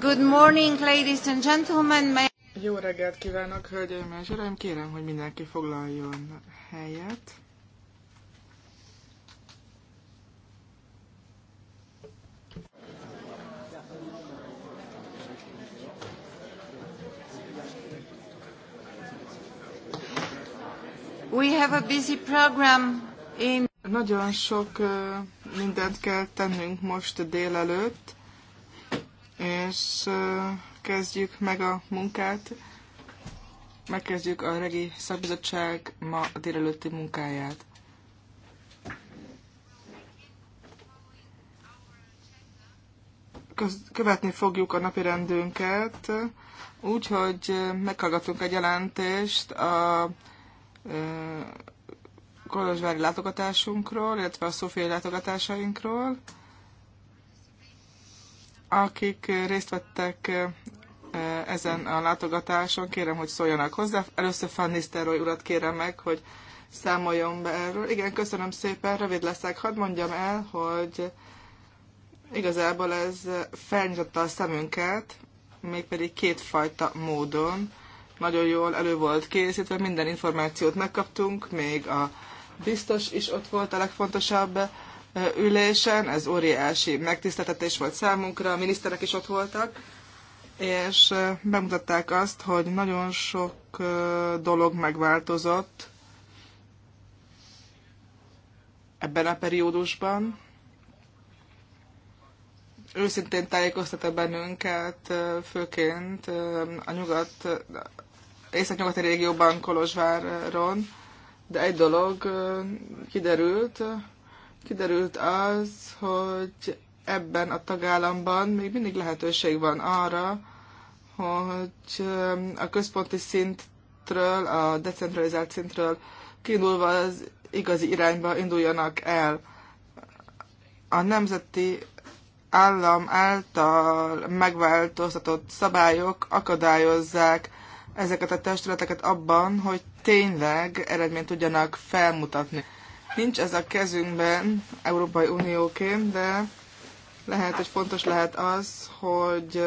Good morning, ladies and gentlemen. May... Jó reggelt kívánok, hölgyeim és uraim! Kérem, hogy mindenki foglaljon helyet. We have a busy program in... Nagyon sok mindent kell tennünk most délelőtt és kezdjük meg a munkát. Megkezdjük a regi szakbizottság ma délelőtti munkáját. Követni fogjuk a napirendünket, úgyhogy meghallgatunk egy jelentést a Kolozsvári látogatásunkról, illetve a szofiai látogatásainkról. Akik eh, részt vettek eh, eh, ezen a látogatáson, kérem, hogy szóljanak hozzá. Először Van Nisztelrooy urat kérem meg, hogy számoljon be erről. Igen, köszönöm szépen, rövid leszek. Hadd mondjam el, hogy igazából ez felnyitotta a szemünket, mégpedig kétfajta módon. Nagyon jól elő volt készítve, minden információt megkaptunk, még a biztos is ott volt a legfontosabb ülésen, ez óriási megtiszteltetés volt számunkra, a miniszterek is ott voltak, és bemutatták azt, hogy nagyon sok dolog megváltozott ebben a periódusban. Őszintén tájékoztatta bennünket, főként a nyugat, észak-nyugati régióban Kolozsváron, de egy dolog kiderült, kiderült az, hogy ebben a tagállamban még mindig lehetőség van arra, hogy a központi szintről, a decentralizált szintről kiindulva az igazi irányba induljanak el. A nemzeti állam által megváltoztatott szabályok akadályozzák ezeket a testületeket abban, hogy tényleg eredményt tudjanak felmutatni. Nincs ez a kezünkben Európai Unióként, de lehet, hogy fontos lehet az, hogy,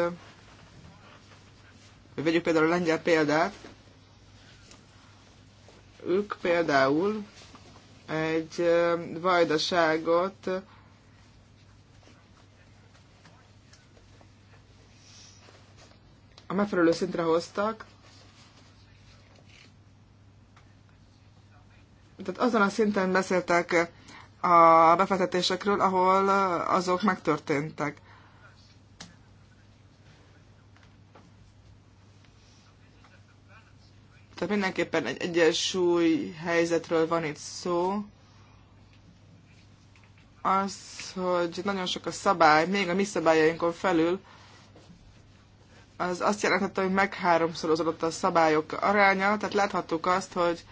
hogy vegyük például a lengyel példát. Ők például egy vajdaságot a megfelelő szintre hoztak, tehát azon a szinten beszéltek a befektetésekről, ahol azok megtörténtek. Tehát mindenképpen egy egyensúly helyzetről van itt szó. Az, hogy nagyon sok a szabály, még a mi szabályainkon felül, az azt jelentette, hogy megháromszorozódott a szabályok aránya, tehát láthattuk azt, hogy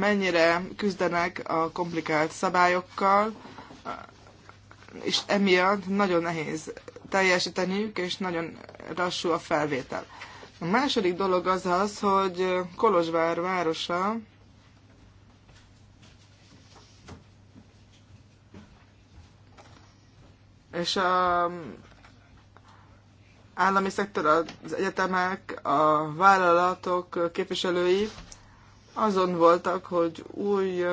mennyire küzdenek a komplikált szabályokkal, és emiatt nagyon nehéz teljesíteniük, és nagyon lassú a felvétel. A második dolog az az, hogy Kolozsvár városa és a állami szektor, az egyetemek, a vállalatok képviselői azon voltak, hogy új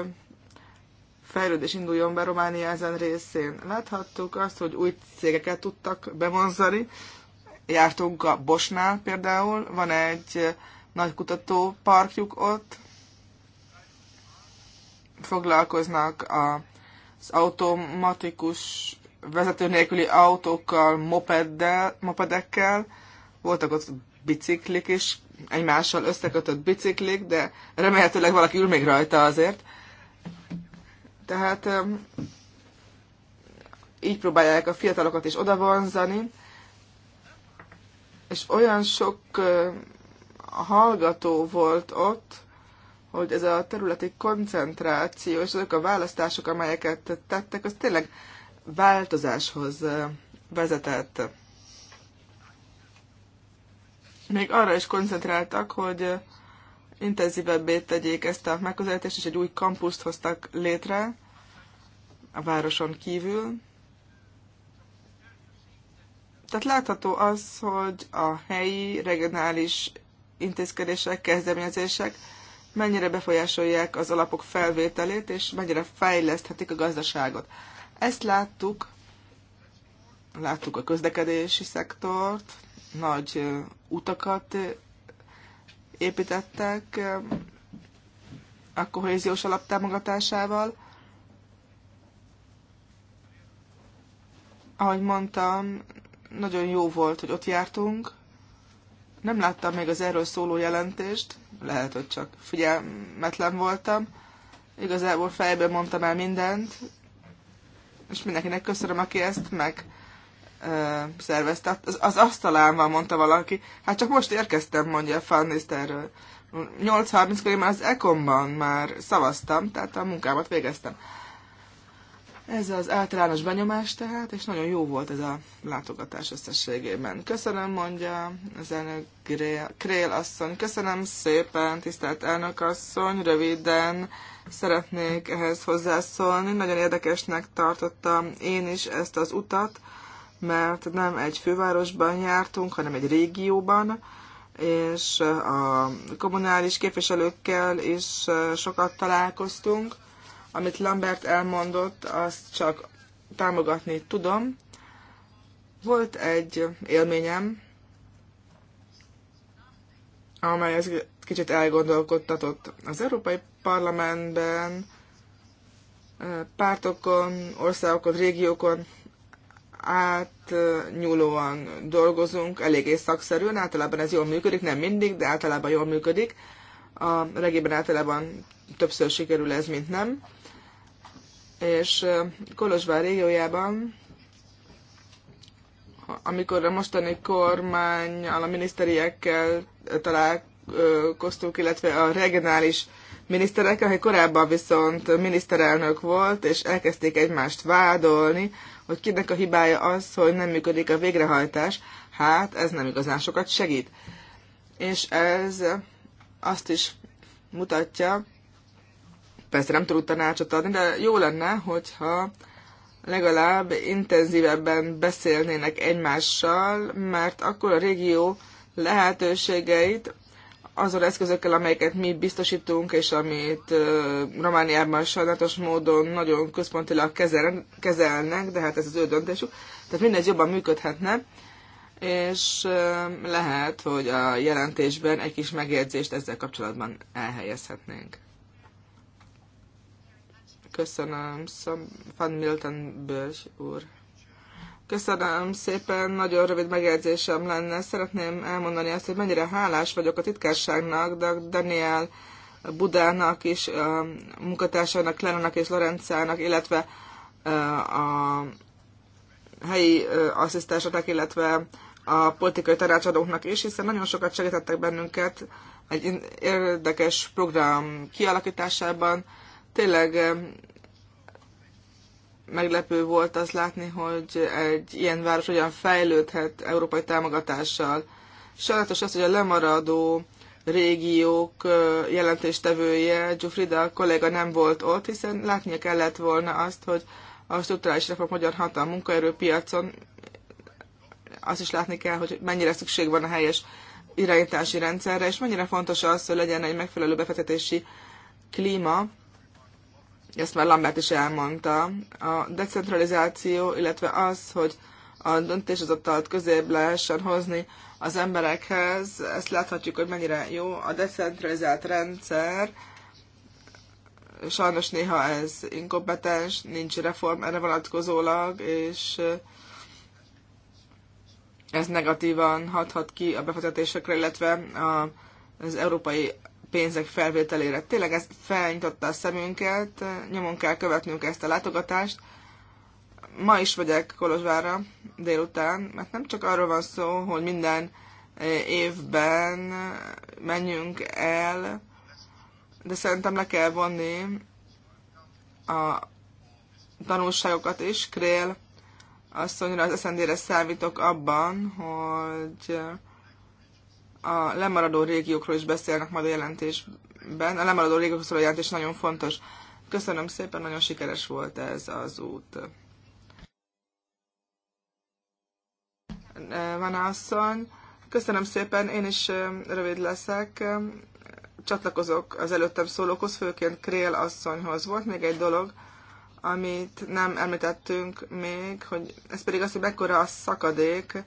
fejlődés induljon be Románia ezen részén. Láthattuk azt, hogy új cégeket tudtak bevonzani. Jártunk a Bosnál például, van egy nagy kutatóparkjuk ott, foglalkoznak az automatikus vezető nélküli autókkal, mopeddel, mopedekkel, voltak ott biciklik is egymással összekötött biciklik, de remélhetőleg valaki ül még rajta azért. Tehát így próbálják a fiatalokat is odavonzani, és olyan sok hallgató volt ott, hogy ez a területi koncentráció és azok a választások, amelyeket tettek, az tényleg változáshoz vezetett még arra is koncentráltak, hogy intenzívebbé tegyék ezt a megközelítést, és egy új kampuszt hoztak létre a városon kívül. Tehát látható az, hogy a helyi, regionális intézkedések, kezdeményezések mennyire befolyásolják az alapok felvételét, és mennyire fejleszthetik a gazdaságot. Ezt láttuk, láttuk a közlekedési szektort, nagy utakat építettek a kohéziós alap támogatásával. Ahogy mondtam, nagyon jó volt, hogy ott jártunk. Nem láttam még az erről szóló jelentést, lehet, hogy csak figyelmetlen voltam. Igazából fejben mondtam el mindent, és mindenkinek köszönöm, aki ezt meg szervezte. Az, az asztalán mondta valaki. Hát csak most érkeztem, mondja a Nisterről. 8.30-kor én már az Ekomban már szavaztam, tehát a munkámat végeztem. Ez az általános benyomás tehát, és nagyon jó volt ez a látogatás összességében. Köszönöm, mondja az elnök Krél asszony. Köszönöm szépen, tisztelt elnök asszony. Röviden szeretnék ehhez hozzászólni. Nagyon érdekesnek tartottam én is ezt az utat mert nem egy fővárosban jártunk, hanem egy régióban, és a kommunális képviselőkkel is sokat találkoztunk. Amit Lambert elmondott, azt csak támogatni tudom. Volt egy élményem, amely ez kicsit elgondolkodtatott. Az Európai Parlamentben pártokon, országokon, régiókon átnyúlóan dolgozunk, eléggé szakszerűen, általában ez jól működik, nem mindig, de általában jól működik. A regében általában többször sikerül ez, mint nem. És Kolozsvár régiójában, amikor a mostani kormány a miniszteriekkel találkoztunk, illetve a regionális miniszterekkel, aki korábban viszont miniszterelnök volt, és elkezdték egymást vádolni, hogy kinek a hibája az, hogy nem működik a végrehajtás, hát ez nem igazán sokat segít. És ez azt is mutatja, persze nem tudok tanácsot adni, de jó lenne, hogyha legalább intenzívebben beszélnének egymással, mert akkor a régió lehetőségeit azon eszközökkel, amelyeket mi biztosítunk, és amit Romániában sajnálatos módon nagyon központilag kezelnek, de hát ez az ő döntésük, tehát mindez jobban működhetne, és lehet, hogy a jelentésben egy kis megjegyzést ezzel kapcsolatban elhelyezhetnénk. Köszönöm, Van Milton Börs úr. Köszönöm szépen, nagyon rövid megjegyzésem lenne. Szeretném elmondani azt, hogy mennyire hálás vagyok a titkárságnak, de Daniel Budának és a munkatársainak, Klenának és Lorenzának, illetve a helyi asszisztensoknak, illetve a politikai tanácsadóknak is, hiszen nagyon sokat segítettek bennünket egy érdekes program kialakításában. Tényleg meglepő volt az látni, hogy egy ilyen város hogyan fejlődhet európai támogatással. Sajnos az, hogy a lemaradó régiók jelentéstevője, Giuffrida kolléga nem volt ott, hiszen látnia kellett volna azt, hogy a struktúrális reform magyar hat munkaerőpiacon, azt is látni kell, hogy mennyire szükség van a helyes irányítási rendszerre, és mennyire fontos az, hogy legyen egy megfelelő befektetési klíma, ezt már Lambert is elmondta. A decentralizáció, illetve az, hogy a döntéshozatalt közébb lehessen hozni az emberekhez, ezt láthatjuk, hogy mennyire jó. A decentralizált rendszer, sajnos néha ez inkompetens, nincs reform erre vonatkozólag, és eh, ez negatívan hathat ki a befektetésekre, illetve az európai pénzek felvételére. Tényleg ez felnyitotta a szemünket, nyomon kell követnünk ezt a látogatást. Ma is vagyok Kolozsvárra délután, mert nem csak arról van szó, hogy minden eh, évben menjünk el, de szerintem le kell vonni a tanulságokat is. Krél asszonyra az eszendére számítok abban, hogy a lemaradó régiókról is beszélnek majd a jelentésben. A lemaradó régiókról szóló jelentés nagyon fontos. Köszönöm szépen, nagyon sikeres volt ez az út. Eh, Van asszony. Köszönöm szépen, én is eh, rövid leszek. Csatlakozok az előttem szólókhoz, főként Krél asszonyhoz. Volt még egy dolog, amit nem említettünk még, hogy ez pedig az, hogy mekkora a szakadék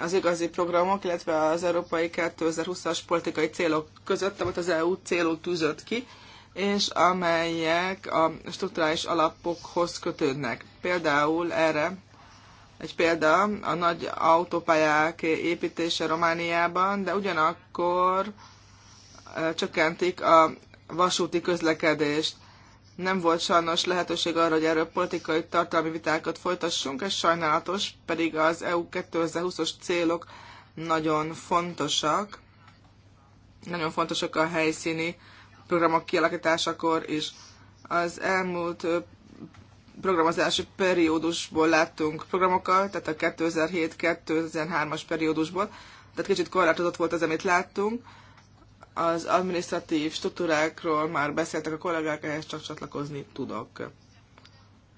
az igazi programok, illetve az Európai 2020-as politikai célok között, amit az EU célok tűzött ki, és amelyek a strukturális alapokhoz kötődnek. Például erre egy példa a nagy autópályák építése Romániában, de ugyanakkor csökkentik a vasúti közlekedést nem volt sajnos lehetőség arra, hogy erről politikai tartalmi vitákat folytassunk, ez sajnálatos, pedig az EU 2020-os célok nagyon fontosak, nagyon fontosak a helyszíni programok kialakításakor is. Az elmúlt programozási periódusból láttunk programokat, tehát a 2007-2013-as periódusból, tehát kicsit korlátozott volt az, amit láttunk, az administratív struktúrákról már beszéltek a kollégák, ehhez csak csatlakozni tudok.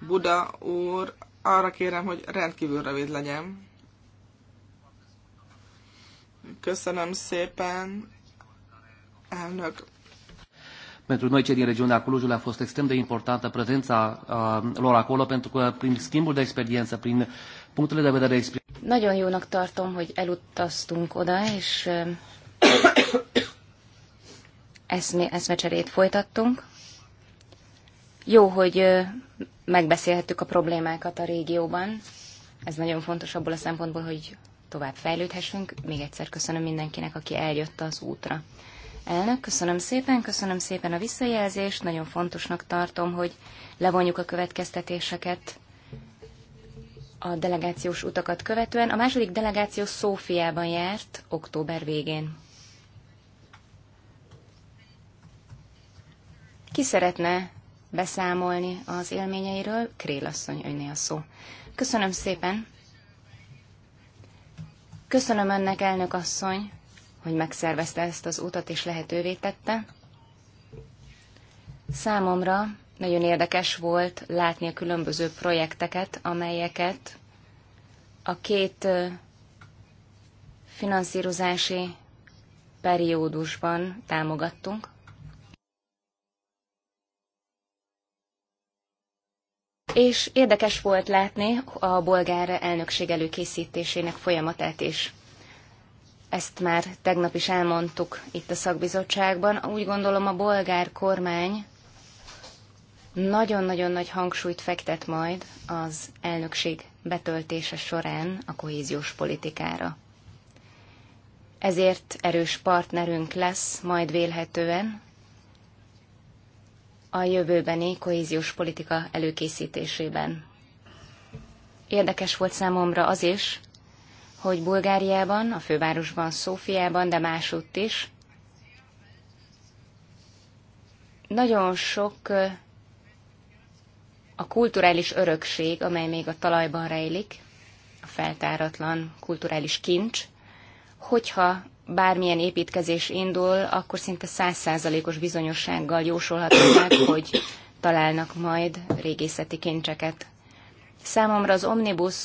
Buda úr, arra kérem, hogy rendkívül rövid legyen. Köszönöm szépen, elnök. Pentru noi, cei din regiunea Clujului, a fost extrem de importantă prezența uh, lor acolo, pentru că prin schimbul de experiență, prin punctele de vedere experiență. Nagyon jónak tartom, hogy elutaztunk oda, és eszmé, eszmecserét folytattunk. Jó, hogy megbeszélhettük a problémákat a régióban. Ez nagyon fontos abból a szempontból, hogy tovább fejlődhessünk. Még egyszer köszönöm mindenkinek, aki eljött az útra. Elnök, köszönöm szépen, köszönöm szépen a visszajelzést, nagyon fontosnak tartom, hogy levonjuk a következtetéseket a delegációs utakat követően. A második delegáció Szófiában járt október végén. Ki szeretne beszámolni az élményeiről? Krél asszony, önné a szó. Köszönöm szépen. Köszönöm önnek, elnök asszony, hogy megszervezte ezt az utat és lehetővé tette. Számomra nagyon érdekes volt látni a különböző projekteket, amelyeket a két finanszírozási periódusban támogattunk. és érdekes volt látni a bolgár elnökség előkészítésének folyamatát is. Ezt már tegnap is elmondtuk itt a szakbizottságban. Úgy gondolom a bolgár kormány nagyon-nagyon nagy hangsúlyt fektet majd az elnökség betöltése során a kohéziós politikára. Ezért erős partnerünk lesz majd vélhetően a jövőbeni kohéziós politika előkészítésében. Érdekes volt számomra az is, hogy Bulgáriában, a fővárosban, Szófiában, de másutt is nagyon sok a kulturális örökség, amely még a talajban rejlik, a feltáratlan kulturális kincs, hogyha bármilyen építkezés indul, akkor szinte százszázalékos bizonyossággal jósolhatják, hogy találnak majd régészeti kincseket. Számomra az omnibus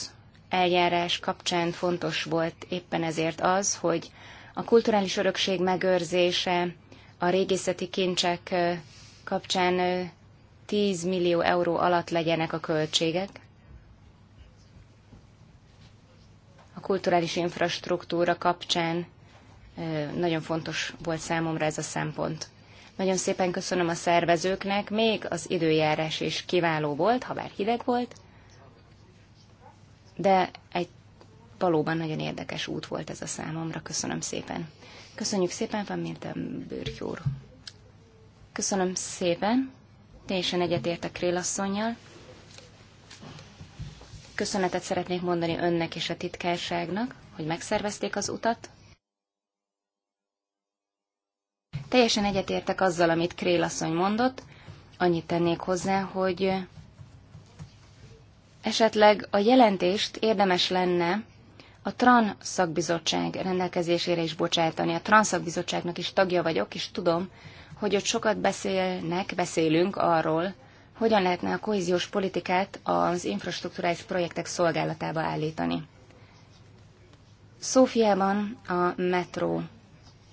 eljárás kapcsán fontos volt éppen ezért az, hogy a kulturális örökség megőrzése, a régészeti kincsek kapcsán 10 millió euró alatt legyenek a költségek. A kulturális infrastruktúra kapcsán nagyon fontos volt számomra ez a szempont. Nagyon szépen köszönöm a szervezőknek, még az időjárás is kiváló volt, ha bár hideg volt, de egy valóban nagyon érdekes út volt ez a számomra. Köszönöm szépen. Köszönjük szépen, Van Mirten Bőrgy Köszönöm szépen. Teljesen egyetértek Krélasszonynal. Köszönetet szeretnék mondani önnek és a titkárságnak, hogy megszervezték az utat. Teljesen egyetértek azzal, amit Krél asszony mondott. Annyit tennék hozzá, hogy esetleg a jelentést érdemes lenne a TRAN szakbizottság rendelkezésére is bocsátani. A TRAN szakbizottságnak is tagja vagyok, és tudom, hogy ott sokat beszélnek, beszélünk arról, hogyan lehetne a kohéziós politikát az infrastruktúrális projektek szolgálatába állítani. Szófiában a metró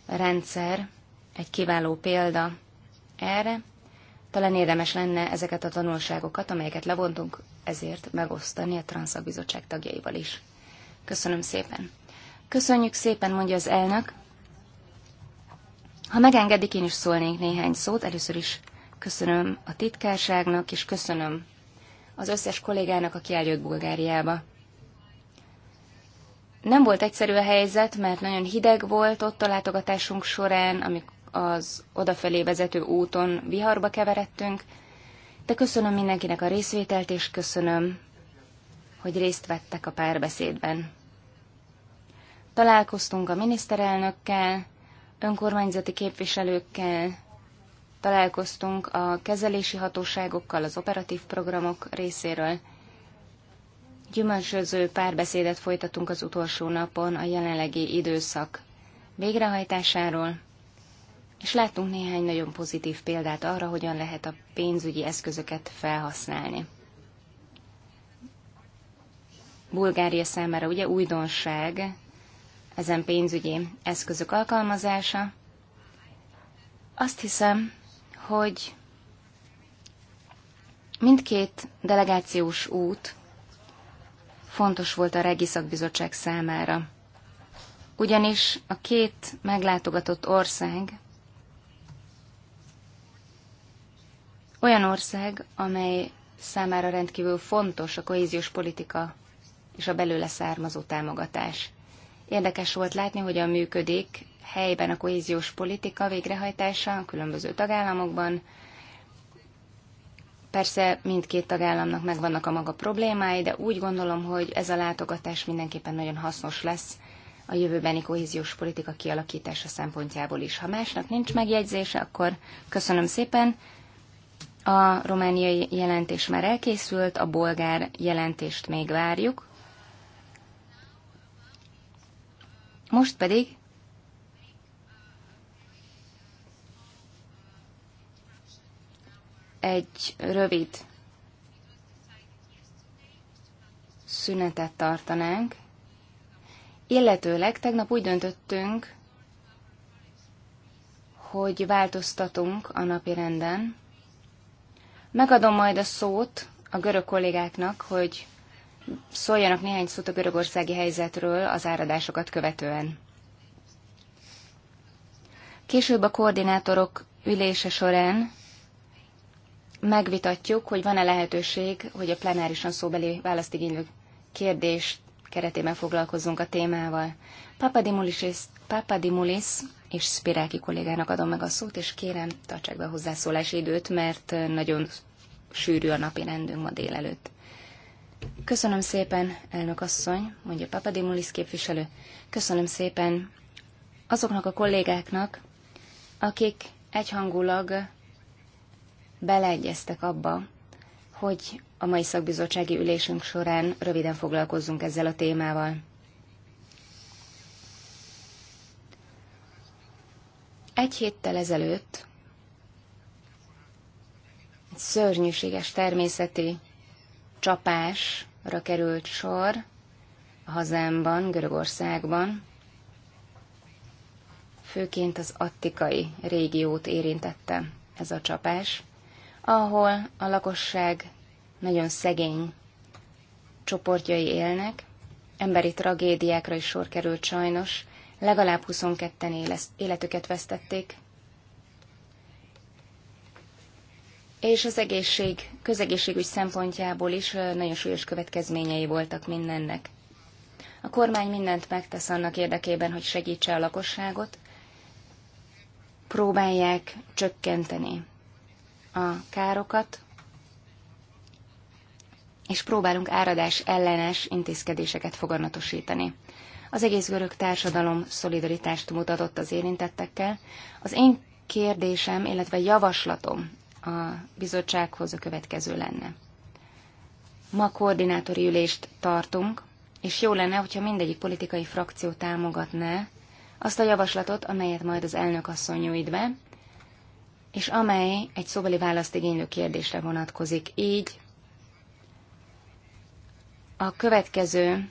rendszer egy kiváló példa erre. Talán érdemes lenne ezeket a tanulságokat, amelyeket levontunk, ezért megosztani a Bizottság tagjaival is. Köszönöm szépen. Köszönjük szépen, mondja az elnök. Ha megengedik, én is szólnék néhány szót. Először is köszönöm a titkárságnak, és köszönöm az összes kollégának, aki eljött Bulgáriába. Nem volt egyszerű a helyzet, mert nagyon hideg volt ott a látogatásunk során, amik az odafelé vezető úton viharba keveredtünk, de köszönöm mindenkinek a részvételt, és köszönöm, hogy részt vettek a párbeszédben. Találkoztunk a miniszterelnökkel, önkormányzati képviselőkkel, találkoztunk a kezelési hatóságokkal az operatív programok részéről. Gyümölcsöző párbeszédet folytatunk az utolsó napon a jelenlegi időszak végrehajtásáról, és láttunk néhány nagyon pozitív példát arra, hogyan lehet a pénzügyi eszközöket felhasználni. Bulgária számára ugye újdonság ezen pénzügyi eszközök alkalmazása. Azt hiszem, hogy mindkét delegációs út fontos volt a Regi Szakbizottság számára. Ugyanis a két meglátogatott ország olyan ország, amely számára rendkívül fontos a kohéziós politika és a belőle származó támogatás. Érdekes volt látni, hogyan működik helyben a kohéziós politika végrehajtása a különböző tagállamokban. Persze mindkét tagállamnak megvannak a maga problémái, de úgy gondolom, hogy ez a látogatás mindenképpen nagyon hasznos lesz a jövőbeni kohéziós politika kialakítása szempontjából is. Ha másnak nincs megjegyzése, akkor köszönöm szépen. A romániai jelentés már elkészült, a bolgár jelentést még várjuk. Most pedig egy rövid szünetet tartanánk, illetőleg tegnap úgy döntöttünk, hogy változtatunk a napi renden, Megadom majd a szót a görög kollégáknak, hogy szóljanak néhány szót a görögországi helyzetről az áradásokat követően. Később a koordinátorok ülése során megvitatjuk, hogy van-e lehetőség, hogy a plenárisan szóbeli választigénylő kérdés keretében foglalkozzunk a témával. Papadimulis, Papadimulis és Spiráki kollégának adom meg a szót, és kérem, tartsák be a hozzászólási időt, mert nagyon sűrű a napi rendünk ma délelőtt. Köszönöm szépen, elnök asszony, mondja Papadimulis képviselő. Köszönöm szépen azoknak a kollégáknak, akik egyhangulag beleegyeztek abba, hogy a mai szakbizottsági ülésünk során röviden foglalkozzunk ezzel a témával. Egy héttel ezelőtt egy szörnyűséges természeti csapásra került sor a hazámban, Görögországban. Főként az attikai régiót érintette ez a csapás, ahol a lakosság nagyon szegény csoportjai élnek, emberi tragédiákra is sor került sajnos, legalább 22-en életüket vesztették, és az egészség, közegészségügy szempontjából is nagyon súlyos következményei voltak mindennek. A kormány mindent megtesz annak érdekében, hogy segítse a lakosságot, próbálják csökkenteni a károkat, és próbálunk áradás ellenes intézkedéseket foganatosítani. Az egész görög társadalom szolidaritást mutatott az érintettekkel. Az én kérdésem, illetve javaslatom a bizottsághoz a következő lenne. Ma koordinátori ülést tartunk, és jó lenne, hogyha mindegyik politikai frakció támogatná azt a javaslatot, amelyet majd az elnök asszony nyújt be, és amely egy szóbeli választ igénylő kérdésre vonatkozik. Így a következő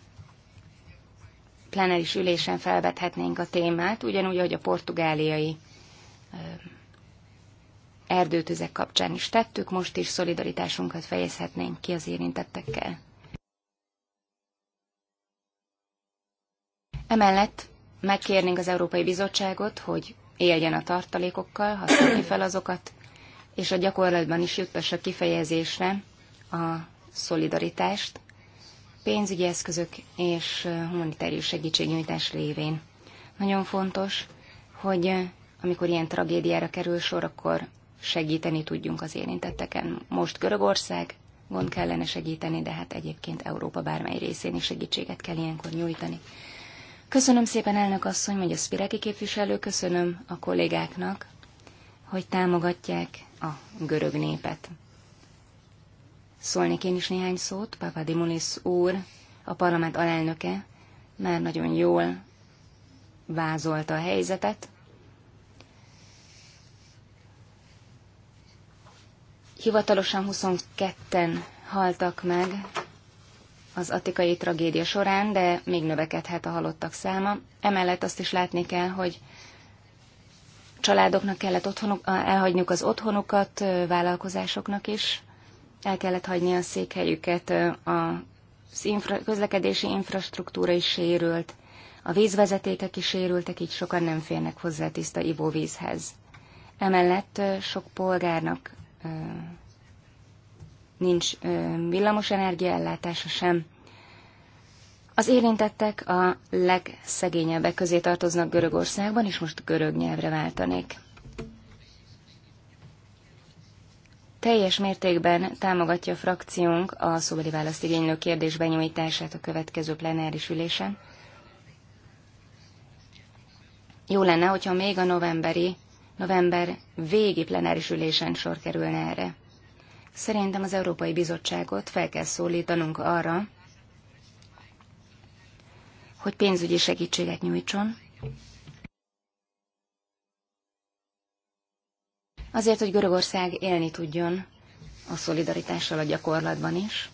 plenáris ülésen felvethetnénk a témát, ugyanúgy, ahogy a portugáliai erdőtüzek kapcsán is tettük, most is szolidaritásunkat fejezhetnénk ki az érintettekkel. Emellett megkérnénk az Európai Bizottságot, hogy éljen a tartalékokkal, használja fel azokat, és a gyakorlatban is juttassa kifejezésre a szolidaritást, pénzügyi eszközök és humanitárius segítségnyújtás lévén. Nagyon fontos, hogy amikor ilyen tragédiára kerül sor, akkor segíteni tudjunk az érintetteken. Most Görögország, gond kellene segíteni, de hát egyébként Európa bármely részén is segítséget kell ilyenkor nyújtani. Köszönöm szépen elnök asszony, hogy a Spireki képviselő, köszönöm a kollégáknak, hogy támogatják a görög népet. Szólnék én is néhány szót. Papadimulis úr, a parlament alelnöke, már nagyon jól vázolta a helyzetet. Hivatalosan 22-en haltak meg az atikai tragédia során, de még növekedhet a halottak száma. Emellett azt is látni kell, hogy családoknak kellett otthonuk, elhagyniuk az otthonukat, vállalkozásoknak is, el kellett hagyni a székhelyüket, az infra, közlekedési infrastruktúra is sérült, a vízvezetékek is sérültek, így sokan nem férnek hozzá tiszta ivóvízhez. Emellett sok polgárnak nincs villamos energiaellátása sem. Az érintettek a legszegényebbek közé tartoznak Görögországban, és most görög nyelvre váltanék. Teljes mértékben támogatja a frakciónk a szóbeli igénylő kérdés benyújtását a következő plenáris ülésen. Jó lenne, hogyha még a novemberi, november végi plenáris ülésen sor kerülne erre. Szerintem az Európai Bizottságot fel kell szólítanunk arra, hogy pénzügyi segítséget nyújtson, azért, hogy Görögország élni tudjon a szolidaritással a gyakorlatban is.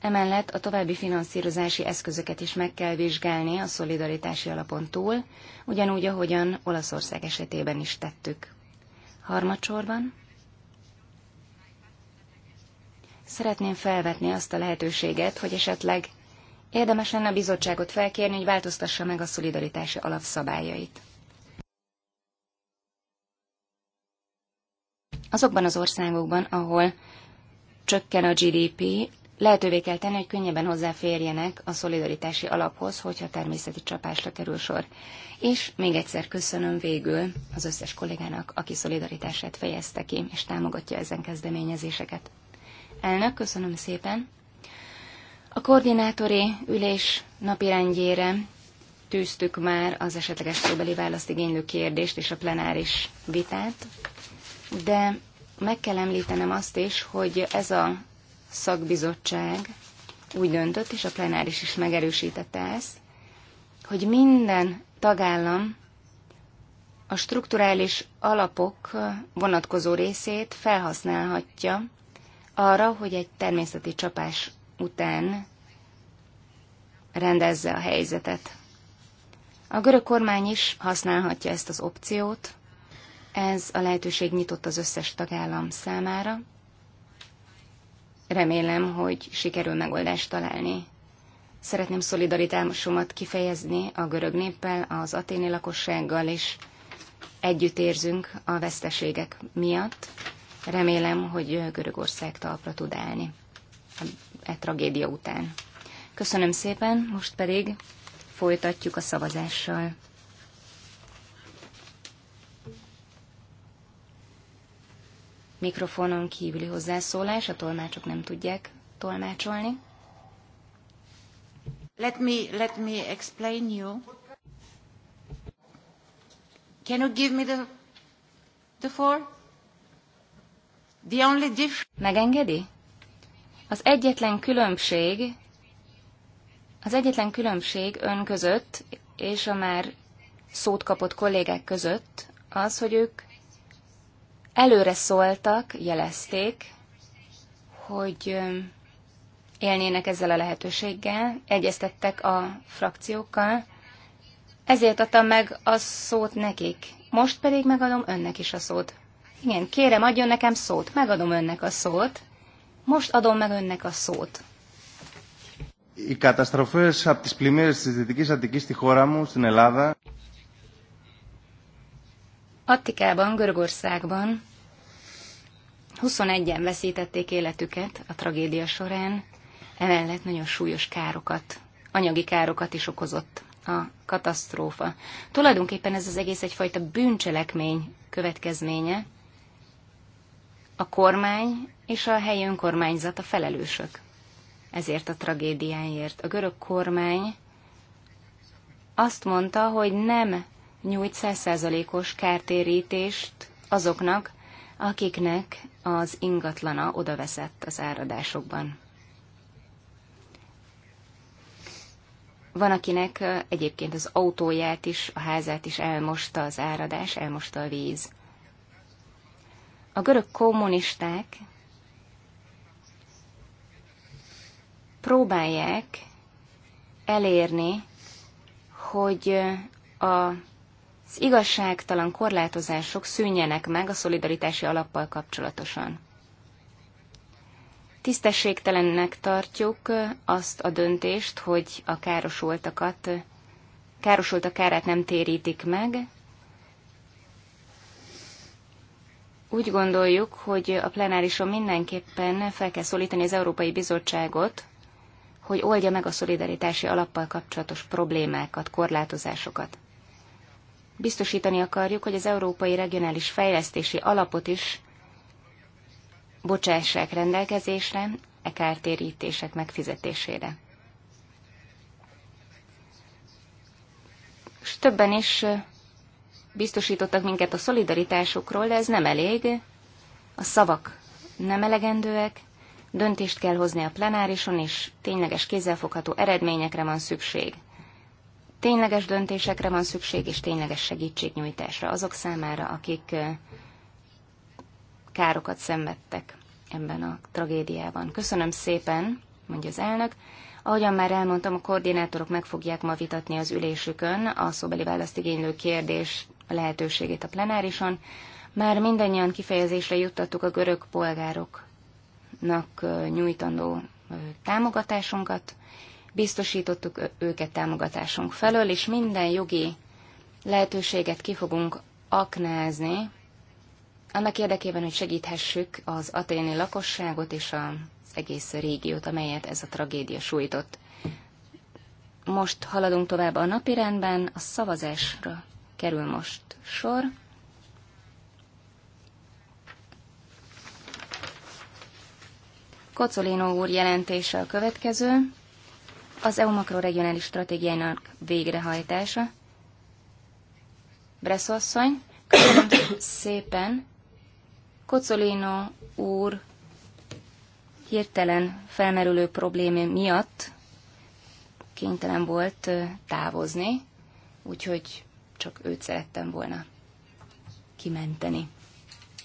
Emellett a további finanszírozási eszközöket is meg kell vizsgálni a szolidaritási alapon túl, ugyanúgy, ahogyan Olaszország esetében is tettük. Harmadsorban szeretném felvetni azt a lehetőséget, hogy esetleg érdemes lenne a bizottságot felkérni, hogy változtassa meg a szolidaritási alapszabályait. Azokban az országokban, ahol csökken a GDP, lehetővé kell tenni, hogy könnyebben hozzáférjenek a szolidaritási alaphoz, hogyha természeti csapásra kerül sor. És még egyszer köszönöm végül az összes kollégának, aki szolidaritását fejezte ki, és támogatja ezen kezdeményezéseket. Elnök, köszönöm szépen! A koordinátori ülés napirendjére tűztük már az esetleges szóbeli választigénylő kérdést és a plenáris vitát de meg kell említenem azt is, hogy ez a szakbizottság úgy döntött, és a plenáris is megerősítette ezt, hogy minden tagállam a strukturális alapok vonatkozó részét felhasználhatja arra, hogy egy természeti csapás után rendezze a helyzetet. A görög kormány is használhatja ezt az opciót, ez a lehetőség nyitott az összes tagállam számára. Remélem, hogy sikerül megoldást találni. Szeretném szolidaritásomat kifejezni a görög néppel, az aténi lakossággal, és együtt érzünk a veszteségek miatt. Remélem, hogy Görögország talpra tud állni e tragédia után. Köszönöm szépen, most pedig folytatjuk a szavazással. mikrofonon kívüli hozzászólás, a tolmácsok nem tudják tolmácsolni. Let me, let me explain you. Can you give me the, the floor? The only difference... Megengedi? Az egyetlen különbség, az egyetlen különbség ön között és a már szót kapott kollégák között az, hogy ők előre szóltak, jelezték, hogy élnének ezzel a lehetőséggel, egyeztettek a frakciókkal, ezért adtam meg a szót nekik. Most pedig megadom önnek is a szót. Igen, kérem, adjon nekem szót, megadom önnek a szót. Most adom meg önnek a szót. Οι καταστροφές από τις πλημμύρες της Δυτικής Αττικής στη χώρα μου, στην Ελλάδα. Attikában, Görögországban 21-en veszítették életüket a tragédia során, emellett nagyon súlyos károkat, anyagi károkat is okozott a katasztrófa. Tulajdonképpen ez az egész egyfajta bűncselekmény következménye. A kormány és a helyi önkormányzat a felelősök ezért a tragédiáért. A görög kormány azt mondta, hogy nem nyújt százszázalékos kártérítést azoknak, akiknek az ingatlana odaveszett az áradásokban. Van, akinek egyébként az autóját is, a házát is elmosta az áradás, elmosta a víz. A görög kommunisták próbálják elérni, hogy a az igazságtalan korlátozások szűnjenek meg a szolidaritási alappal kapcsolatosan. Tisztességtelennek tartjuk azt a döntést, hogy a károsultakat, károsultak kárát nem térítik meg. Úgy gondoljuk, hogy a plenárison mindenképpen fel kell szólítani az Európai Bizottságot, hogy oldja meg a szolidaritási alappal kapcsolatos problémákat, korlátozásokat biztosítani akarjuk, hogy az Európai Regionális Fejlesztési Alapot is bocsássák rendelkezésre, e kártérítések megfizetésére. És többen is biztosítottak minket a szolidaritásukról, de ez nem elég. A szavak nem elegendőek, döntést kell hozni a plenárison, és tényleges kézzelfogható eredményekre van szükség. Tényleges döntésekre van szükség, és tényleges segítségnyújtásra azok számára, akik károkat szenvedtek ebben a tragédiában. Köszönöm szépen, mondja az elnök. Ahogyan már elmondtam, a koordinátorok meg fogják ma vitatni az ülésükön a szóbeli választigénylő kérdés lehetőségét a plenárison. Már mindannyian kifejezésre juttattuk a görög polgároknak nyújtandó támogatásunkat, biztosítottuk őket támogatásunk felől, és minden jogi lehetőséget ki fogunk aknázni, annak érdekében, hogy segíthessük az aténi lakosságot és az egész régiót, amelyet ez a tragédia sújtott. Most haladunk tovább a napirendben, a szavazásra kerül most sor. Kocolino úr jelentése a következő az EU makroregionális stratégiának végrehajtása. Bresszasszony, köszönöm szépen. Kocolino úr hirtelen felmerülő problémé miatt kénytelen volt távozni, úgyhogy csak őt szerettem volna kimenteni.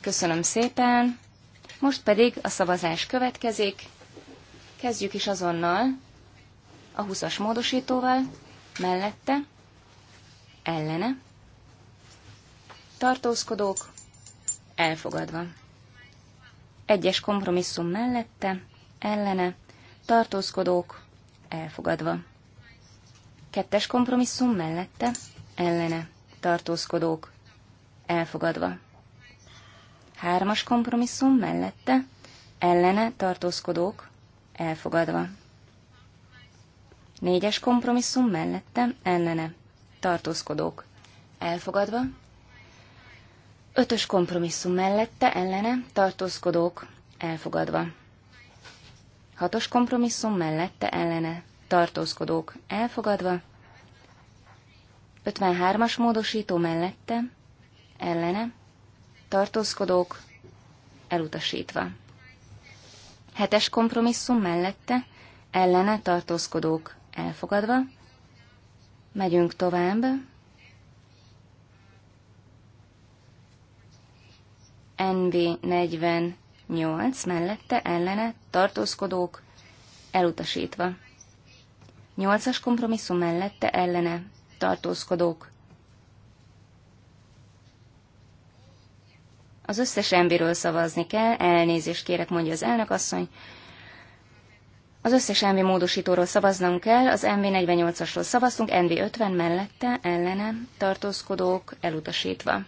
Köszönöm szépen! Most pedig a szavazás következik. Kezdjük is azonnal a 20-as módosítóval, mellette, ellene, tartózkodók, elfogadva. Egyes kompromisszum mellette, ellene, tartózkodók, elfogadva. Kettes kompromisszum mellette, ellene, tartózkodók, elfogadva. Hármas kompromisszum mellette, ellene, tartózkodók, elfogadva. Négyes kompromisszum mellette, ellene. Tartózkodók. Elfogadva. Ötös kompromisszum mellette, ellene. Tartózkodók. Elfogadva. Hatos kompromisszum mellette, ellene. Tartózkodók. Elfogadva. 53-as módosító mellette, ellene, tartózkodók, elutasítva. Hetes kompromisszum mellette, ellene tartózkodók, elfogadva. Megyünk tovább. NB 48 mellette ellene tartózkodók elutasítva. 8-as kompromisszum mellette ellene tartózkodók. Az összes emberről szavazni kell, elnézést kérek, mondja az elnökasszony, az összes NV módosítóról szavaznunk kell, az NV 48-asról szavaztunk, NV 50 mellette, ellene, tartózkodók, elutasítva.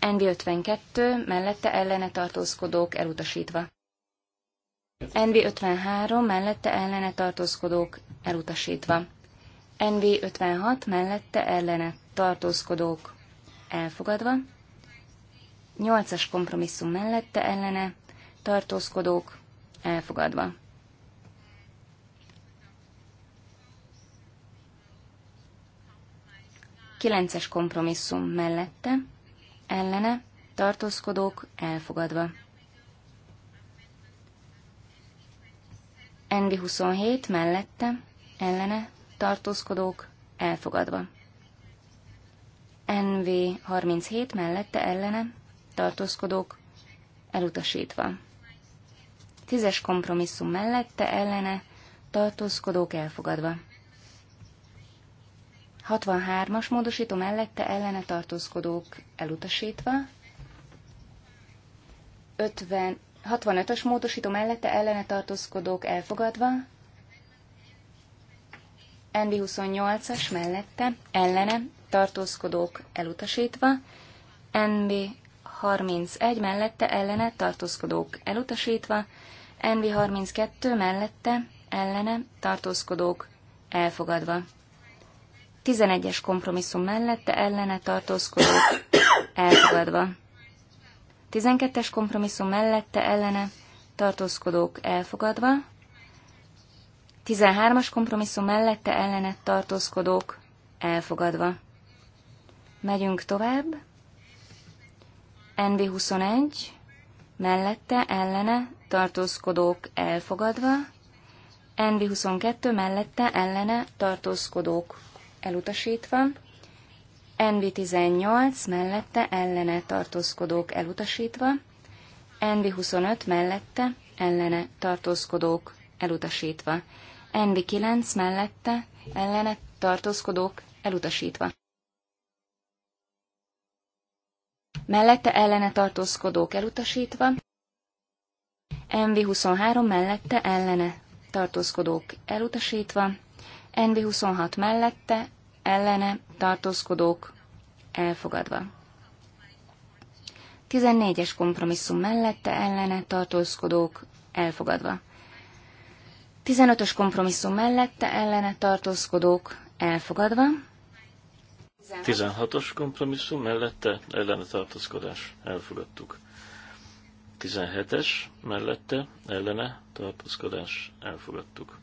NV 52 mellette, ellene, tartózkodók, elutasítva. NV 53 mellette, ellene, tartózkodók, elutasítva. NV 56 mellette, ellene, tartózkodók, elfogadva. 8-as kompromisszum mellette, ellene, tartózkodók, elfogadva. Kilences kompromisszum mellette, ellene, tartózkodók elfogadva. NV27 mellette, ellene, tartózkodók elfogadva. NV37 mellette, ellene, tartózkodók elutasítva. Tízes kompromisszum mellette, ellene, tartózkodók elfogadva. 63-as módosító mellette ellene tartózkodók elutasítva, 50, 65-ös módosító mellette ellene tartózkodók elfogadva, NB28-as mellette ellene tartózkodók elutasítva, NB31 mellette ellene tartózkodók elutasítva, NB32 mellette ellene tartózkodók elfogadva. 11-es kompromisszum mellette ellene tartózkodók elfogadva. 12-es kompromisszum mellette ellene tartózkodók elfogadva. 13-as kompromisszum mellette ellene tartózkodók elfogadva. Megyünk tovább. nb 21 mellette ellene tartózkodók elfogadva. nb 22 mellette ellene tartózkodók elutasítva, NV18 mellette ellene tartózkodók elutasítva, NV25 mellette ellene tartózkodók elutasítva, NV9 mellette ellene tartózkodók elutasítva. Mellette ellene tartózkodók elutasítva, NV23 mellette ellene tartózkodók elutasítva, NV26 mellette ellene tartózkodók elfogadva. 14-es kompromisszum mellette ellene tartózkodók elfogadva. 15-ös kompromisszum mellette ellene tartózkodók elfogadva. 16-os kompromisszum mellette ellene tartózkodás elfogadtuk. 17-es mellette ellene tartózkodás elfogadtuk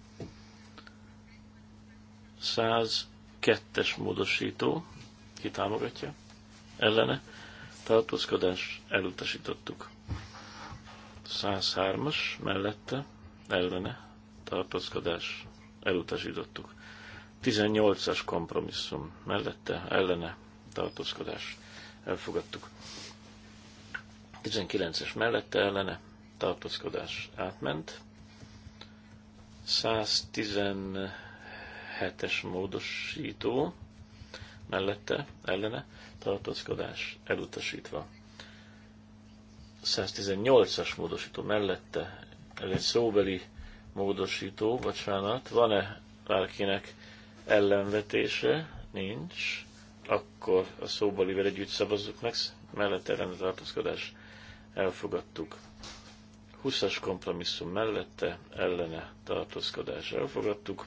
kettes módosító, ki támogatja, ellene, tartózkodás, elutasítottuk. 103-as mellette, ellene, tartózkodás, elutasítottuk. 18-as kompromisszum mellette, ellene, tartózkodás, elfogadtuk. 19-es mellette, ellene, tartózkodás, átment. 110 hetes módosító mellette, ellene tartózkodás elutasítva. 118-as módosító mellette, ez egy szóbeli módosító, bocsánat, van-e bárkinek ellenvetése? Nincs. Akkor a szóbelivel együtt szavazzuk meg, mellette ellene tartózkodás elfogadtuk. 20-as kompromisszum mellette ellene tartózkodás elfogadtuk.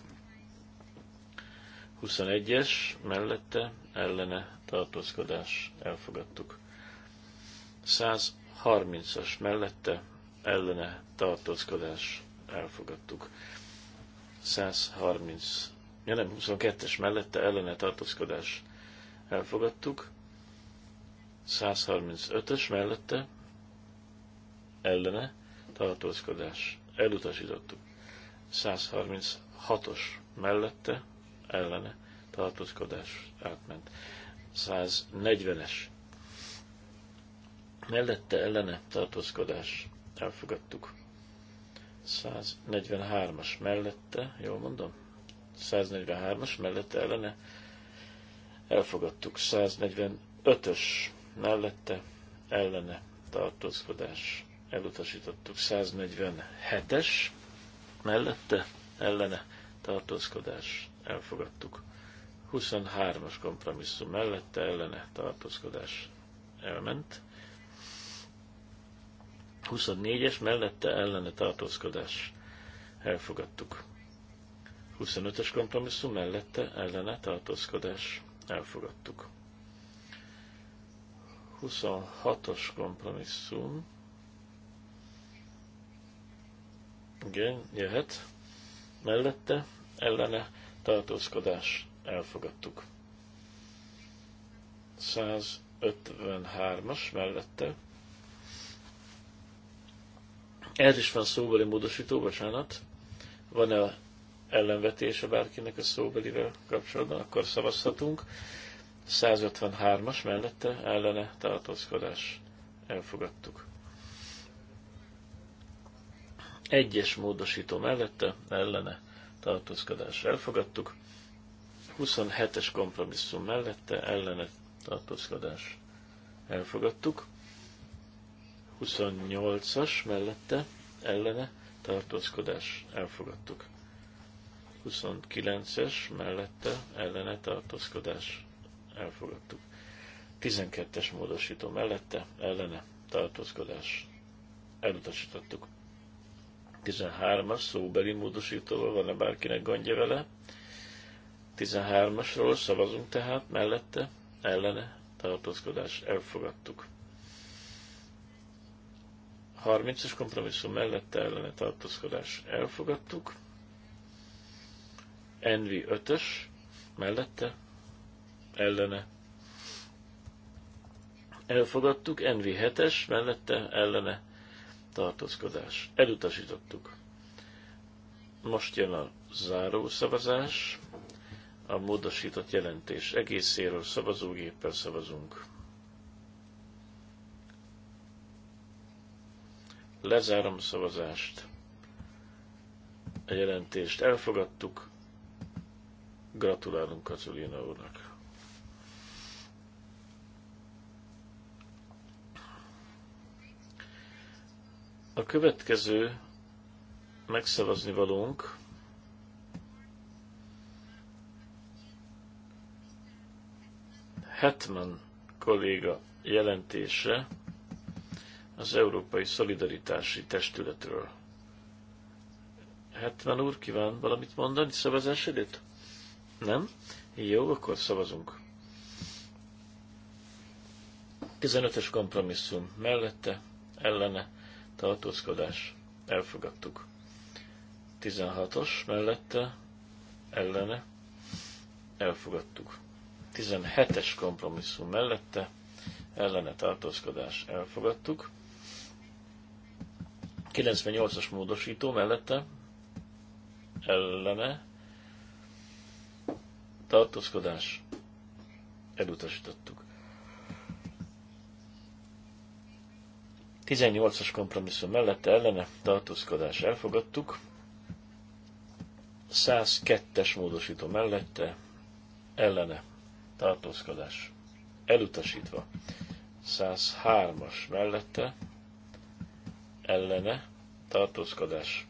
21-es mellette ellene tartózkodás elfogadtuk. 130-as mellette ellene tartózkodás elfogadtuk. 130, ja nem, 22-es mellette ellene tartózkodás elfogadtuk. 135-ös mellette ellene tartózkodás elutasítottuk. 136-os mellette ellene tartózkodás átment. 140-es mellette ellene tartózkodás elfogadtuk. 143-as mellette, jól mondom? 143-as mellette ellene elfogadtuk. 145-ös mellette ellene tartózkodás elutasítottuk. 147-es mellette ellene tartózkodás elfogadtuk. 23-as kompromisszum mellette ellene tartózkodás elment. 24-es mellette ellene tartózkodás elfogadtuk. 25-ös kompromisszum mellette ellene tartózkodás elfogadtuk. 26-os kompromisszum. Igen, jöhet. Mellette ellene tartózkodás, elfogadtuk. 153-as mellette. Ez is van szóbeli módosító, bocsánat. Van-e ellenvetése bárkinek a szóbelivel kapcsolatban, akkor szavazhatunk. 153-as mellette ellene tartózkodás. Elfogadtuk. Egyes módosító mellette ellene tartózkodásra elfogadtuk. 27-es kompromisszum mellette ellene tartózkodás elfogadtuk. 28-as mellette ellene tartózkodás elfogadtuk. 29-es mellette ellene tartózkodás elfogadtuk. 12-es módosító mellette ellene tartózkodás elutasítottuk. 13-as szóbeli módosítóval van-e bárkinek gondja vele. 13-asról szavazunk tehát, mellette, ellene, tartózkodás, elfogadtuk. 30-as kompromisszum mellette ellene tartózkodás, elfogadtuk. Envi 5-ös, mellette, ellene, elfogadtuk. Envi 7-es, mellette, ellene, tartózkodás. Elutasítottuk. Most jön a záró szavazás, a módosított jelentés egészéről szavazógéppel szavazunk. Lezárom szavazást. A jelentést elfogadtuk. Gratulálunk Kaculina úrnak. A következő megszavazni valónk Hetman kolléga jelentése az Európai Szolidaritási Testületről. Hetman úr kíván valamit mondani szavazás előtt? Nem? Jó, akkor szavazunk. 15 es kompromisszum mellette, ellene tartózkodás, elfogadtuk. 16-os mellette, ellene, elfogadtuk. 17-es kompromisszum mellette, ellene tartózkodás, elfogadtuk. 98-as módosító mellette, ellene, tartózkodás, elutasítottuk. 18-as kompromisszum mellette ellene tartózkodás elfogadtuk. 102-es módosító mellette ellene tartózkodás elutasítva. 103-as mellette ellene tartózkodás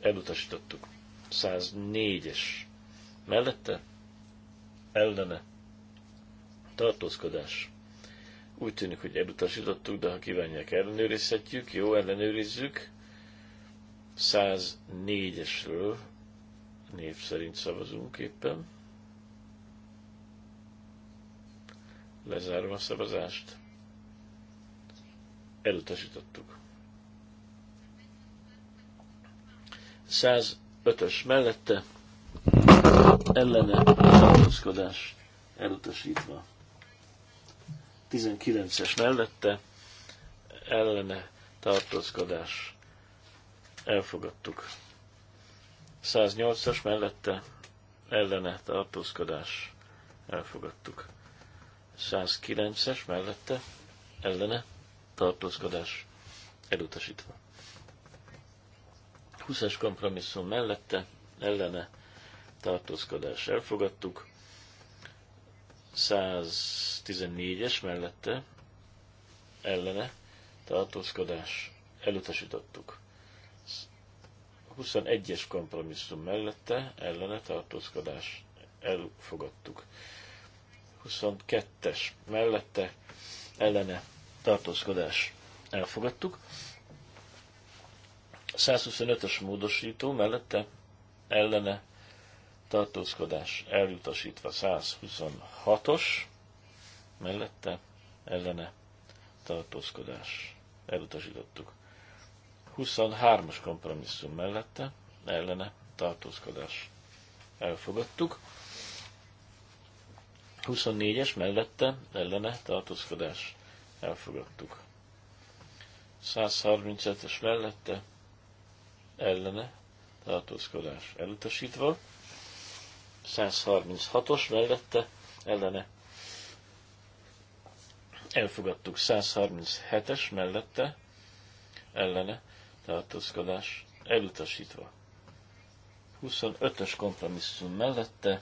elutasítottuk. 104-es mellette ellene tartózkodás úgy tűnik, hogy elutasítottuk, de ha kívánják, ellenőrizhetjük. Jó, ellenőrizzük. 104-esről név szerint szavazunk éppen. Lezárom a szavazást. Elutasítottuk. 105-ös mellette ellene tartózkodás elutasítva. 19-es mellette ellene tartózkodás elfogadtuk. 108-as mellette ellene tartózkodás elfogadtuk. 109-es mellette ellene tartózkodás elutasítva. 20 es kompromisszum mellette ellene tartózkodás elfogadtuk. 114-es mellette ellene tartózkodás elutasítottuk. 21-es kompromisszum mellette ellene tartózkodás elfogadtuk. 22-es mellette ellene tartózkodás elfogadtuk. 125-ös módosító mellette ellene tartózkodás elutasítva 126-os, mellette ellene tartózkodás elutasítottuk. 23-as kompromisszum mellette ellene tartózkodás elfogadtuk. 24-es mellette ellene tartózkodás elfogadtuk. 135 es mellette ellene tartózkodás elutasítva. 136-os mellette ellene elfogadtuk 137-es mellette ellene tartózkodás elutasítva. 25-ös kompromisszum mellette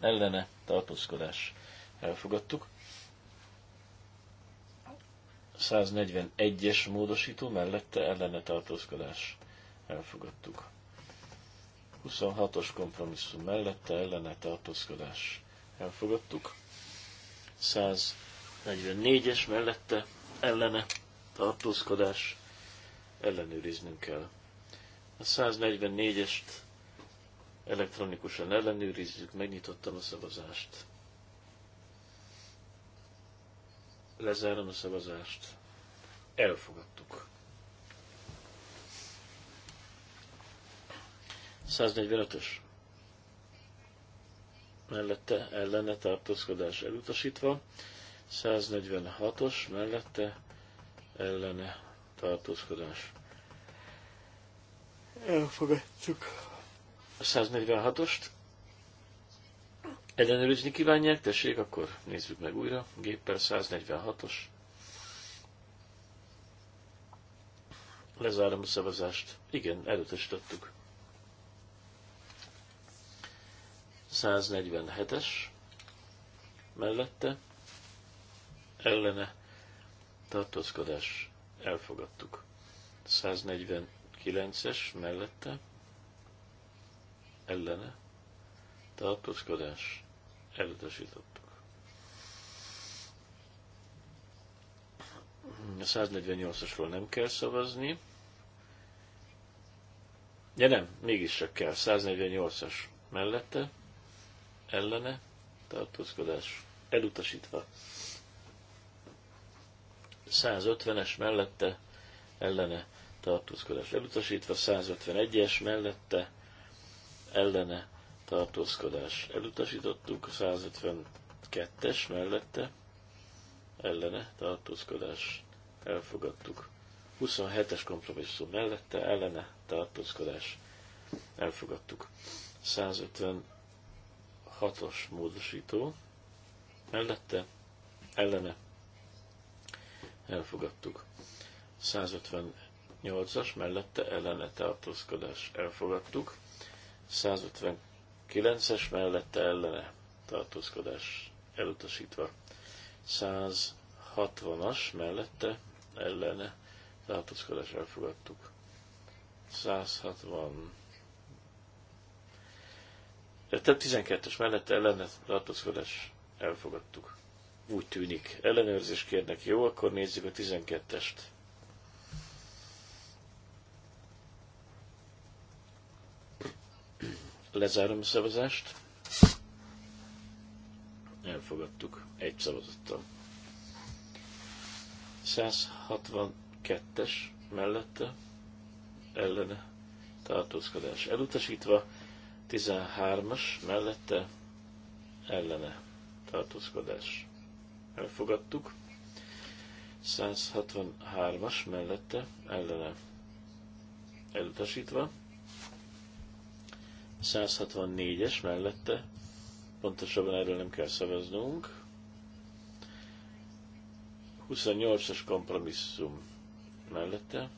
ellene tartózkodás elfogadtuk. 141-es módosító mellette ellene tartózkodás elfogadtuk. 26-os kompromisszum mellette ellene tartózkodás elfogadtuk. 144-es mellette ellene tartózkodás ellenőriznünk kell. A 144-est elektronikusan ellenőrizzük, megnyitottam a szavazást. Lezárom a szavazást. Elfogadtuk. 145-ös mellette ellene tartózkodás elutasítva, 146-os mellette ellene tartózkodás. Elfogadjuk. A 146-ost ellenőrizni kívánják, tessék, akkor nézzük meg újra. Géppel 146-os. Lezárom a szavazást. Igen, elutasítottuk. 147-es mellette ellene tartózkodás elfogadtuk. 149-es mellette ellene tartózkodás elutasítottuk. A 148-asról nem kell szavazni. Ja nem, mégis csak kell. 148-as mellette ellene tartózkodás elutasítva. 150-es mellette ellene tartózkodás elutasítva, 151-es mellette ellene tartózkodás elutasítottuk, 152-es mellette ellene tartózkodás elfogadtuk. 27-es kompromisszum mellette ellene tartózkodás elfogadtuk hatos módosító mellette ellene elfogadtuk. 158-as mellette ellene tartózkodás elfogadtuk. 159-es mellette ellene tartózkodás elutasítva. 160-as mellette ellene tartózkodás elfogadtuk. 160 tehát 12-es mellett ellene elfogadtuk. Úgy tűnik. Ellenőrzést kérnek. Jó, akkor nézzük a 12-est. Lezárom a szavazást. Elfogadtuk. Egy szavazattal. 162-es mellette ellene tartózkodás elutasítva. 13-as mellette ellene tartózkodás. Elfogadtuk. 163-as mellette ellene elutasítva. 164-es mellette, pontosabban erről nem kell szavaznunk. 28-as kompromisszum mellette,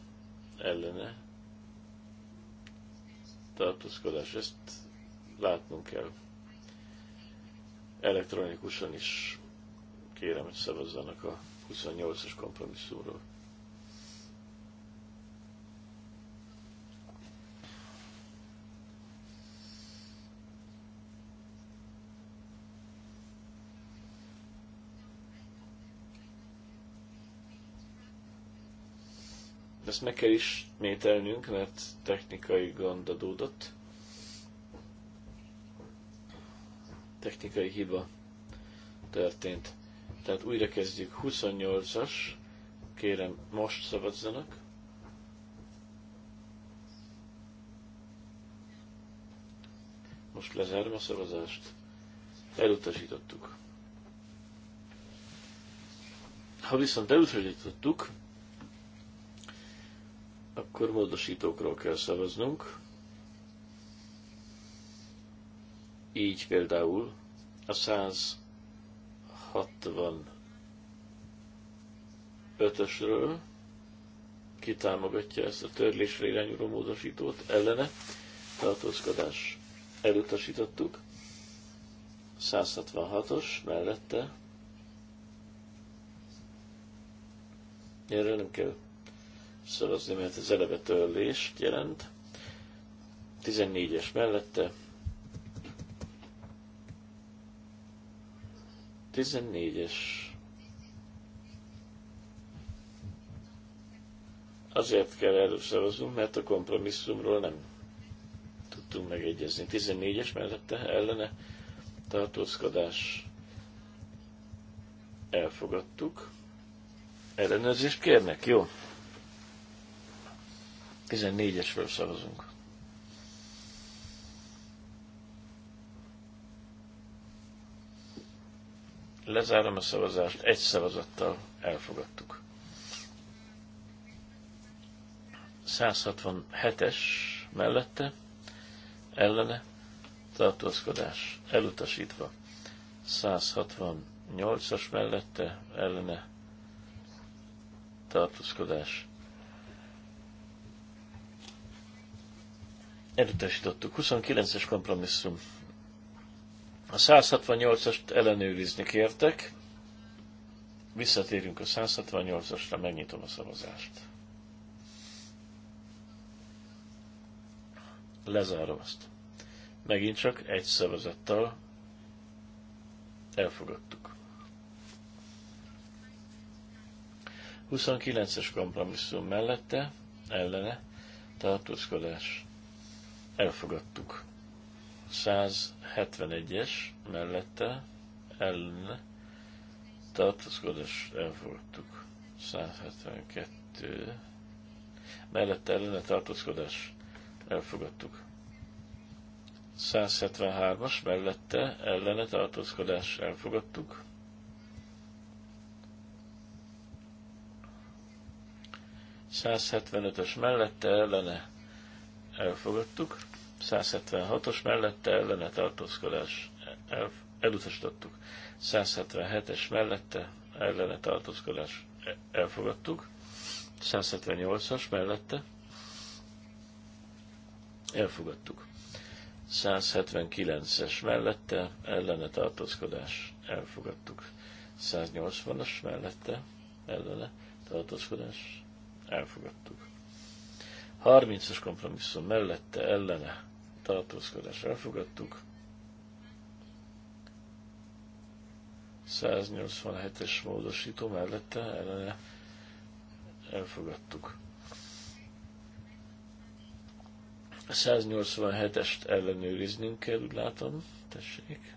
ellene tartózkodás. Ezt látnunk kell. Elektronikusan is kérem, hogy szavazzanak a 28-as kompromisszumról. ezt meg kell ismételnünk, mert technikai gond adódott. technikai hiba történt. Tehát újra kezdjük. 28-as, kérem, most szavazzanak. Most lezárom a szavazást. Elutasítottuk. Ha viszont elutasítottuk, akkor módosítókról kell szavaznunk. Így például a 165-ösről kitámogatja ezt a törlésre irányuló módosítót ellene, tartózkodás elutasítottuk, 166-os mellette, erre nem kell szavazni, mert ez eleve törlést jelent, 14-es mellette, 14-es. Azért kell előszavazunk, mert a kompromisszumról nem tudtunk megegyezni. 14-es mellette ellene tartózkodás elfogadtuk. Ellenőrzést kérnek, jó? 14-esről szavazunk. Lezárom a szavazást, egy szavazattal elfogadtuk. 167-es mellette, ellene, tartózkodás elutasítva. 168-as mellette, ellene, tartózkodás elutasítottuk. 29-es kompromisszum a 168-ast ellenőrizni kértek. Visszatérünk a 168-asra, megnyitom a szavazást. Lezárom azt. Megint csak egy szavazattal elfogadtuk. 29-es kompromisszum mellette, ellene, tartózkodás, elfogadtuk. 171-es mellette ellen tartózkodás elfogadtuk. 172 mellette ellene tartózkodás elfogadtuk. 173-as mellette ellene tartózkodás elfogadtuk. 175-ös mellette ellene elfogadtuk. 176-os mellette ellene tartózkodás el, elutasítottuk. 177-es e, mellette ellene tartózkodás elfogadtuk. 178-as mellette elfogadtuk. 179-es mellette ellene tartózkodás elfogadtuk. 180-as mellette ellene tartózkodás elfogadtuk. 30-as kompromisszum mellette ellene tartózkodás elfogadtuk. 187-es módosító mellette ellene elfogadtuk. 187-est ellenőriznünk kell, úgy látom. Tessék.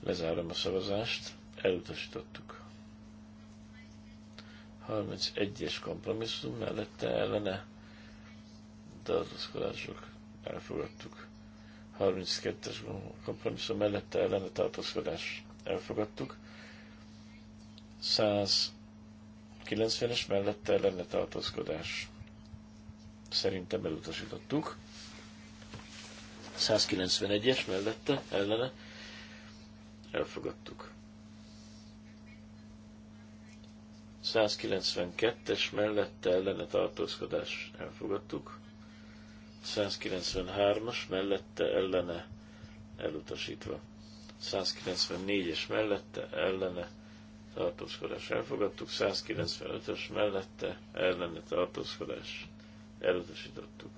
Lezárom a szavazást. Elutasítottuk. 31-es kompromisszum mellette ellene tartózkodások elfogadtuk. 32-es kompromisszum mellette ellene tartózkodás elfogadtuk. 190-es mellette ellene tartózkodás szerintem elutasítottuk. 191-es mellette ellene elfogadtuk. 192-es mellette ellene tartózkodás elfogadtuk. 193-as mellette ellene elutasítva. 194-es mellette ellene tartózkodás elfogadtuk, 195-ös mellette ellene tartózkodás elutasítottuk.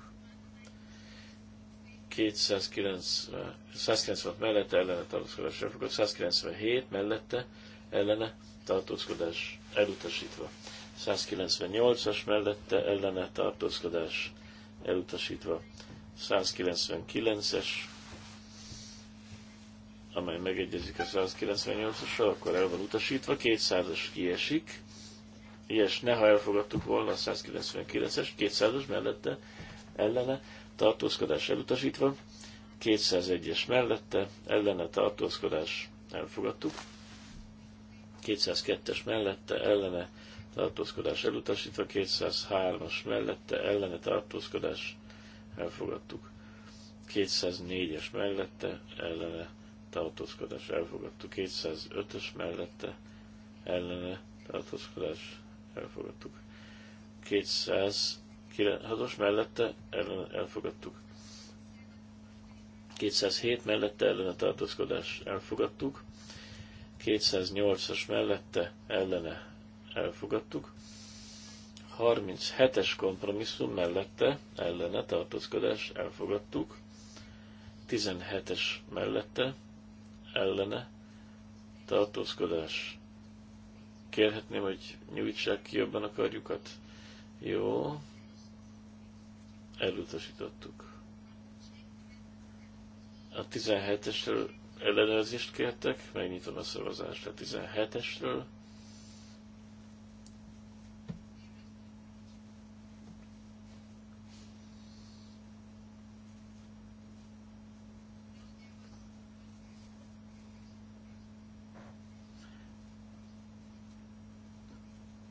196 mellette ellene tartózkodás elfogadtuk, 197 mellette ellene tartózkodás elutasítva. 198-as mellette ellene tartózkodás elutasítva. 199-es, amely megegyezik a 198-assal, akkor el van utasítva, 200-as kiesik, ilyes, ne ha elfogadtuk volna a 199-es, 200-as mellette ellene tartózkodás elutasítva, 201-es mellette ellene tartózkodás elfogadtuk, 202-es mellette ellene tartózkodás elutasítva, 203-as mellette ellene tartózkodás elfogadtuk. 204-es mellette ellene tartózkodás elfogadtuk. 205-ös mellette ellene tartózkodás elfogadtuk. 206-os mellette ellene elfogadtuk. 207 mellette ellene tartózkodás elfogadtuk. 208-as mellette ellene elfogadtuk. 37-es kompromisszum mellette ellene tartózkodás elfogadtuk. 17-es mellette ellene tartózkodás. Kérhetném, hogy nyújtsák ki jobban a karjukat. Jó. Elutasítottuk. A 17-esről ellenőrzést kértek, megnyitom a szavazást a 17-esről.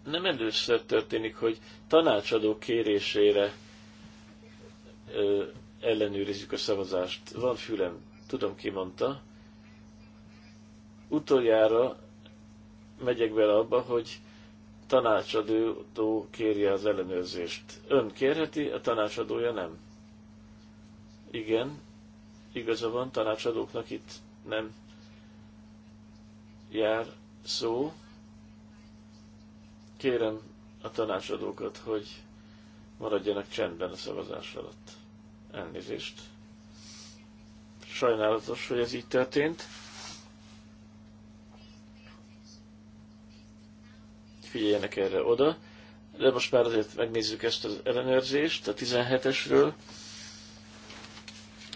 Nem először történik, hogy tanácsadó kérésére ö, ellenőrizzük a szavazást. Van fülem, tudom ki mondta. Utoljára megyek bele abba, hogy tanácsadó kérje az ellenőrzést. Ön kérheti, a tanácsadója nem. Igen, igaza van, tanácsadóknak itt nem jár szó. Kérem a tanácsadókat, hogy maradjanak csendben a szavazás alatt. Elnézést. Sajnálatos, hogy ez így történt. figyeljenek erre oda. De most már azért megnézzük ezt az ellenőrzést a 17-esről,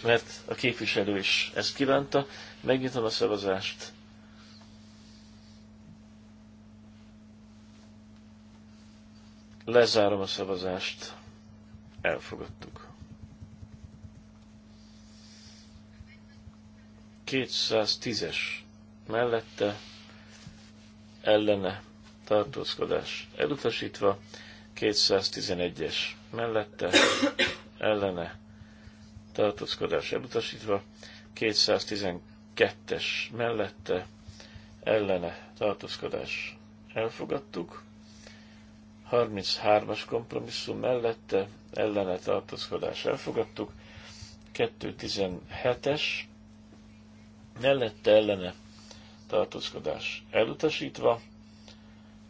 mert a képviselő is ezt kívánta. Megnyitom a szavazást. Lezárom a szavazást. Elfogadtuk. 210-es mellette ellene tartózkodás elutasítva, 211-es mellette, ellene tartózkodás elutasítva, 212-es mellette, ellene tartózkodás elfogadtuk, 33-as kompromisszum mellette, ellene tartózkodás elfogadtuk, 217-es mellette ellene tartózkodás elutasítva,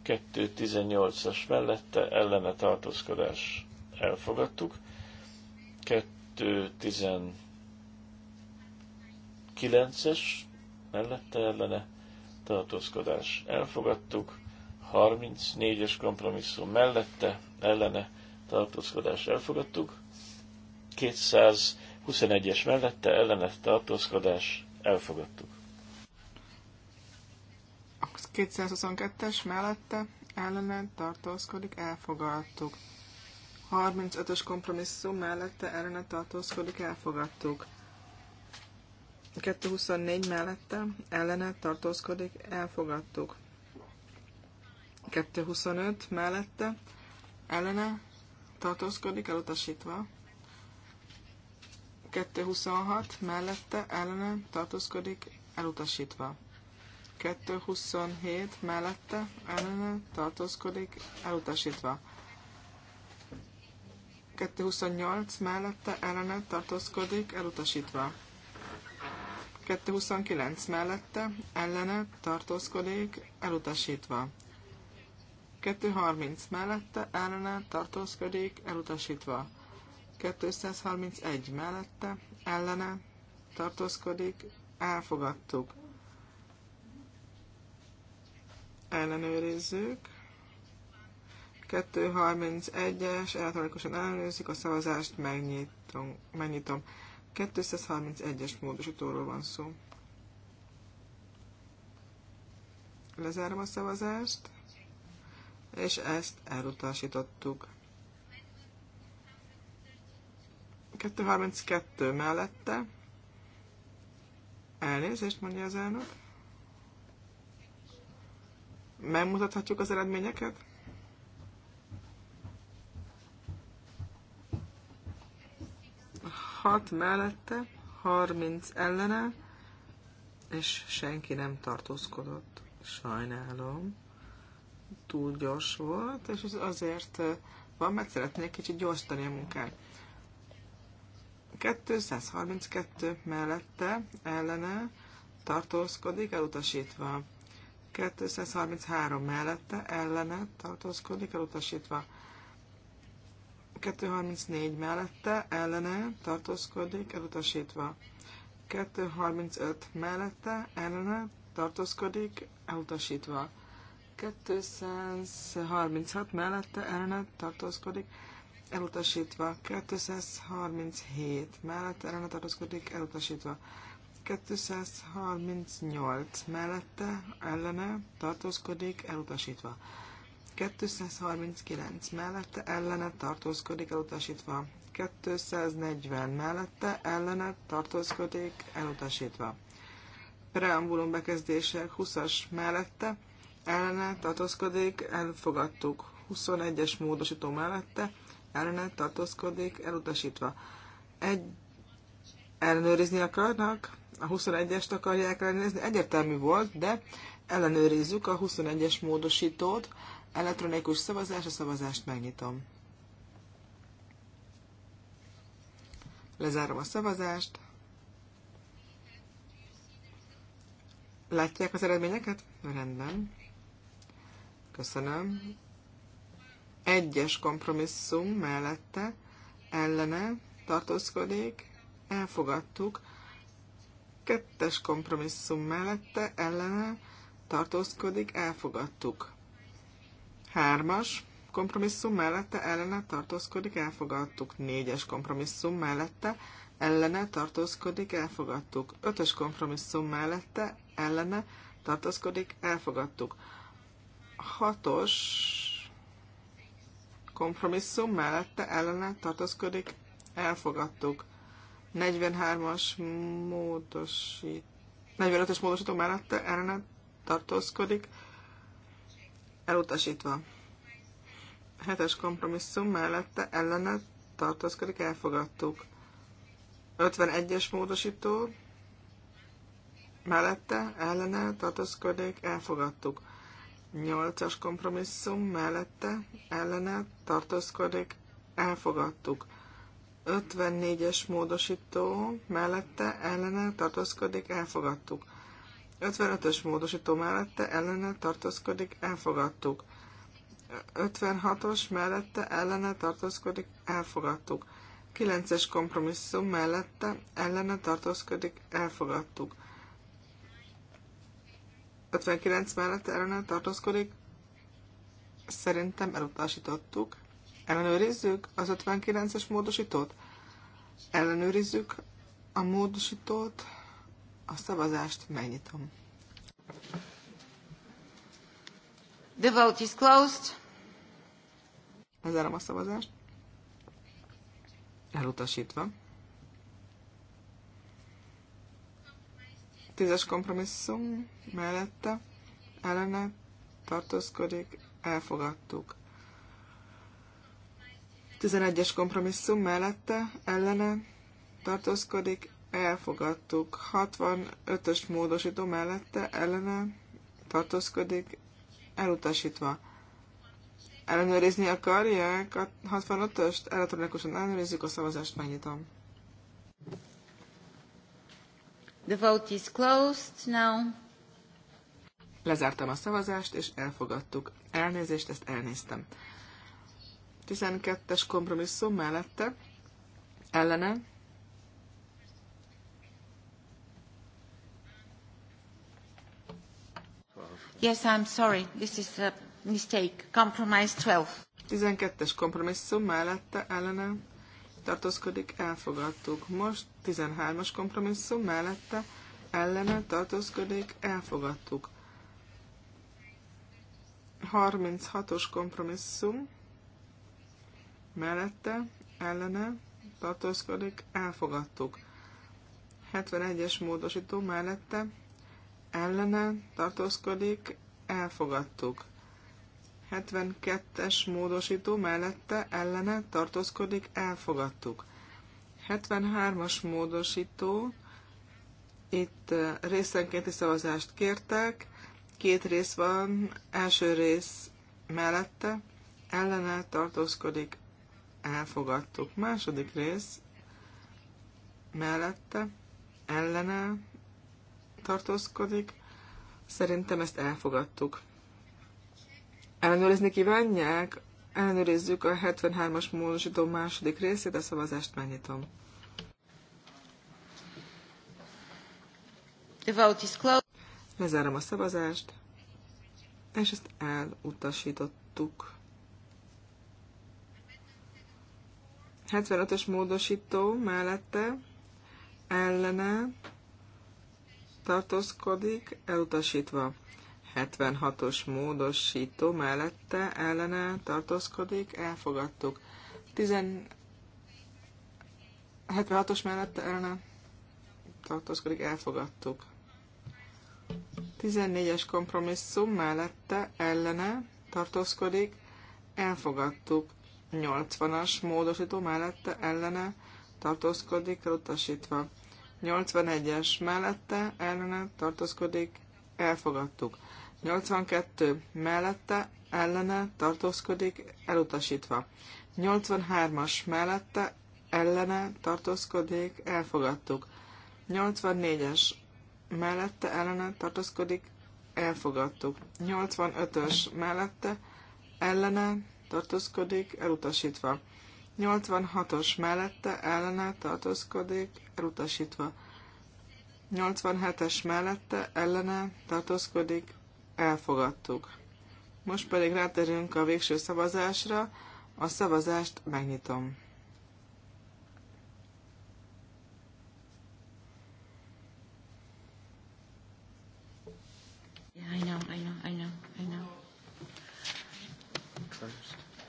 2.18-as mellette ellene tartózkodás elfogadtuk. 2.19-es mellette ellene tartózkodás elfogadtuk. 34-es kompromisszum mellette ellene tartózkodás elfogadtuk. 221-es mellette ellene tartózkodás elfogadtuk. 222-es mellette ellene tartózkodik, elfogadtuk. 35-ös kompromisszum mellette ellene tartózkodik, elfogadtuk. 224 mellette ellene tartózkodik, elfogadtuk. 225 mellette ellene tartózkodik, elutasítva. 226 mellette ellene tartózkodik, elutasítva. 227 mellette ellene tartózkodik, elutasítva. 228 mellette ellene tartózkodik, elutasítva. 229 mellette ellene tartózkodik, elutasítva. 230 mellette ellene tartózkodik, elutasítva. 231 mellette ellene tartózkodik, elfogadtuk. ellenőrizzük. 231-es, elektronikusan ellenőrizzük, a szavazást megnyitom. megnyitom. 231-es módosítóról van szó. Lezárom a szavazást, és ezt elutasítottuk. 232 mellette. Elnézést mondja az elnök. Megmutathatjuk az eredményeket? Hat mellette, 30 ellene, és senki nem tartózkodott. Sajnálom. Túl gyors volt, és ez azért van, mert szeretnék kicsit gyorsítani a munkát. 232 mellette, ellene tartózkodik, elutasítva. 233 mellette ellene tartózkodik, elutasítva. 234 mellette ellene tartózkodik, elutasítva. 235 mellette ellene tartózkodik, elutasítva. 236 mellette ellene tartózkodik, elutasítva. 237 mellette ellene tartózkodik, elutasítva. 238 mellette, ellene, tartózkodik, elutasítva. 239 mellette, ellene, tartózkodik, elutasítva. 240 mellette, ellene, tartózkodik, elutasítva. Preambulum bekezdése 20-as mellette, ellene, tartózkodik, elfogadtuk. 21-es módosító mellette, ellene, tartózkodik, elutasítva. Egy ellenőrizni akarnak? a 21-est akarják elnézni. Egyértelmű volt, de ellenőrizzük a 21-es módosítót. Elektronikus szavazás, a szavazást megnyitom. Lezárom a szavazást. Látják az eredményeket? Rendben. Köszönöm. Egyes kompromisszum mellette ellene tartózkodik. Elfogadtuk. Kettes kompromisszum mellette ellene tartózkodik, elfogadtuk. Hármas kompromisszum mellette ellene tartózkodik, elfogadtuk. Négyes kompromisszum mellette ellene tartózkodik, elfogadtuk. Ötös kompromisszum mellette ellene tartózkodik, elfogadtuk. Hatos kompromisszum mellette ellene tartózkodik, elfogadtuk. 43-as módosít, 45-ös módosító mellette ellene tartózkodik, elutasítva. 7-es kompromisszum mellette ellene tartózkodik, elfogadtuk. 51-es módosító mellette ellene tartózkodik, elfogadtuk. 8-as kompromisszum mellette ellene tartózkodik, elfogadtuk. 54-es módosító mellette ellene tartózkodik, elfogadtuk. 55-ös módosító mellette ellene tartózkodik, elfogadtuk. 56-os mellette ellene tartózkodik, elfogadtuk. 9-es kompromisszum mellette ellene tartózkodik, elfogadtuk. 59 mellette ellene tartózkodik, szerintem elutasítottuk. Ellenőrizzük az 59-es módosítót? Ellenőrizzük a módosítót, a szavazást megnyitom. The vote is closed. Lezárom a szavazást. Elutasítva. Tízes kompromisszum mellette ellene tartózkodik, elfogadtuk. 11-es kompromisszum mellette ellene tartózkodik, elfogadtuk. 65-ös módosító mellette ellene tartózkodik, elutasítva. Ellenőrizni akarják a 65-öst? Elektronikusan ellenőrizzük a szavazást, megnyitom. The vote is closed now. Lezártam a szavazást, és elfogadtuk. Elnézést, ezt elnéztem. 12-es kompromisszum mellette, ellene, Yes, I'm sorry. This is a mistake. Compromise 12. 12-es kompromisszum mellette ellene tartózkodik, elfogadtuk. Most 13-as kompromisszum mellette ellene tartózkodik, elfogadtuk. 36-os kompromisszum mellette, ellene, tartózkodik, elfogadtuk. 71-es módosító mellette, ellene, tartózkodik, elfogadtuk. 72-es módosító mellette, ellene, tartózkodik, elfogadtuk. 73-as módosító, itt eh, részenkénti szavazást kértek, két rész van, első rész mellette, ellene tartózkodik, elfogadtuk. Második rész mellette ellene tartózkodik. Szerintem ezt elfogadtuk. Ellenőrizni kívánják? Ellenőrizzük a 73-as módosító második részét, a szavazást megnyitom. The vote is closed. Lezárom a szavazást, és ezt elutasítottuk. 75-ös módosító mellette ellene tartózkodik, elutasítva. 76-os módosító mellette ellene tartózkodik, elfogadtuk. 76-os mellette ellene tartózkodik, elfogadtuk. 14-es kompromisszum mellette ellene tartózkodik, elfogadtuk. 80-as módosító mellette ellene tartózkodik, elutasítva. 81-es mellette ellene tartózkodik, elfogadtuk. 82 mellette ellene tartózkodik, elutasítva. 83-as mellette ellene tartózkodik, elfogadtuk. 84-es mellette ellene tartózkodik, elfogadtuk. 85-ös mellette ellene tartózkodik, elutasítva. 86-os mellette ellene tartózkodik, elutasítva. 87-es mellette ellene tartózkodik, elfogadtuk. Most pedig ráterünk a végső szavazásra, a szavazást megnyitom. Yeah, I know, I know.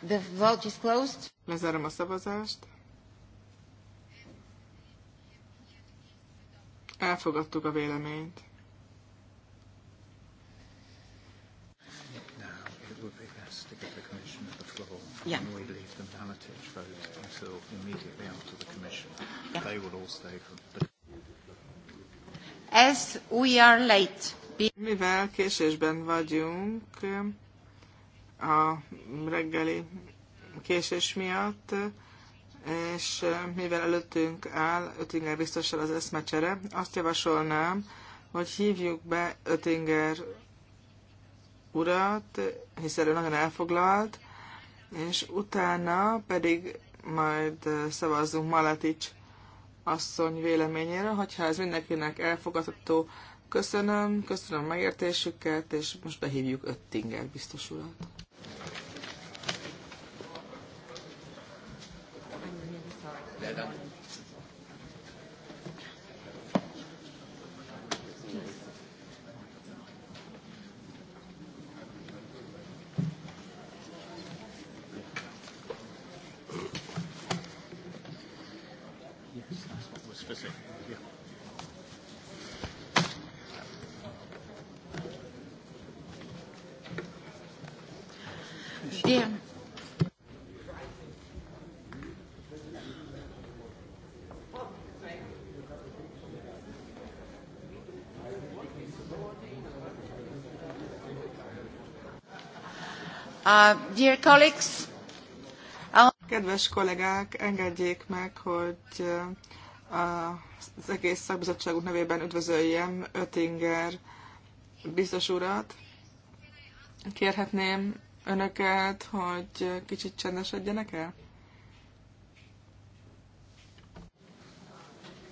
The vote is closed. Lezárom a szavazást. Elfogadtuk a véleményt. Yeah. Yeah. As we are late. Mivel késésben vagyunk, a reggeli késés miatt, és eh, mivel előttünk áll Ötinger biztosan az eszmecsere, azt javasolnám, hogy hívjuk be Ötinger urat, hiszen ő nagyon elfoglalt, és utána pedig majd eh, szavazzunk Malatics asszony véleményére, hogyha ez mindenkinek elfogadható. Köszönöm, köszönöm a megértésüket, és most behívjuk Öttinger biztos urat. Uh, Kedves kollégák, engedjék meg, hogy uh, az egész szakbizottságunk nevében üdvözöljem Ötinger biztos urat. Kérhetném önöket, hogy kicsit csendesedjenek el?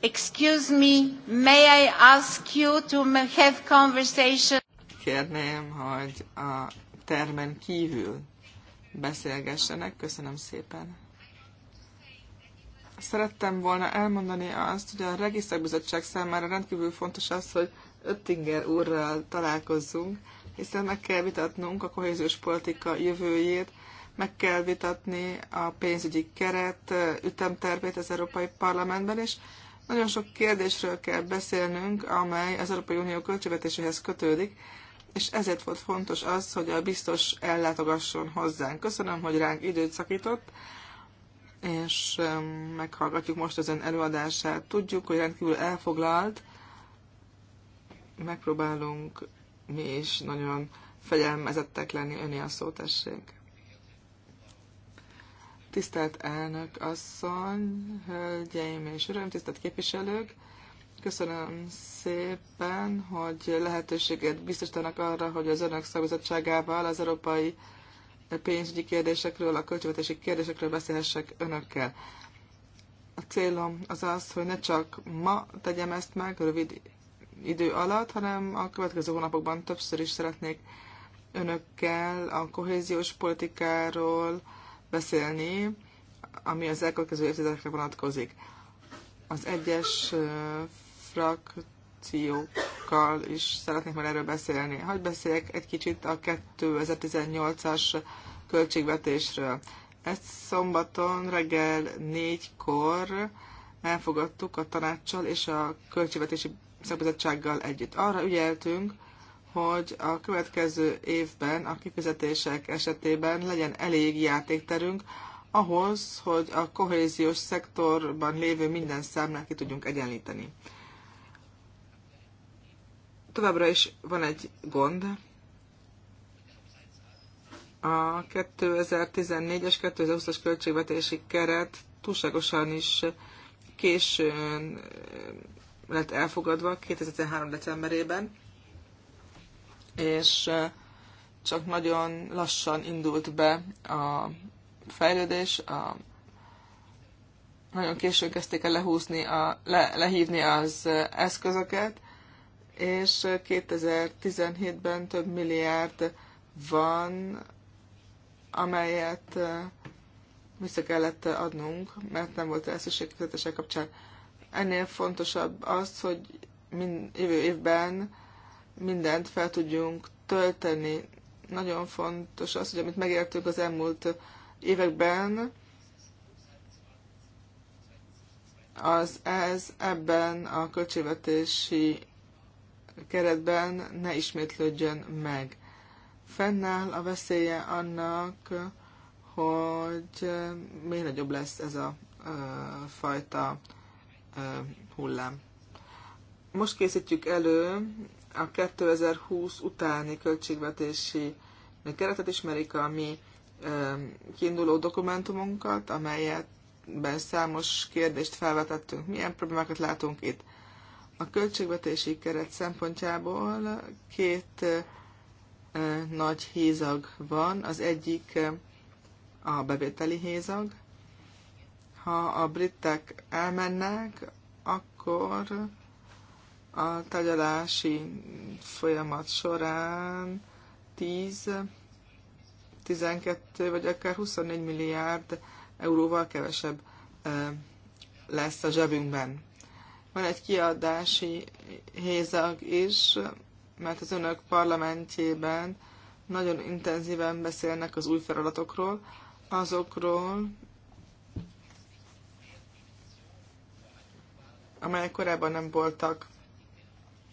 Excuse me, may I ask you to have conversation? Kérném, hogy a termen kívül beszélgessenek. Köszönöm szépen. Szerettem volna elmondani azt, hogy a Regiszterbizottság számára rendkívül fontos az, hogy Öttinger úrral találkozzunk, hiszen meg kell vitatnunk a kohéziós politika jövőjét, meg kell vitatni a pénzügyi keret ütemtervét az Európai Parlamentben, és nagyon sok kérdésről kell beszélnünk, amely az Európai Unió költségvetéséhez kötődik, és ezért volt fontos az, hogy a biztos ellátogasson hozzánk. Köszönöm, hogy ránk időt szakított, és um, meghallgatjuk most az ön előadását. Tudjuk, hogy rendkívül elfoglalt, megpróbálunk mi is nagyon fegyelmezettek lenni, öné a szó, tessék. Tisztelt elnök asszony, hölgyeim és uraim, tisztelt képviselők! Köszönöm szépen, hogy lehetőséget biztosítanak arra, hogy az önök szakbizottságával az európai pénzügyi kérdésekről, a költségvetési kérdésekről beszélhessek önökkel. A célom az az, hogy ne csak ma tegyem ezt meg rövid idő alatt, hanem a következő hónapokban többször is szeretnék önökkel a kohéziós politikáról beszélni, ami az elkövetkező évtizedekre vonatkozik. Az egyes frakciókkal is szeretnék már erről beszélni. Hogy beszéljek egy kicsit a 2018-as költségvetésről. Ezt szombaton reggel négykor elfogadtuk a tanácssal és a költségvetési szakbizottsággal együtt. Arra ügyeltünk, hogy a következő évben a kifizetések esetében legyen elég játékterünk ahhoz, hogy a kohéziós szektorban lévő minden számlát ki tudjunk egyenlíteni. Továbbra is van egy gond. A 2014-es, 2020-as költségvetési keret túlságosan is későn eh, lett elfogadva 2013. decemberében, és eh, csak nagyon lassan indult be a fejlődés, a, nagyon későn kezdték el lehúzni a, le, lehívni az eh, eszközöket, és 2017-ben több milliárd van, amelyet vissza kellett adnunk, mert nem volt elszükség fizetése kapcsán. Ennél fontosabb az, hogy mind, jövő évben mindent fel tudjunk tölteni. Nagyon fontos az, hogy amit megértünk az elmúlt években, az ez ebben a költségvetési keretben ne ismétlődjön meg. Fennáll a veszélye annak, hogy még nagyobb lesz ez a ö, fajta ö, hullám. Most készítjük elő a 2020 utáni költségvetési keretet, ismerik a mi ö, kiinduló dokumentumunkat, amelyet ben számos kérdést felvetettünk. Milyen problémákat látunk itt? A költségvetési keret szempontjából két eh, nagy hézag van. Az egyik eh, a bevételi hézag. Ha a britek elmennek, akkor a tagyalási folyamat során 10, 12 vagy akár 24 milliárd euróval kevesebb eh, lesz a zsebünkben. Van egy kiadási hézag is, mert az önök parlamentjében nagyon intenzíven beszélnek az új feladatokról, azokról, amelyek korábban nem voltak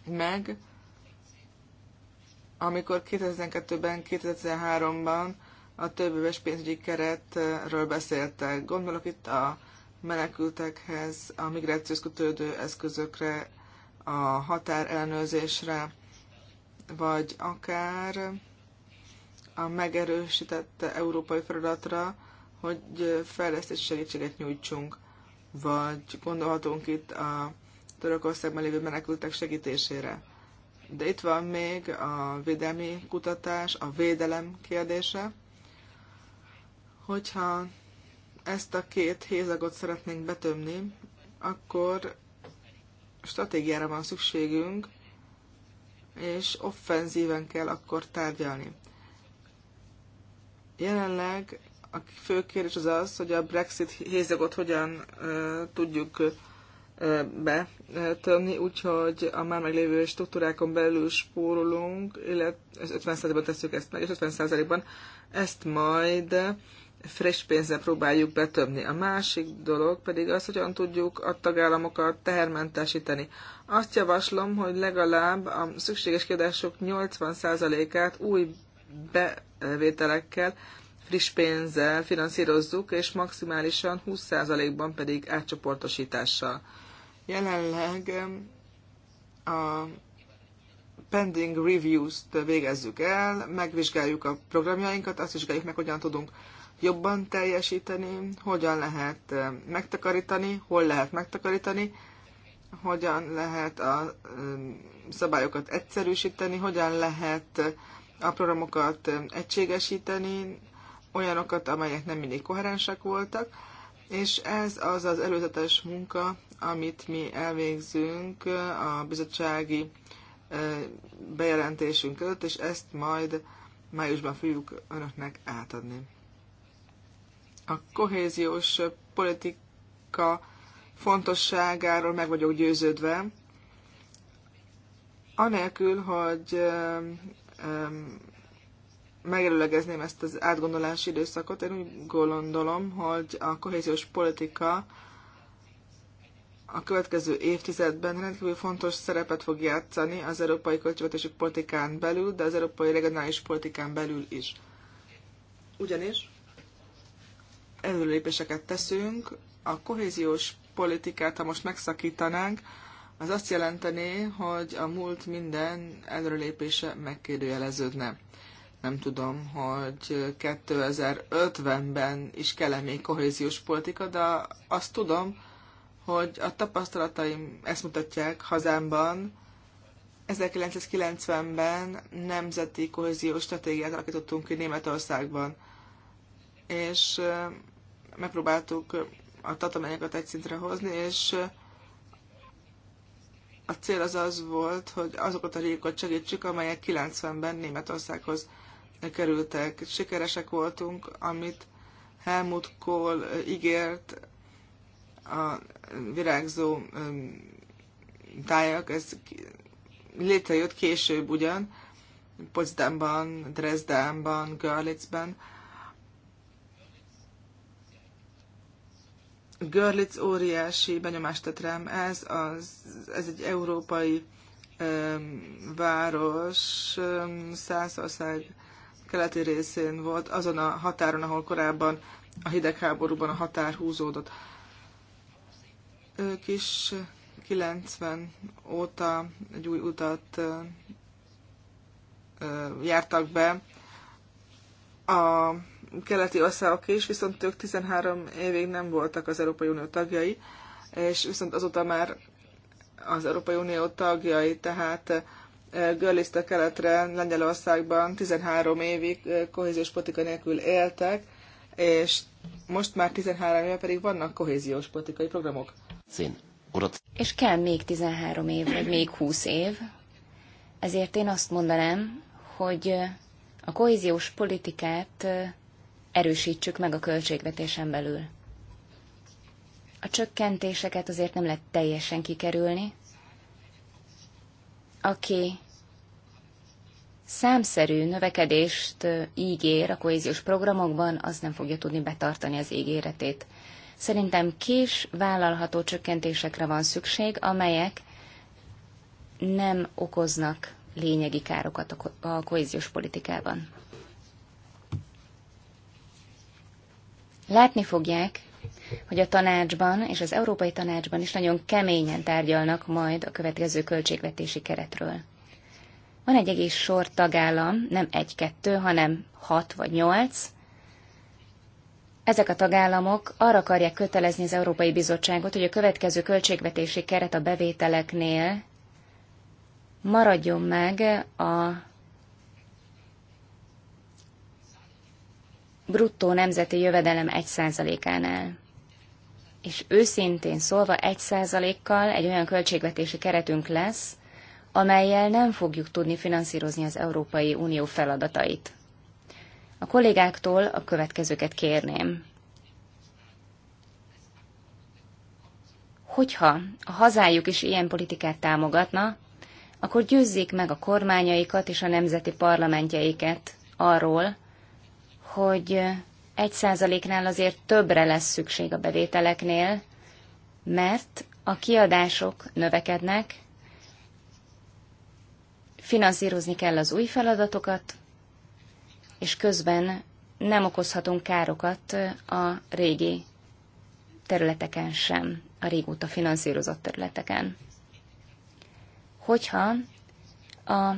meg, amikor 2002-ben, 2013-ban a többéves pénzügyi keretről beszéltek. Gondolok itt a menekültekhez, a migrációs kötődő eszközökre, a határ ellenőrzésre, vagy akár a megerősített európai feladatra, hogy fejlesztési segítséget nyújtsunk, vagy gondolhatunk itt a Törökországban lévő menekültek segítésére. De itt van még a védelmi kutatás, a védelem kérdése. Hogyha ezt a két hézagot szeretnénk betömni, akkor stratégiára van szükségünk, és offenzíven kell akkor tárgyalni. Jelenleg a fő kérdés az az, hogy a Brexit hézagot hogyan uh, tudjuk uh, betömni, úgyhogy a már meglévő struktúrákon belül spórolunk, illetve 50%-ban tesszük ezt meg, és 50%-ban ezt majd friss pénzzel próbáljuk betömni. A másik dolog pedig az, hogyan tudjuk a tagállamokat tehermentesíteni. Azt javaslom, hogy legalább a szükséges kiadások 80%-át új bevételekkel, friss pénzzel finanszírozzuk, és maximálisan 20%-ban pedig átcsoportosítással. Jelenleg a pending reviews-t végezzük el, megvizsgáljuk a programjainkat, azt vizsgáljuk meg, hogyan tudunk jobban teljesíteni, hogyan lehet eh, megtakarítani, hol lehet megtakarítani, hogyan lehet a eh, szabályokat egyszerűsíteni, hogyan lehet eh, a programokat egységesíteni, olyanokat, amelyek nem mindig koherensek voltak, és ez az az előzetes munka, amit mi elvégzünk a bizottsági bejelentésünk között, és ezt majd májusban fogjuk önöknek átadni a kohéziós politika fontosságáról meg vagyok győződve, anélkül, hogy megelőlegezném ezt az átgondolási időszakot, én úgy gondolom, hogy a kohéziós politika a következő évtizedben rendkívül fontos szerepet fog játszani az európai költségvetési politikán belül, de az európai regionális politikán belül is. Ugyanis előlépéseket teszünk, a kohéziós politikát, ha most megszakítanánk, az azt jelenteni, hogy a múlt minden előlépése megkérdőjeleződne. Nem tudom, hogy 2050-ben is kell -e még kohéziós politika, de azt tudom, hogy a tapasztalataim ezt mutatják hazámban, 1990-ben nemzeti kohéziós stratégiát alakítottunk ki Németországban. És megpróbáltuk a tatományokat egy szintre hozni, és a cél az az volt, hogy azokat a régokat segítsük, amelyek 90-ben Németországhoz kerültek. Sikeresek voltunk, amit Helmut Kohl ígért a virágzó um, tájak, ez létrejött később ugyan, Potsdamban, Dresdenban, Görlitzben, Görlitz óriási benyomást tett rám. Ez, az, ez egy európai um, város, um, Szászország keleti részén volt, azon a határon, ahol korábban a hidegháborúban a határ húzódott. Ők is 90 óta egy új utat jártak be a keleti országok is, viszont ők 13 évig nem voltak az Európai Unió tagjai, és viszont azóta már az Európai Unió tagjai, tehát eh, Görliszta keletre Lengyelországban 13 évig eh, kohéziós politika nélkül éltek, és most már 13 éve pedig vannak kohéziós politikai programok. Szín. És kell még 13 év, vagy még 20 év. Ezért én azt mondanám, hogy eh, a kohéziós politikát erősítsük meg a költségvetésen belül. A csökkentéseket azért nem lehet teljesen kikerülni. Aki számszerű növekedést ígér a kohéziós programokban, az nem fogja tudni betartani az ígéretét. Szerintem kis, vállalható csökkentésekre van szükség, amelyek nem okoznak lényegi károkat a kohéziós politikában. Látni fogják, hogy a tanácsban és az Európai Tanácsban is nagyon keményen tárgyalnak majd a következő költségvetési keretről. Van egy egész sor tagállam, nem egy-kettő, hanem hat vagy nyolc. Ezek a tagállamok arra akarják kötelezni az Európai Bizottságot, hogy a következő költségvetési keret a bevételeknél maradjon meg a bruttó nemzeti jövedelem 1%-ánál. És őszintén szólva 1%-kal egy olyan költségvetési keretünk lesz, amelyel nem fogjuk tudni finanszírozni az Európai Unió feladatait. A kollégáktól a következőket kérném. Hogyha a hazájuk is ilyen politikát támogatna, akkor győzzék meg a kormányaikat és a nemzeti parlamentjeiket arról, hogy egy százaléknál azért többre lesz szükség a bevételeknél, mert a kiadások növekednek, finanszírozni kell az új feladatokat, és közben nem okozhatunk károkat a régi területeken sem, a régóta finanszírozott területeken. Hogyha a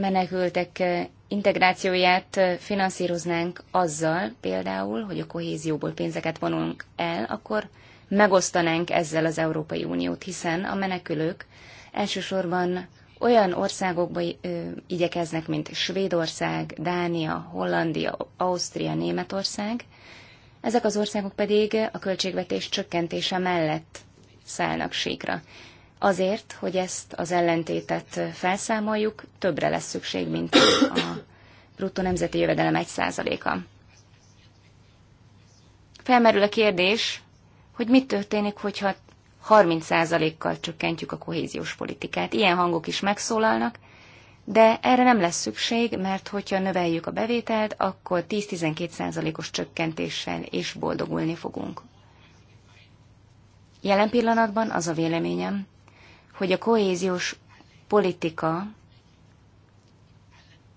menekültek eh, integrációját eh, finanszíroznánk azzal például, hogy a kohézióból pénzeket vonunk el, akkor megosztanánk ezzel az Európai Uniót, hiszen a menekülők elsősorban olyan országokba eh, igyekeznek, mint Svédország, Dánia, Hollandia, Ausztria, Németország, ezek az országok pedig a költségvetés csökkentése mellett szállnak síkra. Azért, hogy ezt az ellentétet felszámoljuk, többre lesz szükség, mint a bruttó nemzeti jövedelem 1%-a. Felmerül a kérdés, hogy mit történik, hogyha 30%-kal csökkentjük a kohéziós politikát. Ilyen hangok is megszólalnak, de erre nem lesz szükség, mert hogyha növeljük a bevételt, akkor 10-12%-os csökkentéssel is boldogulni fogunk. Jelen pillanatban az a véleményem, hogy a kohéziós politika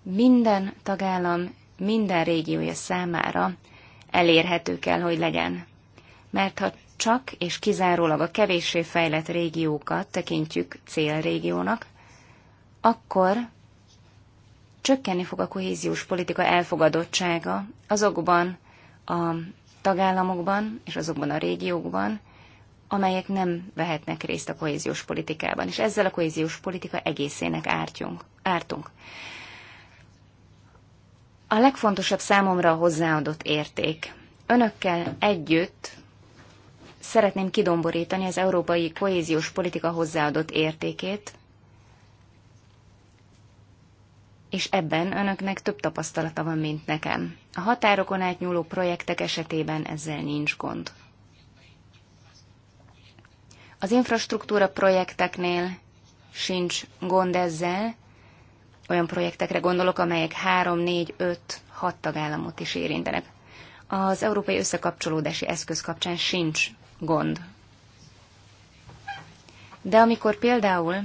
minden tagállam, minden régiója számára elérhető kell, hogy legyen. Mert ha csak és kizárólag a kevéssé fejlett régiókat tekintjük célrégiónak, akkor csökkenni fog a kohéziós politika elfogadottsága azokban a tagállamokban és azokban a régiókban, amelyek nem vehetnek részt a kohéziós politikában, és ezzel a kohéziós politika egészének ártjunk, ártunk. A legfontosabb számomra a hozzáadott érték. Önökkel együtt szeretném kidomborítani az európai kohéziós politika hozzáadott értékét, és ebben önöknek több tapasztalata van, mint nekem. A határokon átnyúló projektek esetében ezzel nincs gond. Az infrastruktúra projekteknél sincs gond ezzel, olyan projektekre gondolok, amelyek 3, 4, 5, 6 tagállamot is érintenek. Az európai összekapcsolódási eszköz kapcsán sincs gond. De amikor például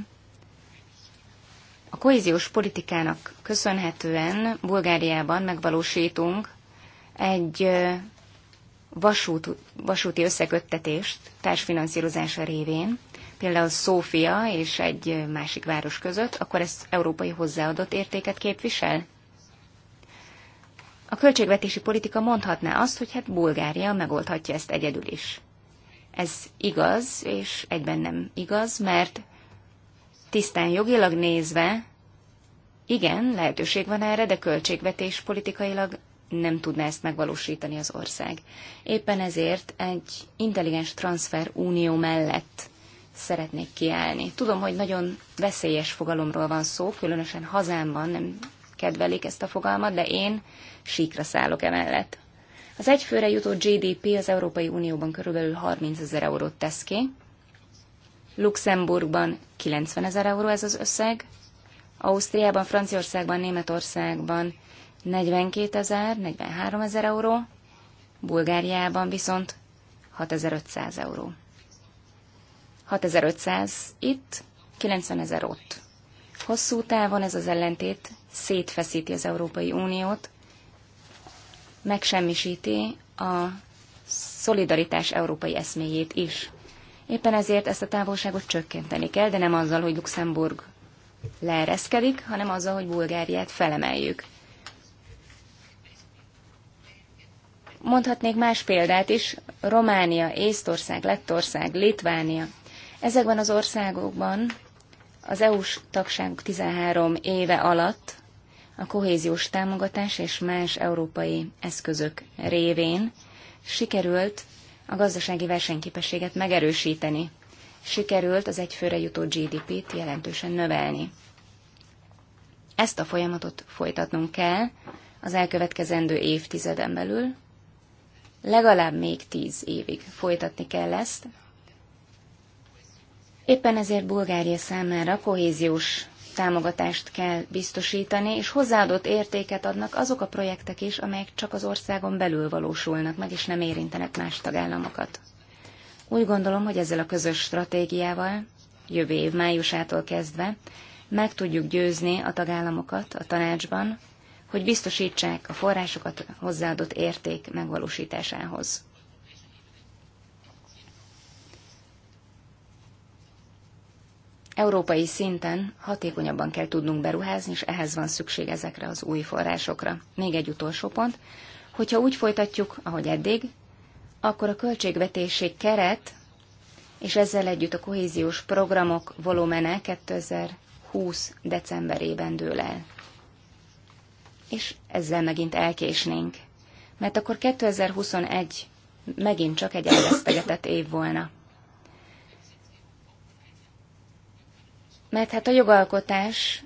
a kohéziós politikának köszönhetően Bulgáriában megvalósítunk egy vasút, vasúti összeköttetést társfinanszírozása révén, például Szófia és egy másik város között, akkor ez európai hozzáadott értéket képvisel? A költségvetési politika mondhatná azt, hogy hát Bulgária megoldhatja ezt egyedül is. Ez igaz, és egyben nem igaz, mert tisztán jogilag nézve, igen, lehetőség van erre, de költségvetés politikailag nem tudná ezt megvalósítani az ország. Éppen ezért egy intelligens transfer unió mellett szeretnék kiállni. Tudom, hogy nagyon veszélyes fogalomról van szó, különösen hazámban nem kedvelik ezt a fogalmat, de én síkra szállok emellett. Az egyfőre jutó GDP az Európai Unióban körülbelül 30 ezer eurót tesz ki, Luxemburgban 90 ezer euró ez az összeg, Ausztriában, Franciaországban, Németországban 42 ezer, 43 ezer euró, Bulgáriában viszont 6500 euró. 6500 itt, 90 ezer ott. Hosszú távon ez az ellentét szétfeszíti az Európai Uniót, megsemmisíti a szolidaritás európai eszméjét is. Éppen ezért ezt a távolságot csökkenteni kell, de nem azzal, hogy Luxemburg leereszkedik, hanem azzal, hogy Bulgáriát felemeljük. Mondhatnék más példát is, Románia, Észtország, Lettország, Litvánia. Ezekben az országokban az EU-s tagságuk 13 éve alatt a kohéziós támogatás és más európai eszközök révén sikerült a gazdasági versenyképességet megerősíteni. Sikerült az egyfőre jutó GDP-t jelentősen növelni. Ezt a folyamatot folytatnunk kell az elkövetkezendő évtizeden belül, legalább még tíz évig folytatni kell ezt. Éppen ezért Bulgária számára kohéziós támogatást kell biztosítani, és hozzáadott értéket adnak azok a projektek is, amelyek csak az országon belül valósulnak meg, és nem érintenek más tagállamokat. Úgy gondolom, hogy ezzel a közös stratégiával, jövő év májusától kezdve, meg tudjuk győzni a tagállamokat a tanácsban hogy biztosítsák a forrásokat hozzáadott érték megvalósításához. Európai szinten hatékonyabban kell tudnunk beruházni, és ehhez van szükség ezekre az új forrásokra. Még egy utolsó pont, hogyha úgy folytatjuk, ahogy eddig, akkor a költségvetési keret, és ezzel együtt a kohéziós programok volumene 2020. decemberében dől el és ezzel megint elkésnénk. Mert akkor 2021 megint csak egy elvesztegetett év volna. Mert hát a jogalkotás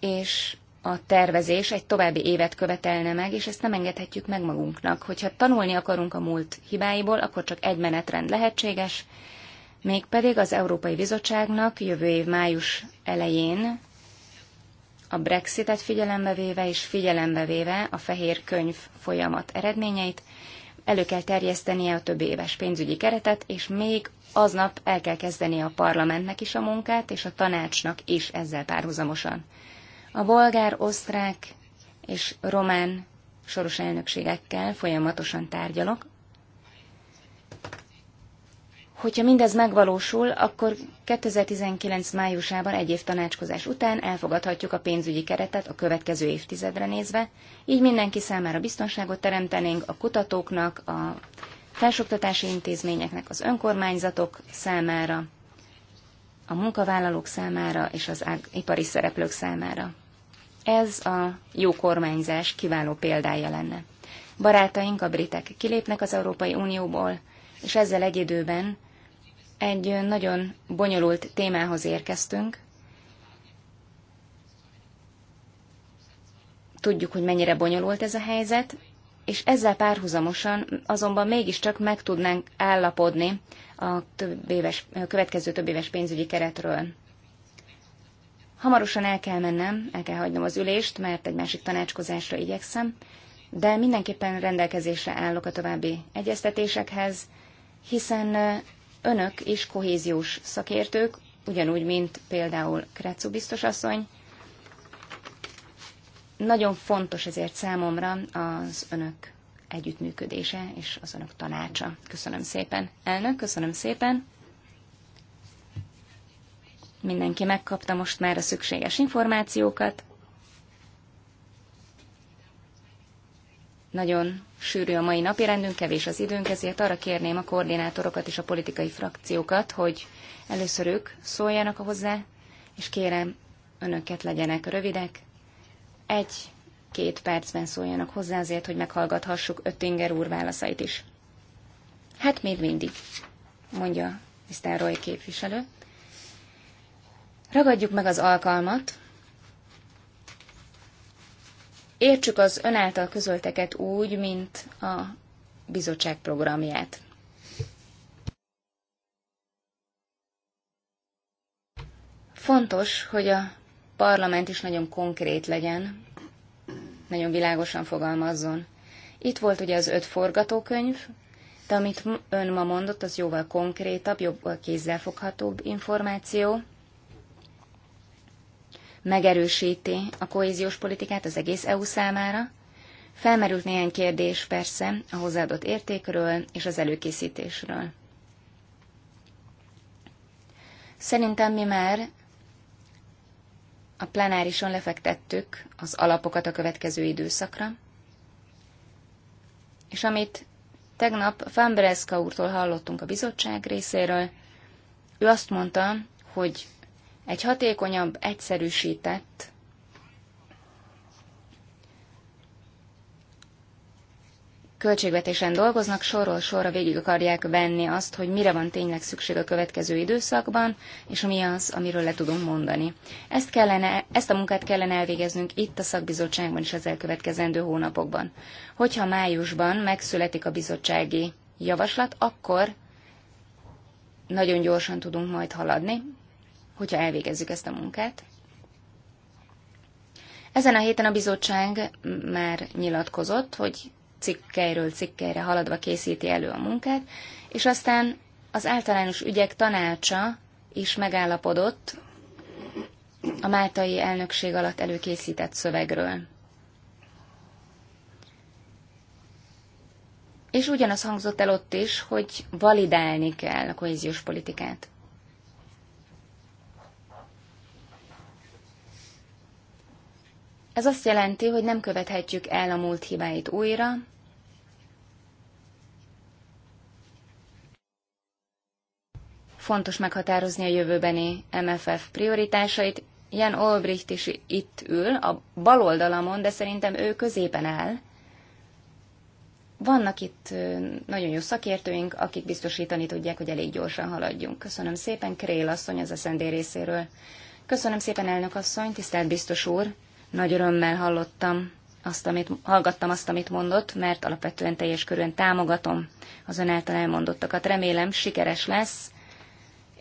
és a tervezés egy további évet követelne meg, és ezt nem engedhetjük meg magunknak. Hogyha tanulni akarunk a múlt hibáiból, akkor csak egy menetrend lehetséges, mégpedig az Európai Bizottságnak jövő év május elején a Brexitet figyelembe véve és figyelembe véve a fehér könyv folyamat eredményeit, elő kell terjesztenie a több éves pénzügyi keretet, és még aznap el kell kezdeni a parlamentnek is a munkát, és a tanácsnak is ezzel párhuzamosan. A bolgár, osztrák és román soros elnökségekkel folyamatosan tárgyalok, Hogyha mindez megvalósul, akkor 2019 májusában egy év tanácskozás után elfogadhatjuk a pénzügyi keretet a következő évtizedre nézve, így mindenki számára biztonságot teremtenénk a kutatóknak, a felsőoktatási intézményeknek, az önkormányzatok számára, a munkavállalók számára és az ipari szereplők számára. Ez a jó kormányzás kiváló példája lenne. Barátaink, a britek kilépnek az Európai Unióból, és ezzel egy időben egy nagyon bonyolult témához érkeztünk. Tudjuk, hogy mennyire bonyolult ez a helyzet, és ezzel párhuzamosan azonban mégiscsak meg tudnánk állapodni a, több éves, a következő több éves pénzügyi keretről. Hamarosan el kell mennem, el kell hagynom az ülést, mert egy másik tanácskozásra igyekszem, de mindenképpen rendelkezésre állok a további egyeztetésekhez, hiszen önök is kohéziós szakértők, ugyanúgy, mint például Kretszú biztosasszony. Nagyon fontos ezért számomra az önök együttműködése és az önök tanácsa. Köszönöm szépen. Elnök, köszönöm szépen. Mindenki megkapta most már a szükséges információkat. Nagyon sűrű a mai napi rendünk, kevés az időnk, ezért arra kérném a koordinátorokat és a politikai frakciókat, hogy először ők szóljanak hozzá, és kérem, önöket legyenek rövidek. Egy-két percben szóljanak hozzá azért, hogy meghallgathassuk Öttinger úr válaszait is. Hát még mindig, mondja Mr. Roy képviselő. Ragadjuk meg az alkalmat, Értsük az ön által közölteket úgy, mint a bizottság programját. Fontos, hogy a parlament is nagyon konkrét legyen, nagyon világosan fogalmazzon. Itt volt ugye az öt forgatókönyv, de amit ön ma mondott, az jóval konkrétabb, jóval kézzelfoghatóbb információ megerősíti a kohéziós politikát az egész EU számára. Felmerült néhány kérdés persze a hozzáadott értékről és az előkészítésről. Szerintem mi már a plenárison lefektettük az alapokat a következő időszakra, és amit tegnap Fambereszka úrtól hallottunk a bizottság részéről, ő azt mondta, hogy egy hatékonyabb, egyszerűsített költségvetésen dolgoznak, sorról sorra végig akarják venni azt, hogy mire van tényleg szükség a következő időszakban, és mi az, amiről le tudunk mondani. Ezt, kellene, ezt a munkát kellene elvégeznünk itt a szakbizottságban is az elkövetkezendő hónapokban. Hogyha májusban megszületik a bizottsági javaslat, akkor nagyon gyorsan tudunk majd haladni, hogyha elvégezzük ezt a munkát. Ezen a héten a bizottság már nyilatkozott, hogy cikkeiről cikkeire haladva készíti elő a munkát, és aztán az általános ügyek tanácsa is megállapodott a máltai elnökség alatt előkészített szövegről. És ugyanaz hangzott el ott is, hogy validálni kell a kohéziós politikát. Ez azt jelenti, hogy nem követhetjük el a múlt hibáit újra, Fontos meghatározni a jövőbeni MFF prioritásait. Jan Olbricht is itt ül, a bal oldalamon, de szerintem ő középen áll. Vannak itt nagyon jó szakértőink, akik biztosítani tudják, hogy elég gyorsan haladjunk. Köszönöm szépen, Krél asszony az SZND részéről. Köszönöm szépen, elnök asszony, tisztelt biztos úr! Nagy örömmel hallottam azt, amit, hallgattam azt, amit mondott, mert alapvetően teljes körön támogatom az ön által elmondottakat. Remélem sikeres lesz,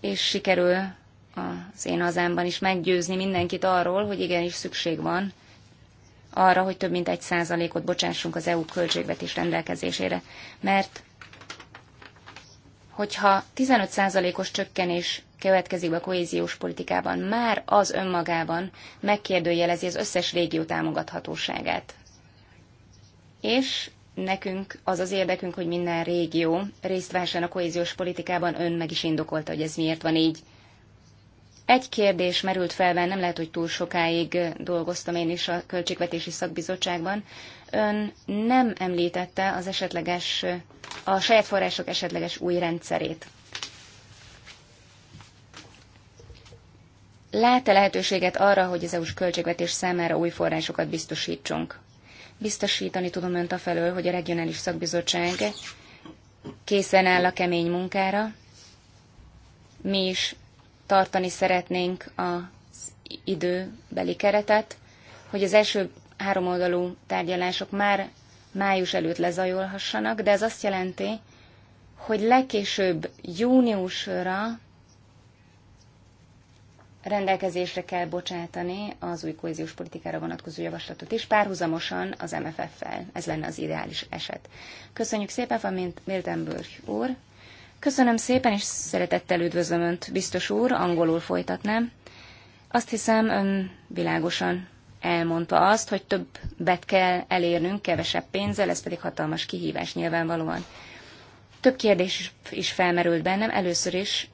és sikerül az én hazámban is meggyőzni mindenkit arról, hogy igenis szükség van arra, hogy több mint egy százalékot bocsássunk az EU költségvetés rendelkezésére, mert hogyha 15%-os csökkenés következik a kohéziós politikában, már az önmagában megkérdőjelezi az összes régió támogathatóságát. És nekünk az az érdekünk, hogy minden régió részt vehessen a kohéziós politikában, ön meg is indokolta, hogy ez miért van így. Egy kérdés merült fel, mert nem lehet, hogy túl sokáig dolgoztam én is a Költségvetési Szakbizottságban. Ön nem említette az esetleges, a saját források esetleges új rendszerét. Lát-e lehetőséget arra, hogy az EU-s költségvetés számára új forrásokat biztosítsunk? Biztosítani tudom önt a felől, hogy a regionális szakbizottság készen áll a kemény munkára. Mi is tartani szeretnénk az időbeli keretet, hogy az első háromoldalú tárgyalások már május előtt lezajolhassanak, de ez azt jelenti, hogy legkésőbb júniusra rendelkezésre kell bocsátani az új kohéziós politikára vonatkozó javaslatot is, párhuzamosan az MFF-fel. Ez lenne az ideális eset. Köszönjük szépen, van Mildenburg úr! Köszönöm szépen, és szeretettel üdvözlöm Önt, biztos úr, angolul folytatnám. Azt hiszem, Ön világosan elmondta azt, hogy többet kell elérnünk kevesebb pénzzel, ez pedig hatalmas kihívás nyilvánvalóan. Több kérdés is felmerült bennem, először is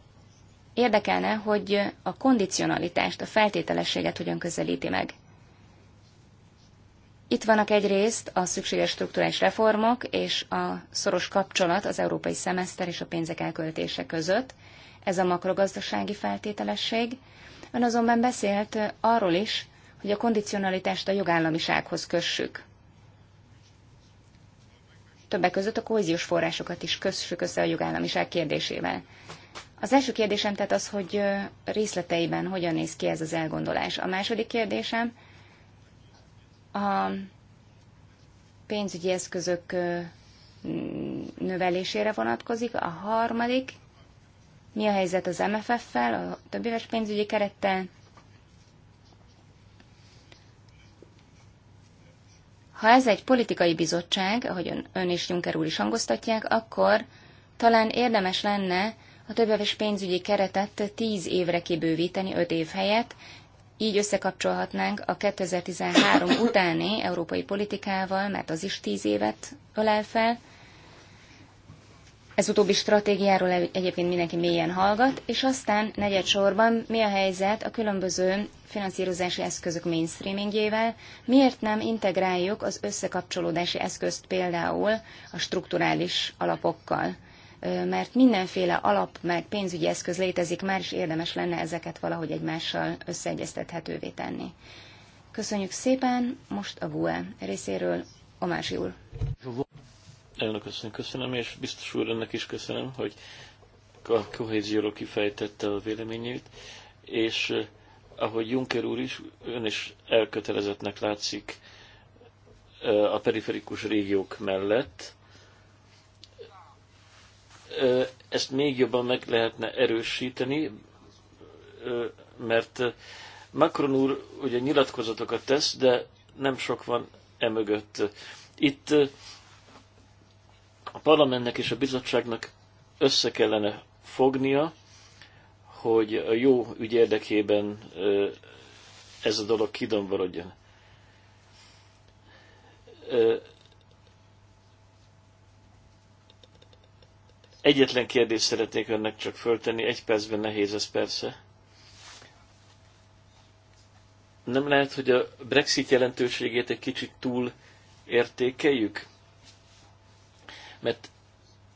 érdekelne, hogy a kondicionalitást, a feltételességet hogyan közelíti meg. Itt vannak egyrészt a szükséges strukturális reformok és a szoros kapcsolat az európai szemeszter és a pénzek elköltése között. Ez a makrogazdasági feltételesség. Ön azonban beszélt arról is, hogy a kondicionalitást a jogállamisághoz kössük. Többek között a kohéziós forrásokat is kössük össze a jogállamiság kérdésével. Az első kérdésem tehát az, hogy részleteiben hogyan néz ki ez az elgondolás. A második kérdésem, a pénzügyi eszközök növelésére vonatkozik, a harmadik, mi a helyzet az MFF-fel, a éves pénzügyi kerettel, Ha ez egy politikai bizottság, ahogy ön, és Juncker úr is hangoztatják, akkor talán érdemes lenne a éves pénzügyi keretet tíz évre kibővíteni öt év helyett, így összekapcsolhatnánk a 2013 utáni európai politikával, mert az is tíz évet ölel fel. Ez utóbbi stratégiáról egyébként mindenki mélyen hallgat, és aztán negyed sorban mi a helyzet a különböző finanszírozási eszközök mainstreamingjével, miért nem integráljuk az összekapcsolódási eszközt például a strukturális alapokkal mert mindenféle alap meg pénzügyi eszköz létezik már, is érdemes lenne ezeket valahogy egymással összeegyeztethetővé tenni. Köszönjük szépen, most a GUE részéről Omási úr. Elnök asszony, köszönöm, és biztos úr ennek is köszönöm, hogy a kohézióról kifejtette a véleményét, és ahogy Juncker úr is, ön is elkötelezettnek látszik a periferikus régiók mellett, ezt még jobban meg lehetne erősíteni, mert Macron úr ugye nyilatkozatokat tesz, de nem sok van emögött. Itt a parlamentnek és a bizottságnak össze kellene fognia, hogy a jó ügy érdekében ez a dolog kidomborodjon. Egyetlen kérdést szeretnék önnek csak föltenni, egy percben nehéz ez persze. Nem lehet, hogy a Brexit jelentőségét egy kicsit túl értékeljük? Mert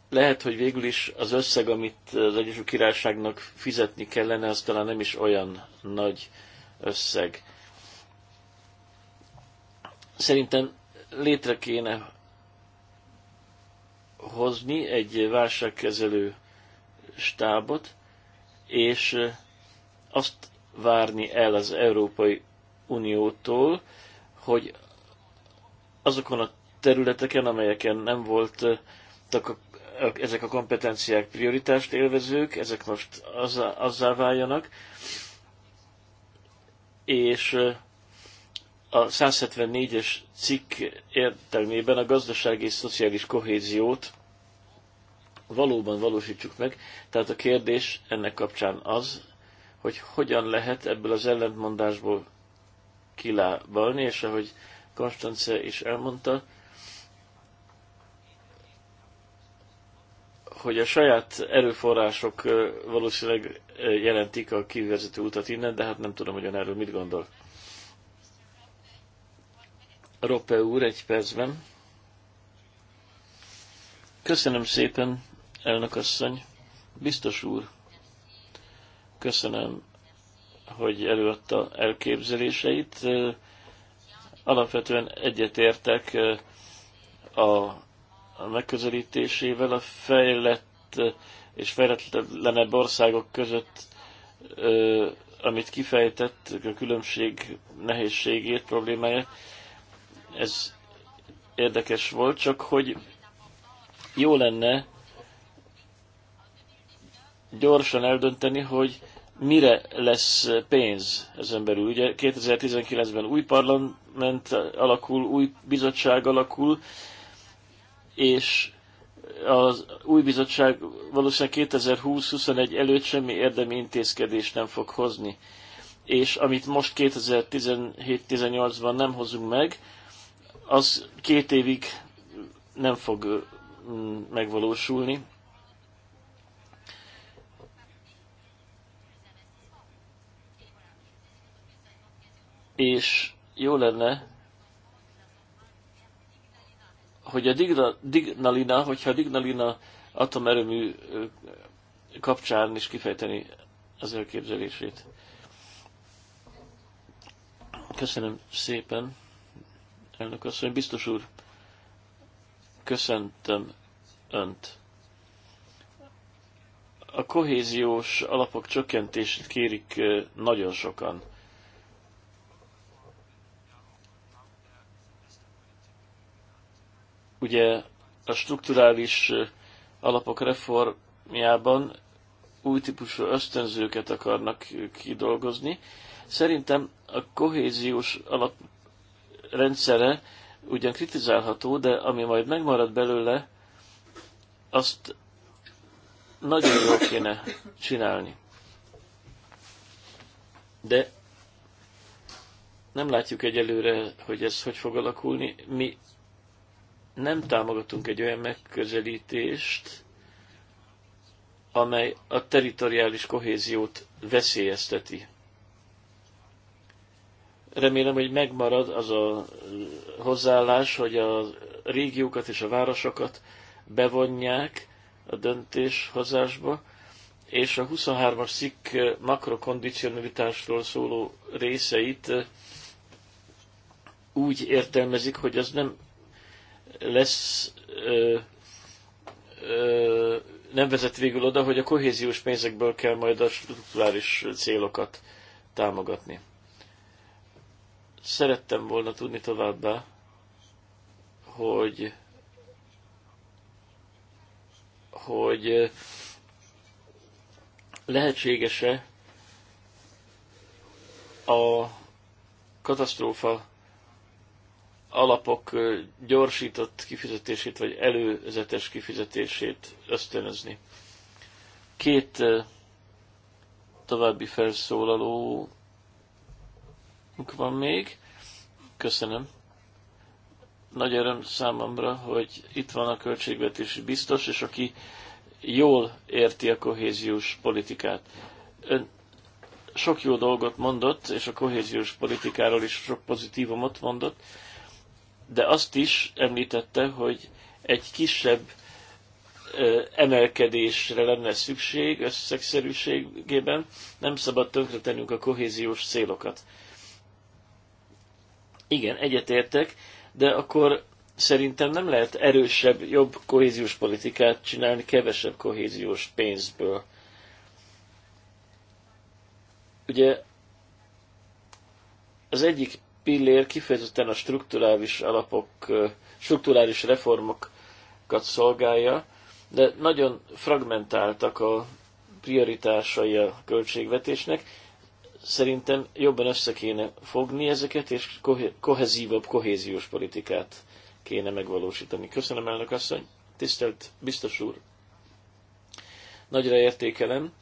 lehet, hogy végül is az összeg, amit az Egyesült Királyságnak fizetni kellene, az talán nem is olyan nagy összeg. Szerintem létre kéne hozni egy válságkezelő stábot, és azt várni el az Európai Uniótól, hogy azokon a területeken, amelyeken nem voltak a, a, ezek a kompetenciák prioritást élvezők, ezek most azzá, azzá váljanak, és a 174-es cikk értelmében a gazdasági és szociális kohéziót valóban valósítsuk meg. Tehát a kérdés ennek kapcsán az, hogy hogyan lehet ebből az ellentmondásból kilábalni, és ahogy Konstance is elmondta, hogy a saját erőforrások valószínűleg jelentik a kivezető utat innen, de hát nem tudom, hogy ön erről mit gondol. Rope úr egy percben. Köszönöm szépen, elnök asszony. Biztos úr, köszönöm, hogy előadta elképzeléseit. Alapvetően egyetértek eh, a megközelítésével a fejlett és fejletlenebb országok között, eh, amit kifejtett, a különbség nehézségét, problémáját ez érdekes volt, csak hogy jó lenne gyorsan eldönteni, hogy mire lesz pénz ezen belül. Ugye 2019-ben új parlament alakul, új bizottság alakul, és az új bizottság valószínűleg 2020-21 előtt semmi érdemi intézkedést nem fog hozni. És amit most 2017-18-ban nem hozunk meg, az két évig nem fog mm, megvalósulni. És jó lenne, hogy a Dignalina, hogyha a Dignalina atomerőmű kapcsán is kifejteni az elképzelését. Köszönöm szépen! elnök asszony. Biztos úr, köszöntöm önt. A kohéziós alapok csökkentését kérik nagyon sokan. Ugye a strukturális alapok reformjában új típusú ösztönzőket akarnak kidolgozni. Szerintem a kohéziós alap rendszere ugyan kritizálható, de ami majd megmarad belőle, azt nagyon jól kéne csinálni. De nem látjuk egyelőre, hogy ez hogy fog alakulni. Mi nem támogatunk egy olyan megközelítést, amely a teritoriális kohéziót veszélyezteti. Remélem, hogy megmarad az a hozzáállás, hogy a régiókat és a városokat bevonják a döntéshozásba, és a 23-as cikk makrokondicionalitásról szóló részeit úgy értelmezik, hogy az nem lesz, ö, ö, nem vezet végül oda, hogy a kohéziós pénzekből kell majd a strukturális célokat támogatni. Szerettem volna tudni továbbá, hogy hogy lehetséges-e a katasztrófa alapok gyorsított kifizetését, vagy előzetes kifizetését ösztönözni. Két további felszólaló van még. Köszönöm. Nagy öröm számomra, hogy itt van a költségvetési biztos, és aki jól érti a kohéziós politikát. Ön sok jó dolgot mondott, és a kohéziós politikáról is sok pozitívumot mondott, de azt is említette, hogy egy kisebb emelkedésre lenne szükség összegszerűségében, nem szabad tönkretennünk a kohéziós célokat. Igen, egyetértek, de akkor szerintem nem lehet erősebb, jobb kohéziós politikát csinálni kevesebb kohéziós pénzből. Ugye az egyik pillér kifejezetten a strukturális alapok, strukturális reformokat szolgálja, de nagyon fragmentáltak a prioritásai a költségvetésnek, szerintem jobban össze kéne fogni ezeket, és kohezívabb, kohéziós politikát kéne megvalósítani. Köszönöm, elnök asszony! Tisztelt biztos úr! Nagyra értékelem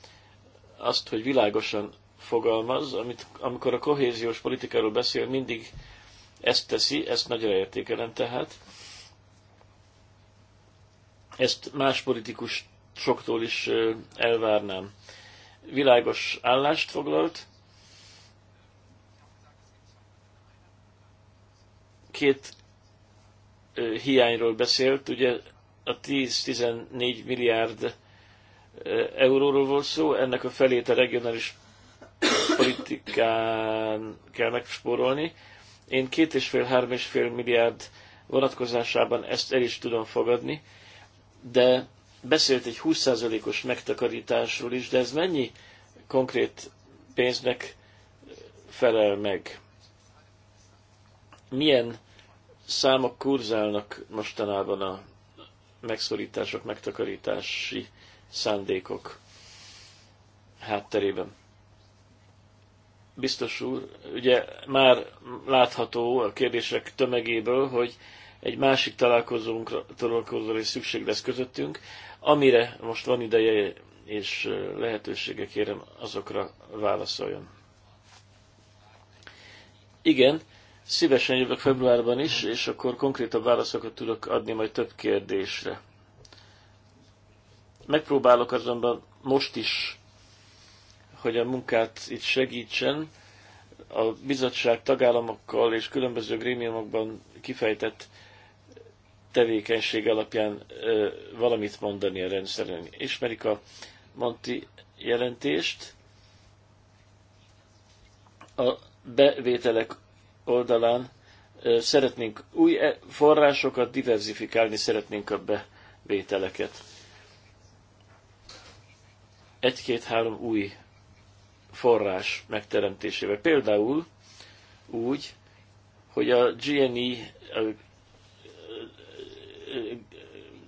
azt, hogy világosan fogalmaz, amit, amikor a kohéziós politikáról beszél, mindig ezt teszi, ezt nagyra értékelem tehát. Ezt más politikus soktól is elvárnám. Világos állást foglalt, két hiányról beszélt, ugye a 10-14 milliárd euróról volt szó, ennek a felét a regionális politikán kell megspórolni. Én két és fél, három és fél milliárd vonatkozásában ezt el is tudom fogadni, de beszélt egy 20%-os megtakarításról is, de ez mennyi konkrét pénznek felel meg? Milyen számok kurzálnak mostanában a megszorítások, megtakarítási szándékok hátterében. Biztos úr, ugye már látható a kérdések tömegéből, hogy egy másik találkozónkra, találkozóra is szükség lesz közöttünk. Amire most van ideje és lehetősége, kérem, azokra válaszoljon. Igen, Szívesen jövök februárban is, és akkor konkrétabb válaszokat tudok adni majd több kérdésre. Megpróbálok azonban most is, hogy a munkát itt segítsen, a bizottság tagállamokkal és különböző grémiumokban kifejtett tevékenység alapján ö, valamit mondani a rendszeren. Ismerik a Monti jelentést. A bevételek oldalán szeretnénk új e- forrásokat, diverzifikálni szeretnénk a bevételeket. Egy-két-három új forrás megteremtésével. Például úgy, hogy a GNI a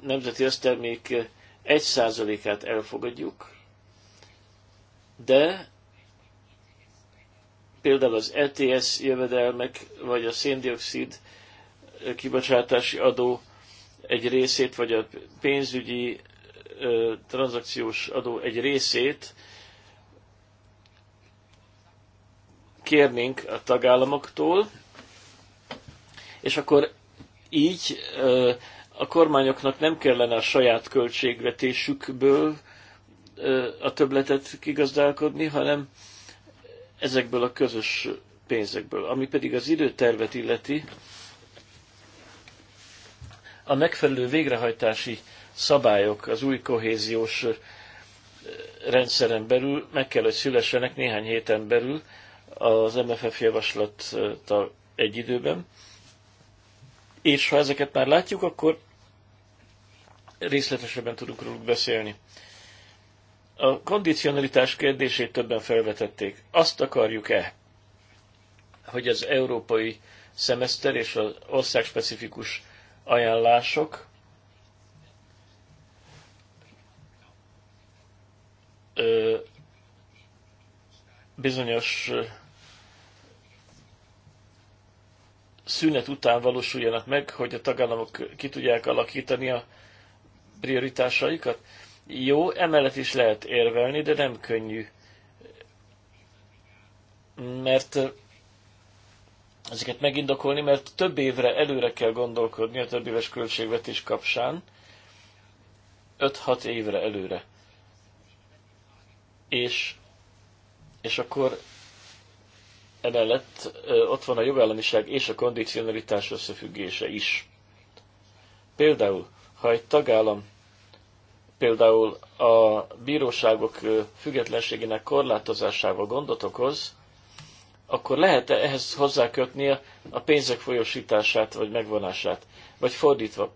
nemzeti össztermék 1%-át elfogadjuk, de például az ETS jövedelmek, vagy a széndiokszid kibocsátási adó egy részét, vagy a pénzügyi ö, tranzakciós adó egy részét kérnénk a tagállamoktól, és akkor így ö, a kormányoknak nem kellene a saját költségvetésükből ö, a töbletet kigazdálkodni, hanem ezekből a közös pénzekből. Ami pedig az időtervet illeti, a megfelelő végrehajtási szabályok az új kohéziós rendszeren belül meg kell, hogy szülessenek néhány héten belül az MFF javaslattal egy időben. És ha ezeket már látjuk, akkor részletesebben tudunk róluk beszélni. A kondicionalitás kérdését többen felvetették. Azt akarjuk-e, hogy az európai szemeszter és az országspecifikus ajánlások bizonyos szünet után valósuljanak meg, hogy a tagállamok ki tudják alakítani a prioritásaikat. Jó, emellett is lehet érvelni, de nem könnyű. Mert ezeket megindokolni, mert több évre előre kell gondolkodni a több éves költségvetés kapcsán, 5-6 évre előre. És, és akkor emellett ott van a jogállamiság és a kondicionalitás összefüggése is. Például, ha egy tagállam például a bíróságok függetlenségének korlátozásával gondot okoz, akkor lehet-e ehhez hozzákötni a pénzek folyosítását vagy megvonását? Vagy fordítva,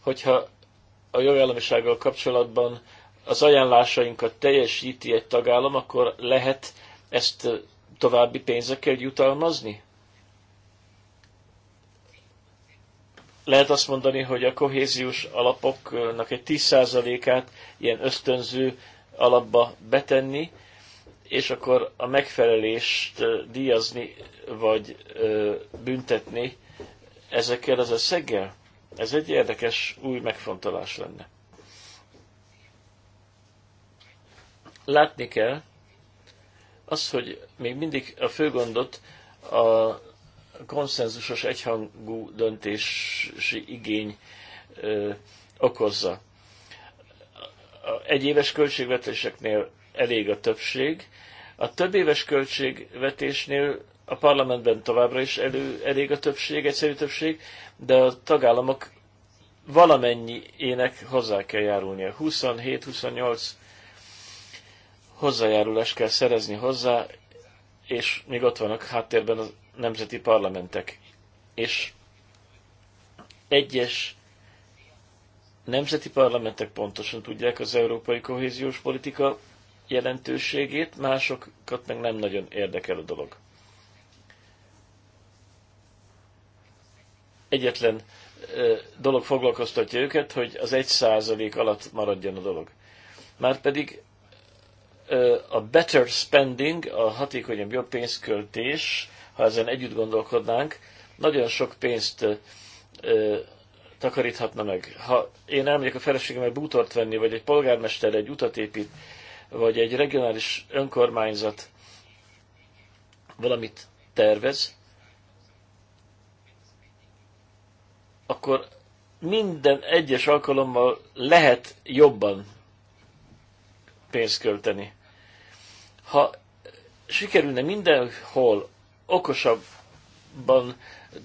hogyha a jogállamisággal kapcsolatban az ajánlásainkat teljesíti egy tagállam, akkor lehet ezt további pénzekkel jutalmazni? lehet azt mondani, hogy a kohéziós alapoknak egy 10%-át ilyen ösztönző alapba betenni, és akkor a megfelelést díjazni vagy büntetni ezekkel az összeggel? Ez egy érdekes új megfontolás lenne. Látni kell az, hogy még mindig a fő gondot a konszenzusos egyhangú döntési igény ö, okozza. A egyéves költségvetéseknél elég a többség, a több éves költségvetésnél a parlamentben továbbra is elő, elég a többség, egyszerű többség, de a tagállamok valamennyiének hozzá kell járulnia. 27-28 hozzájárulást kell szerezni hozzá, és még ott vannak háttérben az nemzeti parlamentek. És egyes nemzeti parlamentek pontosan tudják az európai kohéziós politika jelentőségét, másokat meg nem nagyon érdekel a dolog. Egyetlen dolog foglalkoztatja őket, hogy az egy százalék alatt maradjon a dolog. Márpedig a better spending, a hatékonyabb jobb pénzköltés ha ezen együtt gondolkodnánk, nagyon sok pénzt ö, takaríthatna meg. Ha én elmegyek a feleségemmel bútort venni, vagy egy polgármester egy utat épít, vagy egy regionális önkormányzat valamit tervez, akkor minden egyes alkalommal lehet jobban pénzt költeni. Ha sikerülne mindenhol okosabban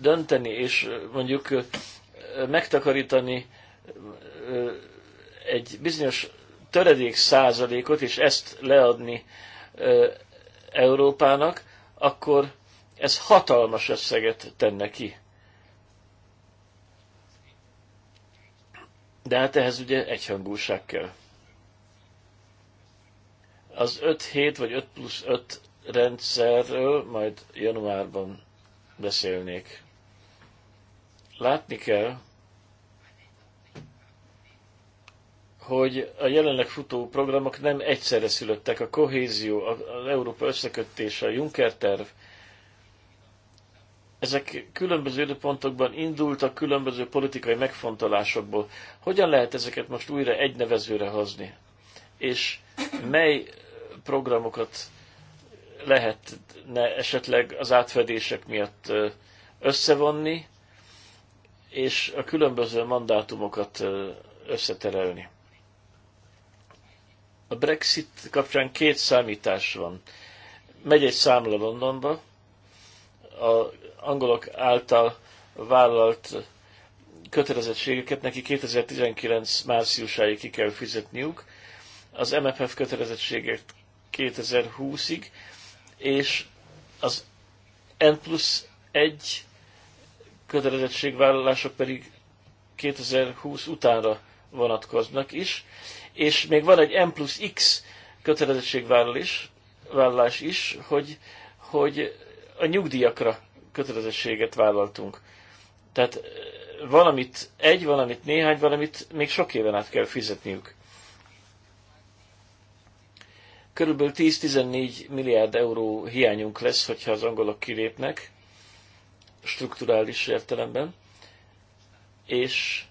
dönteni, és mondjuk megtakarítani egy bizonyos töredék százalékot, és ezt leadni Európának, akkor ez hatalmas összeget tenne ki. De hát ehhez ugye egyhangúság kell. Az 5 7 vagy 5 plusz 5 rendszerről majd januárban beszélnék. Látni kell, hogy a jelenleg futó programok nem egyszerre születtek. A kohézió, az Európa összekötése, a Juncker terv, ezek különböző időpontokban indultak, különböző politikai megfontolásokból. Hogyan lehet ezeket most újra egy nevezőre hozni? És mely programokat lehetne esetleg az átfedések miatt összevonni, és a különböző mandátumokat összeterelni. A Brexit kapcsán két számítás van. Megy egy számla Londonba, a angolok által vállalt kötelezettségeket neki 2019 márciusáig ki kell fizetniük, az MFF kötelezettséget 2020-ig, és az N plusz 1 kötelezettségvállalások pedig 2020 utánra vonatkoznak is, és még van egy N plusz X kötelezettségvállalás is, hogy, hogy a nyugdíjakra kötelezettséget vállaltunk. Tehát eh, valamit egy, valamit néhány, valamit még sok éven át kell fizetniük. Körülbelül 10-14 milliárd euró hiányunk lesz, hogyha az angolok kilépnek, strukturális értelemben, és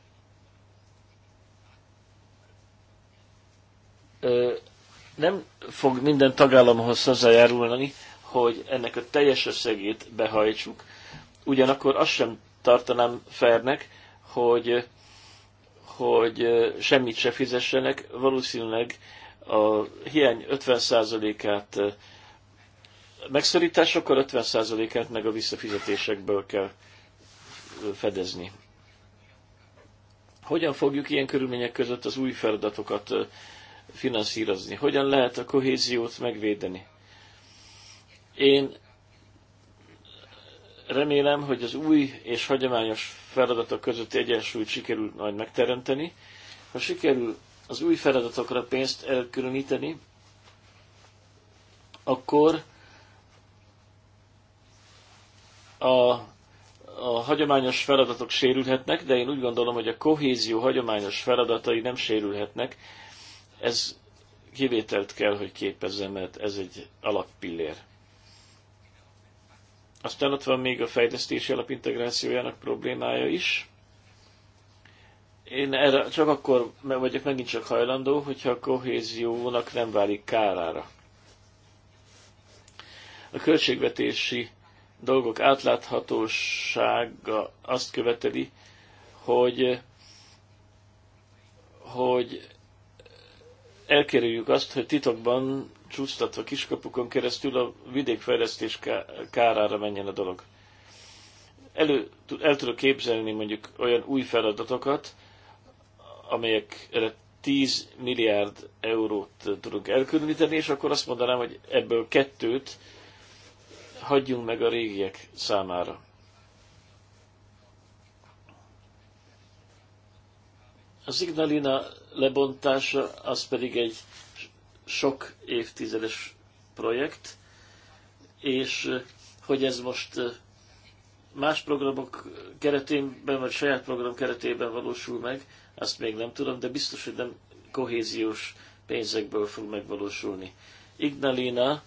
nem fog minden tagállamhoz hozzájárulni, hogy ennek a teljes összegét behajtsuk. Ugyanakkor azt sem tartanám fernek, hogy, hogy semmit se fizessenek, valószínűleg a hiány 50%-át megszorításokkal, 50%-át meg a visszafizetésekből kell fedezni. Hogyan fogjuk ilyen körülmények között az új feladatokat finanszírozni? Hogyan lehet a kohéziót megvédeni? Én remélem, hogy az új és hagyományos feladatok közötti egyensúlyt sikerül majd megteremteni. Ha sikerül az új feladatokra pénzt elkülöníteni, akkor a, a hagyományos feladatok sérülhetnek, de én úgy gondolom, hogy a kohézió hagyományos feladatai nem sérülhetnek. Ez kivételt kell, hogy képezzen, mert ez egy alappillér. Aztán ott van még a fejlesztési alapintegrációjának problémája is én erre csak akkor vagyok megint csak hajlandó, hogyha a kohéziónak nem válik kárára. A költségvetési dolgok átláthatósága azt követeli, hogy, hogy elkerüljük azt, hogy titokban csúsztatva kiskapukon keresztül a vidékfejlesztés kárára menjen a dolog. Elő, el tudok képzelni mondjuk olyan új feladatokat, amelyekre 10 milliárd eurót tudunk elkülöníteni, és akkor azt mondanám, hogy ebből kettőt hagyjunk meg a régiek számára. A Signalina lebontása az pedig egy sok évtizedes projekt, és eh, hogy ez most eh, más programok keretében, vagy saját program keretében valósul meg, azt még nem tudom, de biztos, hogy nem kohéziós pénzekből fog megvalósulni. Ignalina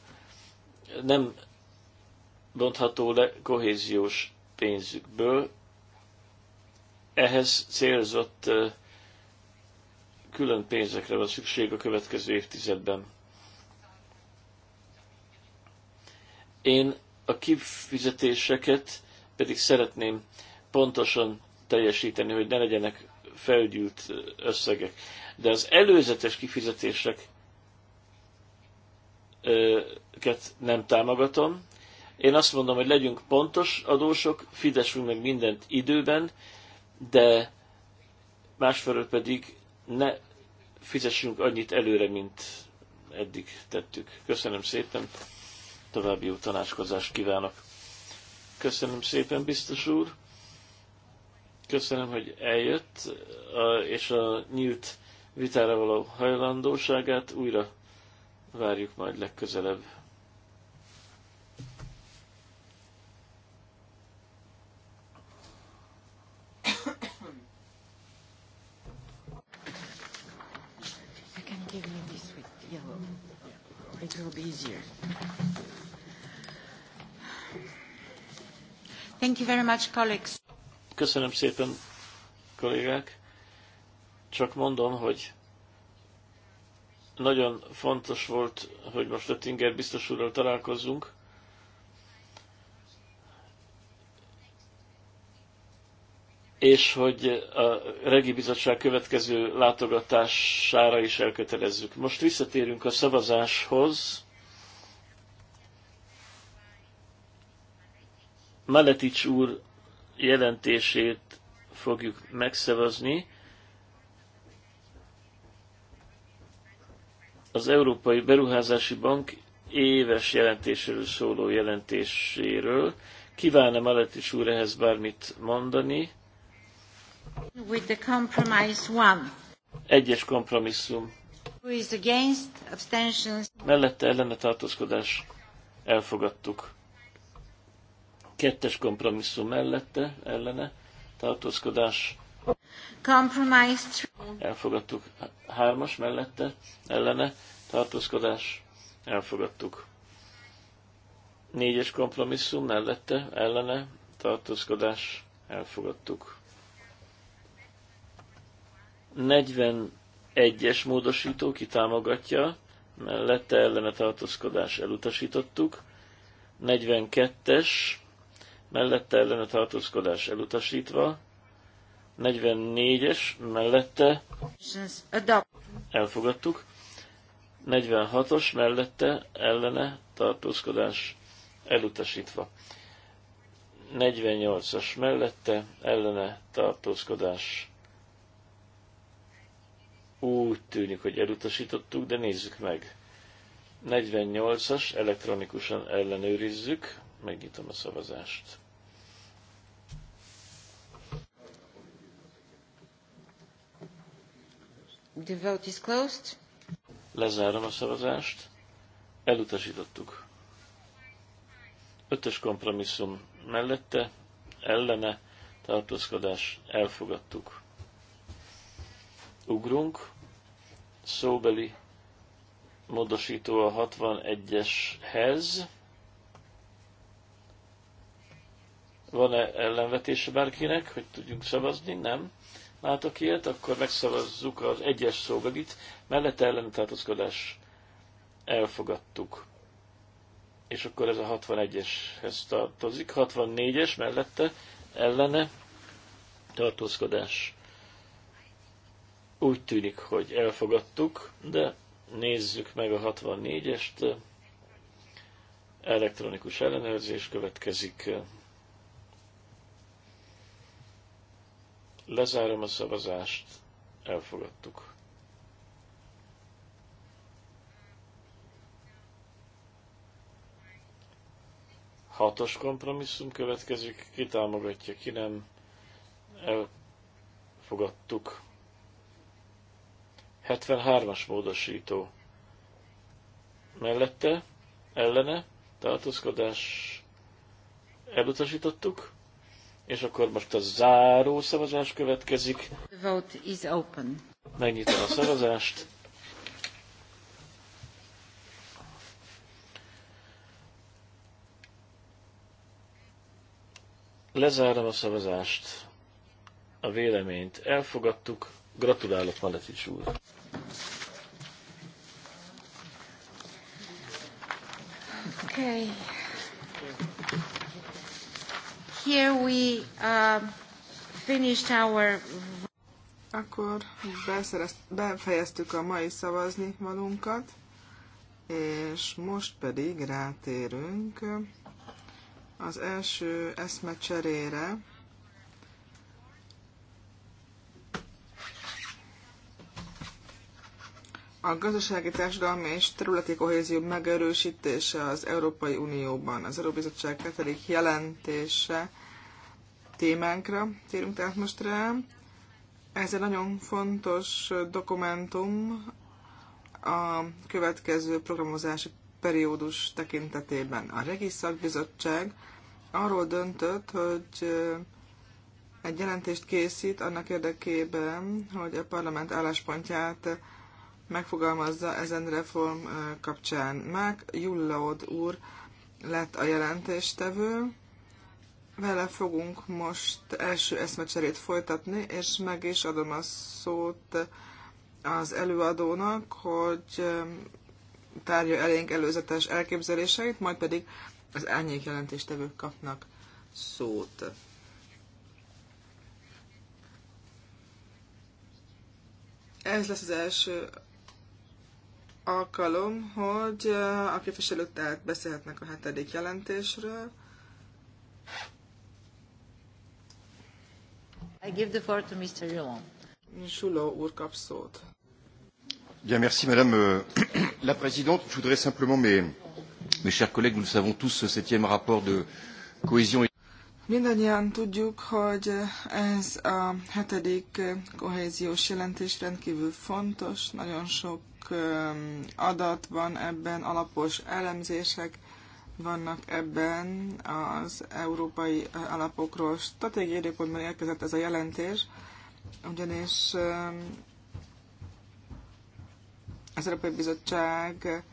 nem bontható le kohéziós pénzükből, ehhez célzott külön pénzekre van szükség a következő évtizedben. Én a kifizetéseket pedig szeretném pontosan teljesíteni, hogy ne legyenek felgyűlt összegek. De az előzetes kifizetések nem támogatom. Én azt mondom, hogy legyünk pontos adósok, fizessünk meg mindent időben, de másfelől pedig ne fizessünk annyit előre, mint eddig tettük. Köszönöm szépen, további jó tanácskozást kívánok. Köszönöm szépen, biztos úr. Köszönöm, hogy eljött, és a nyílt vitára való hajlandóságát újra várjuk majd legközelebb. Thank you very much, colleagues. Köszönöm szépen, kollégák. Csak mondom, hogy nagyon fontos volt, hogy most a Tinger biztos úrral találkozzunk. és hogy a Regi Bizottság következő látogatására is elkötelezzük. Most visszatérünk a szavazáshoz. Maletics úr jelentését fogjuk megszavazni. Az Európai Beruházási Bank éves jelentéséről szóló jelentéséről. Kívánna Maletics úr ehhez bármit mondani? With the compromise one. Egyes kompromisszum. Who is against abstentions? Mellette ellene tartózkodás elfogadtuk. Kettes kompromisszum mellette, ellene, tartózkodás. Elfogadtuk. Hármas mellette, ellene, tartózkodás. Elfogadtuk. Négyes kompromisszum mellette, ellene, tartózkodás. Elfogadtuk. 41-es módosító támogatja, mellette ellene tartózkodás elutasítottuk. 42-es mellette ellene tartózkodás elutasítva, 44-es mellette elfogadtuk, 46-os mellette ellene tartózkodás elutasítva. 48-as mellette ellene tartózkodás úgy tűnik, hogy elutasítottuk, de nézzük meg. 48-as elektronikusan ellenőrizzük, megnyitom a szavazást. The vote is closed. Lezárom a szavazást. Elutasítottuk. Ötös kompromisszum mellette, ellene, tartózkodás, elfogadtuk. Ugrunk. Szóbeli módosító a 61-eshez. Van-e ellenvetése bárkinek, hogy tudjunk szavazni? Nem látok ilyet, akkor megszavazzuk az egyes szóvegit. mellette ellen tartózkodás elfogadtuk. És akkor ez a 61-eshez tartozik, 64-es mellette ellene tartózkodás. Úgy tűnik, hogy elfogadtuk, de nézzük meg a 64-est. Elektronikus ellenőrzés következik. Lezárom a szavazást. Elfogadtuk. Hatos kompromisszum következik, ki támogatja, ki nem. Elfogadtuk. 73-as módosító. Mellette, ellene, tartózkodás, elutasítottuk. És akkor most a záró szavazás következik. The vote is open. Megnyitom a szavazást. Lezárom a szavazást. A véleményt elfogadtuk. Gratulálok Maletics úr. Okay here we uh, finished our... Akkor befejeztük a mai szavazni valunkat, és most pedig rátérünk az első eszmecserére a gazdasági, társadalmi és területi kohézió megerősítése az Európai Unióban. Az Európai Bizottság hetedik jelentése témánkra térünk tehát most rá. Ez egy nagyon fontos dokumentum a következő programozási periódus tekintetében. A Regi Szakbizottság arról döntött, hogy egy jelentést készít annak érdekében, hogy a parlament álláspontját megfogalmazza ezen reform kapcsán. Mák Jullaod úr lett a jelentéstevő, vele fogunk most első eszmecserét folytatni, és meg is adom a szót az előadónak, hogy tárja elénk előzetes elképzeléseit, majd pedig az elnyék jelentéstevők kapnak szót. Ez lesz az első alkalom, hogy a képviselők tehát beszélhetnek a hetedik jelentésről. I give the floor to Mr. Jolon. Suló úr kap szót. Bien, merci Madame euh, la Présidente. Je voudrais simplement, mes, mes chers collègues, nous le savons tous, ce septième rapport de cohésion Mindannyian tudjuk, hogy ez a hetedik kohéziós jelentés rendkívül fontos, nagyon sok adat van ebben, alapos elemzések vannak ebben az európai alapokról. Stratégiai időpontban érkezett ez a jelentés, ugyanis az Európai Bizottság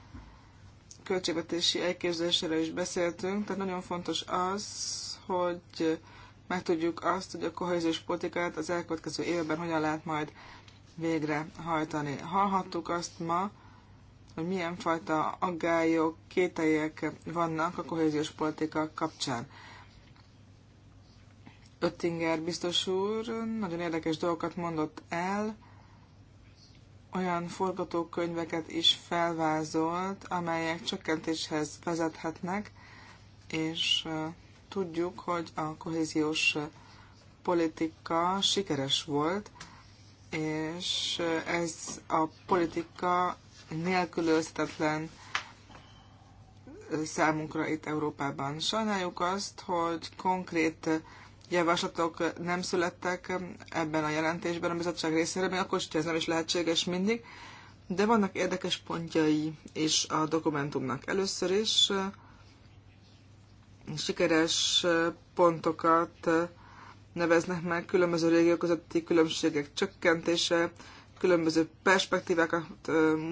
költségvetési elképzelésére is beszéltünk, tehát nagyon fontos az, hogy megtudjuk azt, hogy a kohéziós politikát az elkövetkező évben hogyan lehet majd végre hajtani. Hallhattuk azt ma, hogy milyen fajta aggályok, kételjek vannak a kohéziós politika kapcsán. Öttinger biztos úr nagyon érdekes dolgokat mondott el, olyan forgatókönyveket is felvázolt, amelyek csökkentéshez vezethetnek, és tudjuk, hogy a kohéziós politika sikeres volt, és ez a politika nélkülözhetetlen számunkra itt Európában. Sajnáljuk azt, hogy konkrét javaslatok nem születtek ebben a jelentésben a bizottság részére, még akkor, is, ez nem is lehetséges mindig, de vannak érdekes pontjai is a dokumentumnak. Először is sikeres pontokat neveznek meg, különböző régiók közötti különbségek csökkentése, különböző perspektívákat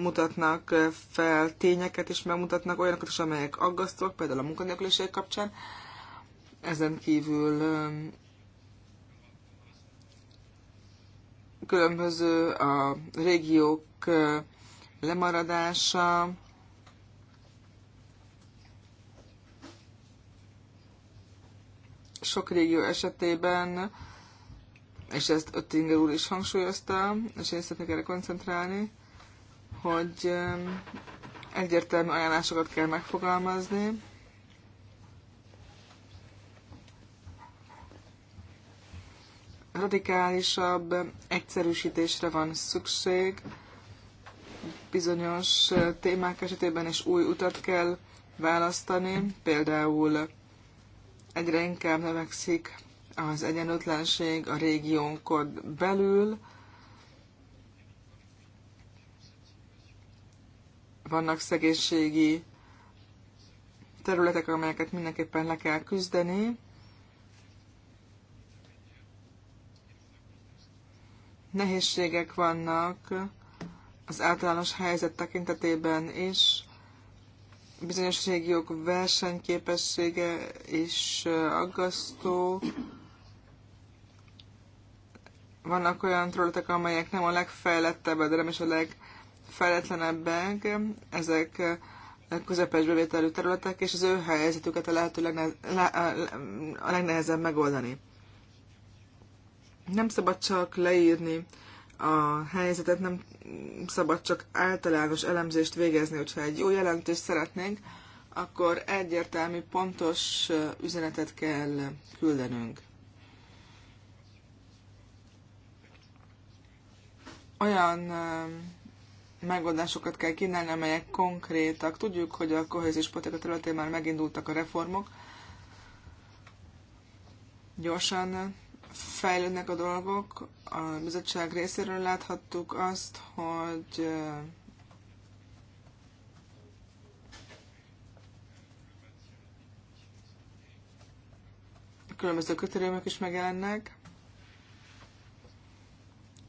mutatnak fel, tényeket is megmutatnak, olyanokat is, amelyek aggasztóak, például a munkanélküliség kapcsán. Ezen kívül különböző a régiók lemaradása, Sok régió esetében, és ezt Öttinger úr is hangsúlyozta, és én szeretnék erre koncentrálni, hogy egyértelmű ajánlásokat kell megfogalmazni, radikálisabb egyszerűsítésre van szükség, bizonyos eh, témák esetében is új utat kell választani, például egyre inkább növekszik az egyenlőtlenség a régiónkon belül. Vannak szegénységi területek, amelyeket mindenképpen le kell küzdeni. Nehézségek vannak az általános helyzet tekintetében is bizonyos régiók versenyképessége is aggasztó. Vannak olyan trolletek, amelyek nem a legfejlettebb, de nem is a legfejletlenebbek. Ezek közepes bevételű területek, és az ő helyzetüket a lehető a legnehezebb megoldani. Nem szabad csak leírni a helyzetet, nem szabad csak általános elemzést végezni, hogyha egy jó jelentést szeretnénk, akkor egyértelmű, pontos üzenetet kell küldenünk. Olyan megoldásokat kell kínálni, amelyek konkrétak. Tudjuk, hogy a kohéziós politika területén már megindultak a reformok. Gyorsan fejlődnek a dolgok. A bizottság részéről láthattuk azt, hogy különböző kötörőmök is megjelennek.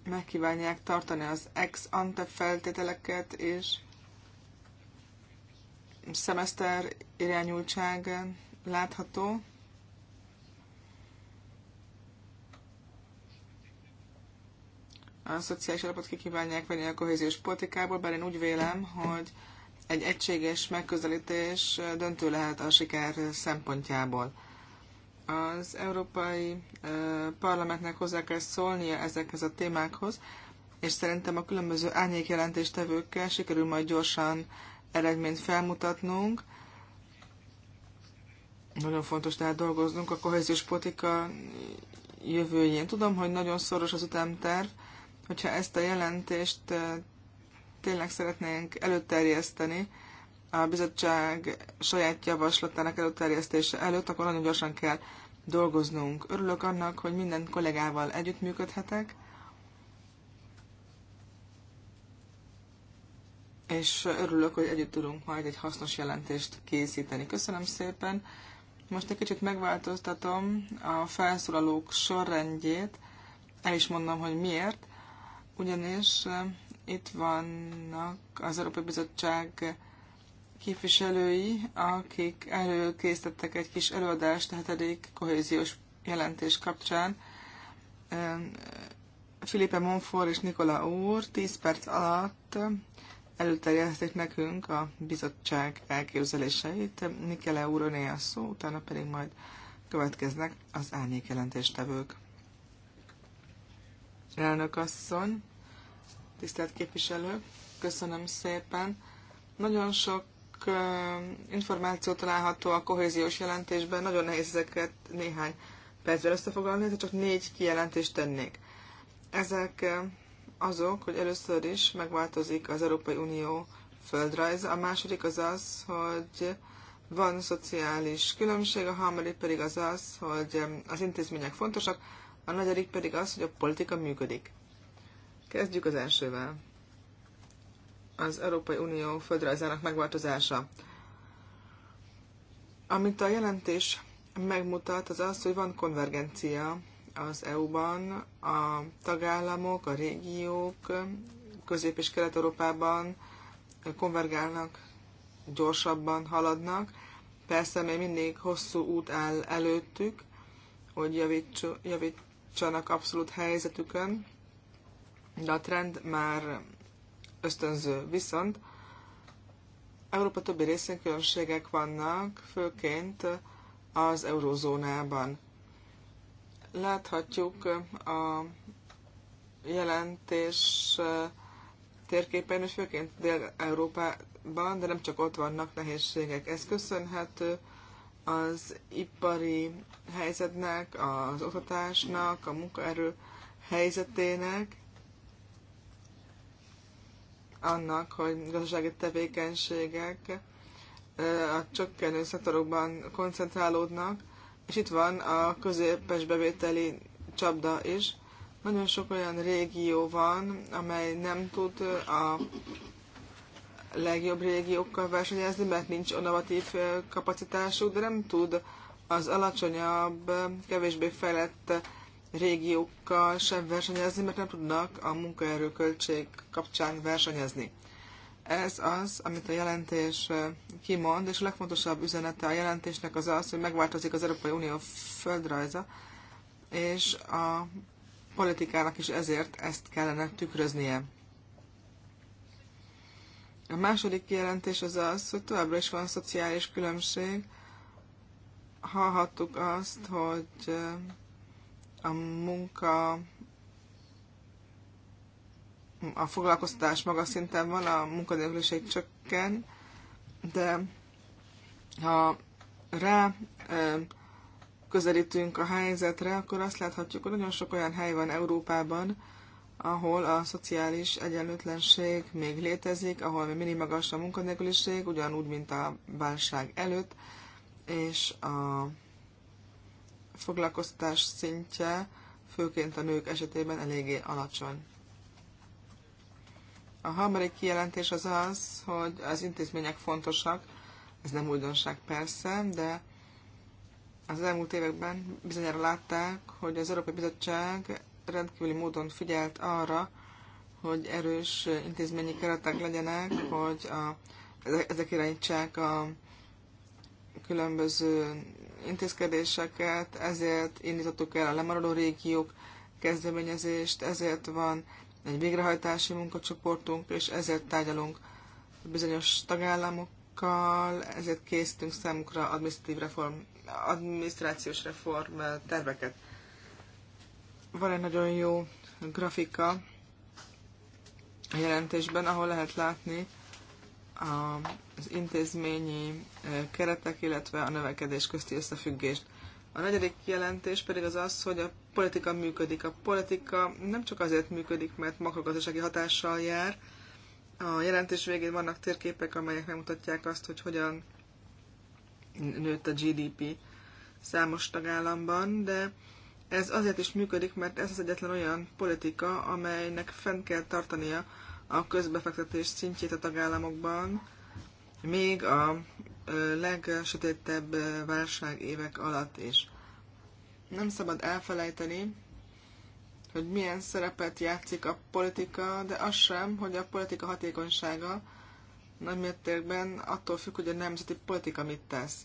Megkívánják tartani az ex ante feltételeket és szemeszter irányultság látható. a szociális alapot kikívánják venni a kohéziós politikából, bár én úgy vélem, hogy egy egységes megközelítés döntő lehet a siker szempontjából. Az Európai Parlamentnek hozzá kell szólnia ezekhez a témákhoz, és szerintem a különböző árnyékjelentéstevőkkel sikerül majd gyorsan eredményt felmutatnunk. Nagyon fontos tehát dolgoznunk a kohéziós politika jövőjén. Tudom, hogy nagyon szoros az ütemterv, hogyha ezt a jelentést tényleg szeretnénk előterjeszteni, a bizottság saját javaslatának előterjesztése előtt, akkor nagyon gyorsan kell dolgoznunk. Örülök annak, hogy minden kollégával együttműködhetek, és örülök, hogy együtt tudunk majd egy hasznos jelentést készíteni. Köszönöm szépen! Most egy kicsit megváltoztatom a felszólalók sorrendjét, el is mondom, hogy miért ugyanis itt vannak az Európai Bizottság képviselői, akik előkészítettek egy kis előadást a hetedik kohéziós jelentés kapcsán. Filipe Monfort és Nikola úr 10 perc alatt előterjeszték nekünk a bizottság elképzeléseit. Nikele úr a szó, utána pedig majd következnek az jelentéstevők elnök asszony, tisztelt képviselők, köszönöm szépen. Nagyon sok információ található a kohéziós jelentésben, nagyon nehéz ezeket néhány percben összefoglalni, de csak négy kijelentést tennék. Ezek azok, hogy először is megváltozik az Európai Unió földrajza, a második az az, hogy van szociális különbség, a harmadik pedig az az, hogy az intézmények fontosak, a negyedik pedig az, hogy a politika működik. Kezdjük az elsővel. Az Európai Unió földrajzának megváltozása. Amit a jelentés megmutat, az az, hogy van konvergencia az EU-ban, a tagállamok, a régiók, Közép- és Kelet-Európában konvergálnak, gyorsabban haladnak. Persze még mindig hosszú út áll előttük, hogy javítsuk, javít, javítsanak abszolút helyzetükön, de a trend már ösztönző. Viszont Európa többi részén különbségek vannak, főként az eurózónában. Láthatjuk a jelentés térképen, és főként Dél-Európában, de nem csak ott vannak nehézségek. Ez köszönhető az ipari helyzetnek, az oktatásnak, a munkaerő helyzetének, annak, hogy gazdasági tevékenységek a csökkenő szektorokban koncentrálódnak, és itt van a középes bevételi csapda is. Nagyon sok olyan régió van, amely nem tud a legjobb régiókkal versenyezni, mert nincs innovatív kapacitásuk, de nem tud az alacsonyabb, kevésbé fejlett régiókkal sem versenyezni, mert nem tudnak a munkaerőköltség kapcsán versenyezni. Ez az, amit a jelentés kimond, és a legfontosabb üzenete a jelentésnek az az, hogy megváltozik az Európai Unió földrajza, és a politikának is ezért ezt kellene tükröznie. A második kijelentés az az, hogy továbbra is van szociális különbség. Hallhattuk azt, hogy eh, a munka, a foglalkoztatás magas szinten van, a munkanélküliség csökken, de ha rá eh, közelítünk a helyzetre, akkor azt láthatjuk, hogy nagyon sok olyan hely van Európában, ahol a szociális egyenlőtlenség még létezik, ahol még mindig magas a munkanélküliség, ugyanúgy, mint a válság előtt, és a foglalkoztatás szintje főként a nők esetében eléggé alacsony. A harmadik kijelentés az az, hogy az intézmények fontosak, ez nem újdonság persze, de az elmúlt években bizonyára látták, hogy az Európai Bizottság rendkívüli módon figyelt arra, hogy erős intézményi keretek legyenek, hogy a, ezek irányítsák a különböző intézkedéseket, ezért indítottuk el a lemaradó régiók kezdeményezést, ezért van egy végrehajtási munkacsoportunk, és ezért tárgyalunk bizonyos tagállamokkal, ezért készítünk számukra administratív reform, adminisztrációs reform eh, terveket. Van egy nagyon jó grafika a jelentésben, ahol lehet látni az intézményi keretek, illetve a növekedés közti összefüggést. A negyedik jelentés pedig az az, hogy a politika működik. A politika nem csak azért működik, mert makrogazdasági hatással jár. A jelentés végén vannak térképek, amelyek megmutatják azt, hogy hogyan nőtt a GDP számos tagállamban, de ez azért is működik, mert ez az egyetlen olyan politika, amelynek fent kell tartania a közbefektetés szintjét a tagállamokban, még a legsötétebb évek alatt is. Nem szabad elfelejteni, hogy milyen szerepet játszik a politika, de az sem, hogy a politika hatékonysága nagymértékben attól függ, hogy a nemzeti politika mit tesz.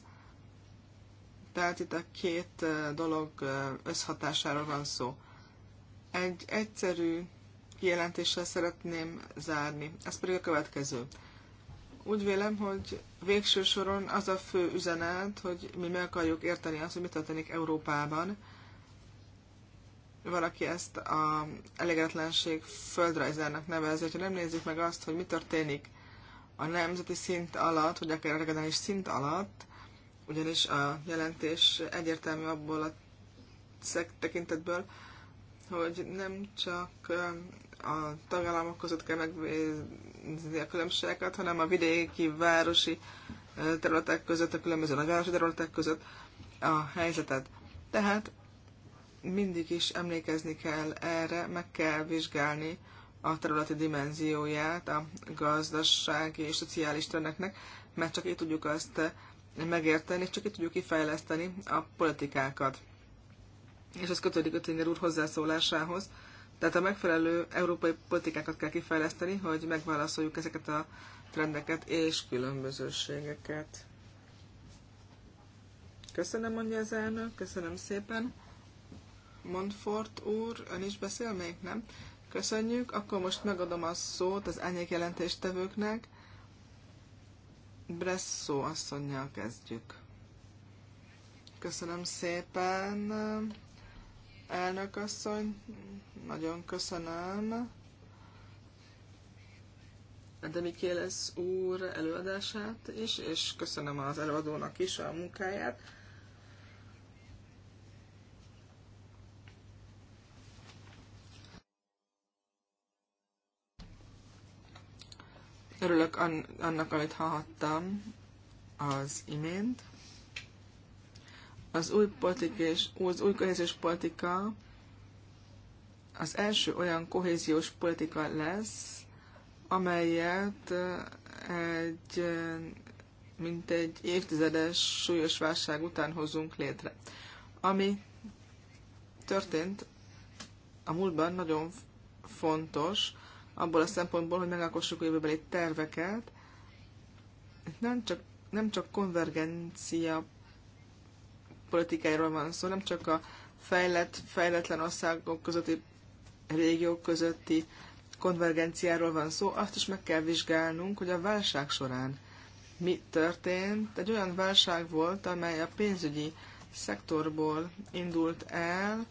Tehát itt a két dolog összhatásáról van szó. Egy egyszerű kijelentéssel szeretném zárni. Ez pedig a következő. Úgy vélem, hogy végső soron az a fő üzenet, hogy mi meg akarjuk érteni azt, hogy mi történik Európában. Valaki ezt a elégetlenség földrajzának nevezi, hogyha nem nézzük meg azt, hogy mi történik a nemzeti szint alatt, vagy akár a regionális szint alatt, ugyanis a jelentés egyértelmű abból a tekintetből, hogy nem csak a tagállamok között kell megvédni a különbségeket, hanem a vidéki, városi területek között, a különböző nagyvárosi területek között a helyzetet. Tehát mindig is emlékezni kell erre, meg kell vizsgálni a területi dimenzióját a gazdasági és szociális trendeknek, mert csak így tudjuk azt megérteni, és csak itt tudjuk kifejleszteni a politikákat. És ez kötődik Öttinger úr hozzászólásához. Tehát a megfelelő európai politikákat kell kifejleszteni, hogy megválaszoljuk ezeket a trendeket és különbözőségeket. Köszönöm, mondja az elnök, köszönöm szépen. Montfort úr, ön is beszél még, nem? Köszönjük, akkor most megadom a szót az ányék jelentéstevőknek. Bresszó asszonynal kezdjük. Köszönöm szépen, elnök asszony, nagyon köszönöm. De Mikéles úr előadását is, és köszönöm az előadónak is a munkáját. Örülök annak, amit hallhattam az imént. Az új, politikés, az új kohéziós politika az első olyan kohéziós politika lesz, amelyet egy mint egy évtizedes súlyos válság után hozunk létre. Ami történt a múltban nagyon fontos, abból a szempontból, hogy megalkossuk a jövőbeli terveket. nem csak, nem csak konvergencia politikáiról van szó, nem csak a fejlett, fejletlen országok közötti, régiók közötti konvergenciáról van szó, azt is meg kell vizsgálnunk, hogy a válság során mi történt. Egy olyan válság volt, amely a pénzügyi szektorból indult el,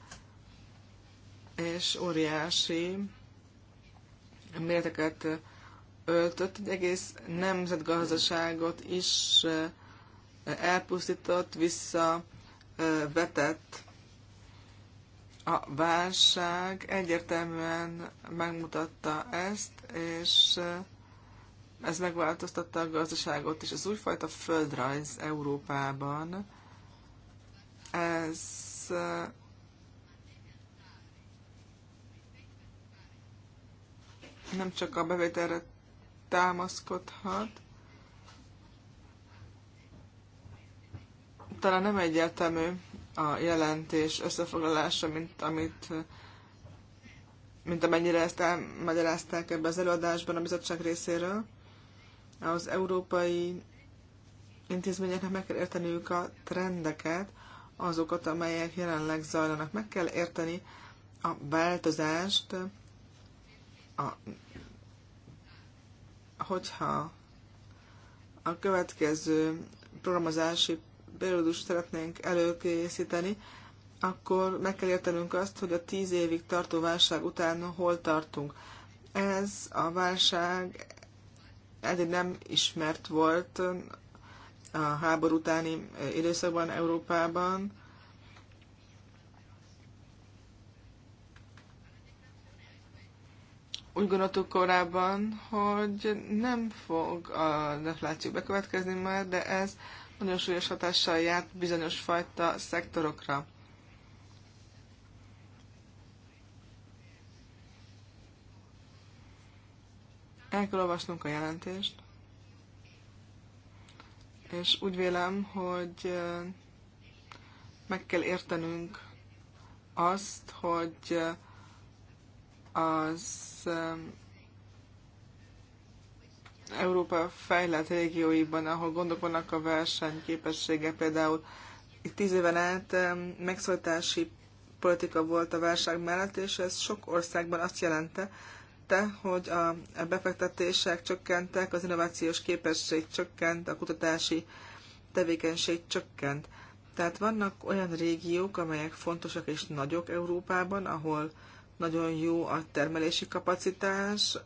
és óriási méreteket öltött, egy egész nemzetgazdaságot is elpusztított, visszavetett. A válság egyértelműen megmutatta ezt, és ez megváltoztatta a gazdaságot is. Az újfajta földrajz Európában, ez nem csak a bevételre támaszkodhat, talán nem egyértelmű a jelentés összefoglalása, mint amit mint amennyire ezt elmagyarázták ebbe az előadásban a bizottság részéről. Az európai intézményeknek meg kell érteniük a trendeket, azokat, amelyek jelenleg zajlanak. Meg kell érteni a változást, a hogyha a következő programozási periódus szeretnénk előkészíteni, akkor meg kell értenünk azt, hogy a tíz évig tartó válság után hol tartunk. Ez a válság eddig nem ismert volt a háború utáni időszakban Európában. úgy gondoltuk korábban, hogy nem fog a defláció bekövetkezni már, de ez nagyon súlyos hatással járt bizonyos fajta szektorokra. El kell olvasnunk a jelentést, és úgy vélem, hogy meg kell értenünk azt, hogy az um, Európa fejlett régióiban, ahol gondok vannak a versenyképessége, például itt tíz éven át um, megszólítási politika volt a válság mellett, és ez sok országban azt jelente, te, hogy a befektetések csökkentek, az innovációs képesség csökkent, a kutatási tevékenység csökkent. Tehát vannak olyan régiók, amelyek fontosak és nagyok Európában, ahol nagyon jó a termelési kapacitás,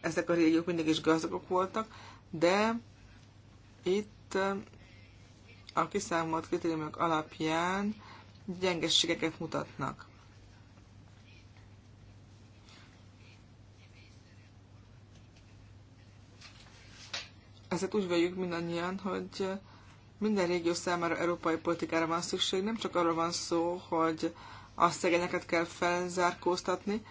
ezek a régiók mindig is gazdagok voltak, de itt eh, a kiszámolt kritériumok alapján gyengességeket mutatnak. Ezért úgy vagyunk mindannyian, hogy minden régió számára európai politikára van szükség. Nem csak arról van szó, hogy a szegényeket kell felzárkóztatni.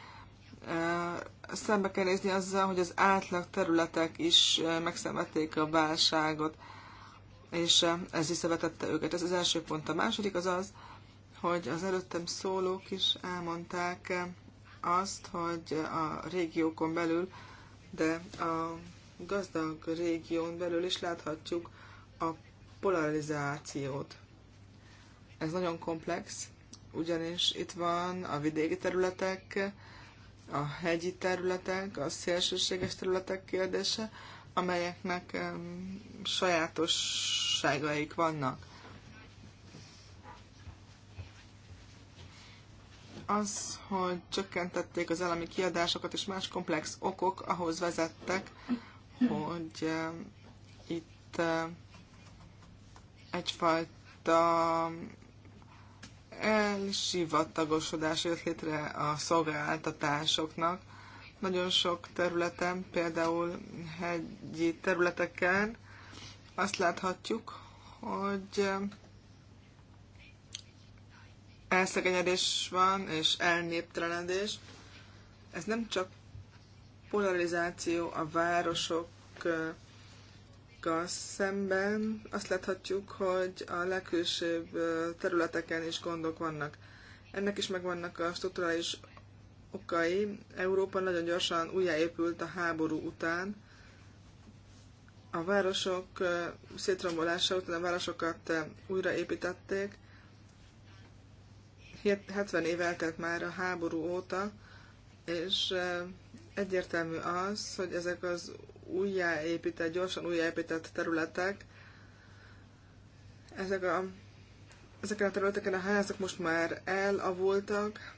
Szembe kell nézni azzal, hogy az átlag területek is megszenvedték a válságot, és ez visszavetette őket. Ez az első pont. A második az az, hogy az előttem szólók is elmondták azt, hogy a régiókon belül, de a gazdag régión belül is láthatjuk a polarizációt. Ez nagyon komplex, ugyanis itt van a vidéki területek, a hegyi területek, a szélsőséges területek kérdése, amelyeknek sajátosságaik vannak. Az, hogy csökkentették az elemi kiadásokat és más komplex okok ahhoz vezettek, hogy itt egyfajta elsivattagosodás jött létre a szolgáltatásoknak. Nagyon sok területen, például hegyi területeken azt láthatjuk, hogy elszegényedés van, és elnéptelenedés. Ez nem csak polarizáció a városok Amerikaiakkal szemben azt láthatjuk, hogy a legkülsőbb területeken is gondok vannak. Ennek is megvannak a strukturális okai. Európa nagyon gyorsan újjáépült a háború után. A városok szétrombolása után a városokat újraépítették. 70 év eltelt már a háború óta, és egyértelmű az, hogy ezek az újjáépített, gyorsan újjáépített területek. Ezek a, ezeken a területeken a házak most már elavultak,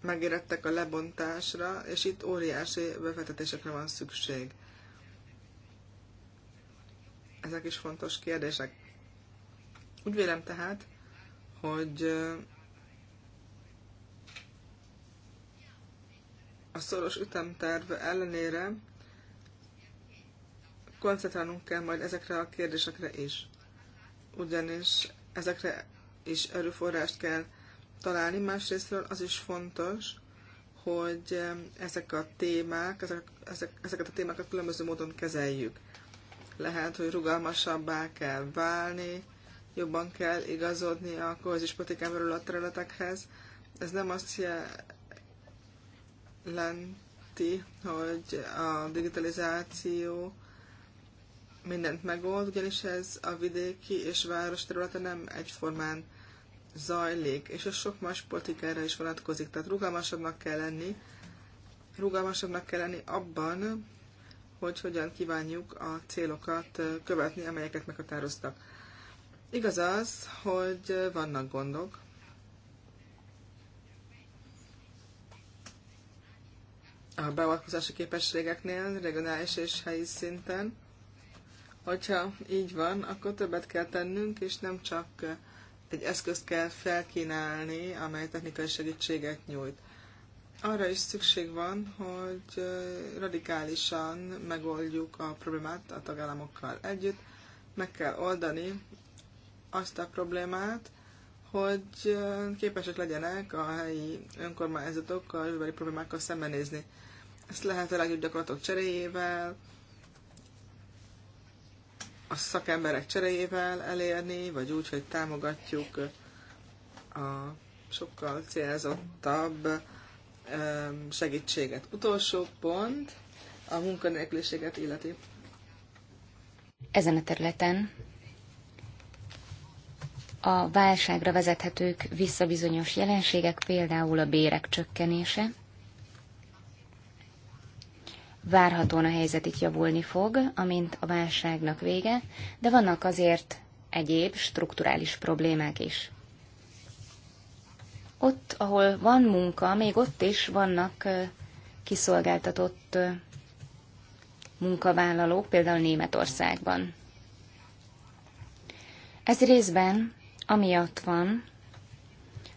megérettek a lebontásra, és itt óriási befektetésekre van szükség. Ezek is fontos kérdések. Úgy vélem tehát, hogy a szoros ütemterv ellenére koncentrálnunk kell majd ezekre a kérdésekre is. Ugyanis ezekre is erőforrást kell találni. Másrésztről az is fontos, hogy ezek a témák, ezek, ezek, ezeket a témákat különböző módon kezeljük. Lehet, hogy rugalmasabbá kell válni, jobban kell igazodni a kohezis politikán belül a területekhez. Ez nem azt jelenti, hogy a digitalizáció mindent megold, ugyanis ez a vidéki és város területe nem egyformán zajlik, és ez sok más politikára is vonatkozik, tehát rugalmasabbnak kell lenni, rugalmasabbnak kell lenni abban, hogy hogyan kívánjuk a célokat követni, amelyeket meghatároztak. Igaz az, hogy vannak gondok, a beavatkozási képességeknél, regionális és helyi szinten. Hogyha így van, akkor többet kell tennünk, és nem csak egy eszközt kell felkínálni, amely technikai segítséget nyújt. Arra is szükség van, hogy radikálisan megoldjuk a problémát a tagállamokkal együtt. Meg kell oldani azt a problémát, hogy képesek legyenek a helyi önkormányzatokkal a problémákkal szembenézni. Ezt lehet a legjobb gyakorlatok cseréjével, szakemberek cseréjével elérni, vagy úgy, hogy támogatjuk a sokkal célzottabb segítséget. Utolsó pont a munkanélküliséget illeti. Ezen a területen a válságra vezethetők visszabizonyos jelenségek, például a bérek csökkenése, Várhatóan a helyzet itt javulni fog, amint a válságnak vége, de vannak azért egyéb strukturális problémák is. Ott, ahol van munka, még ott is vannak kiszolgáltatott munkavállalók, például Németországban. Ez részben amiatt van,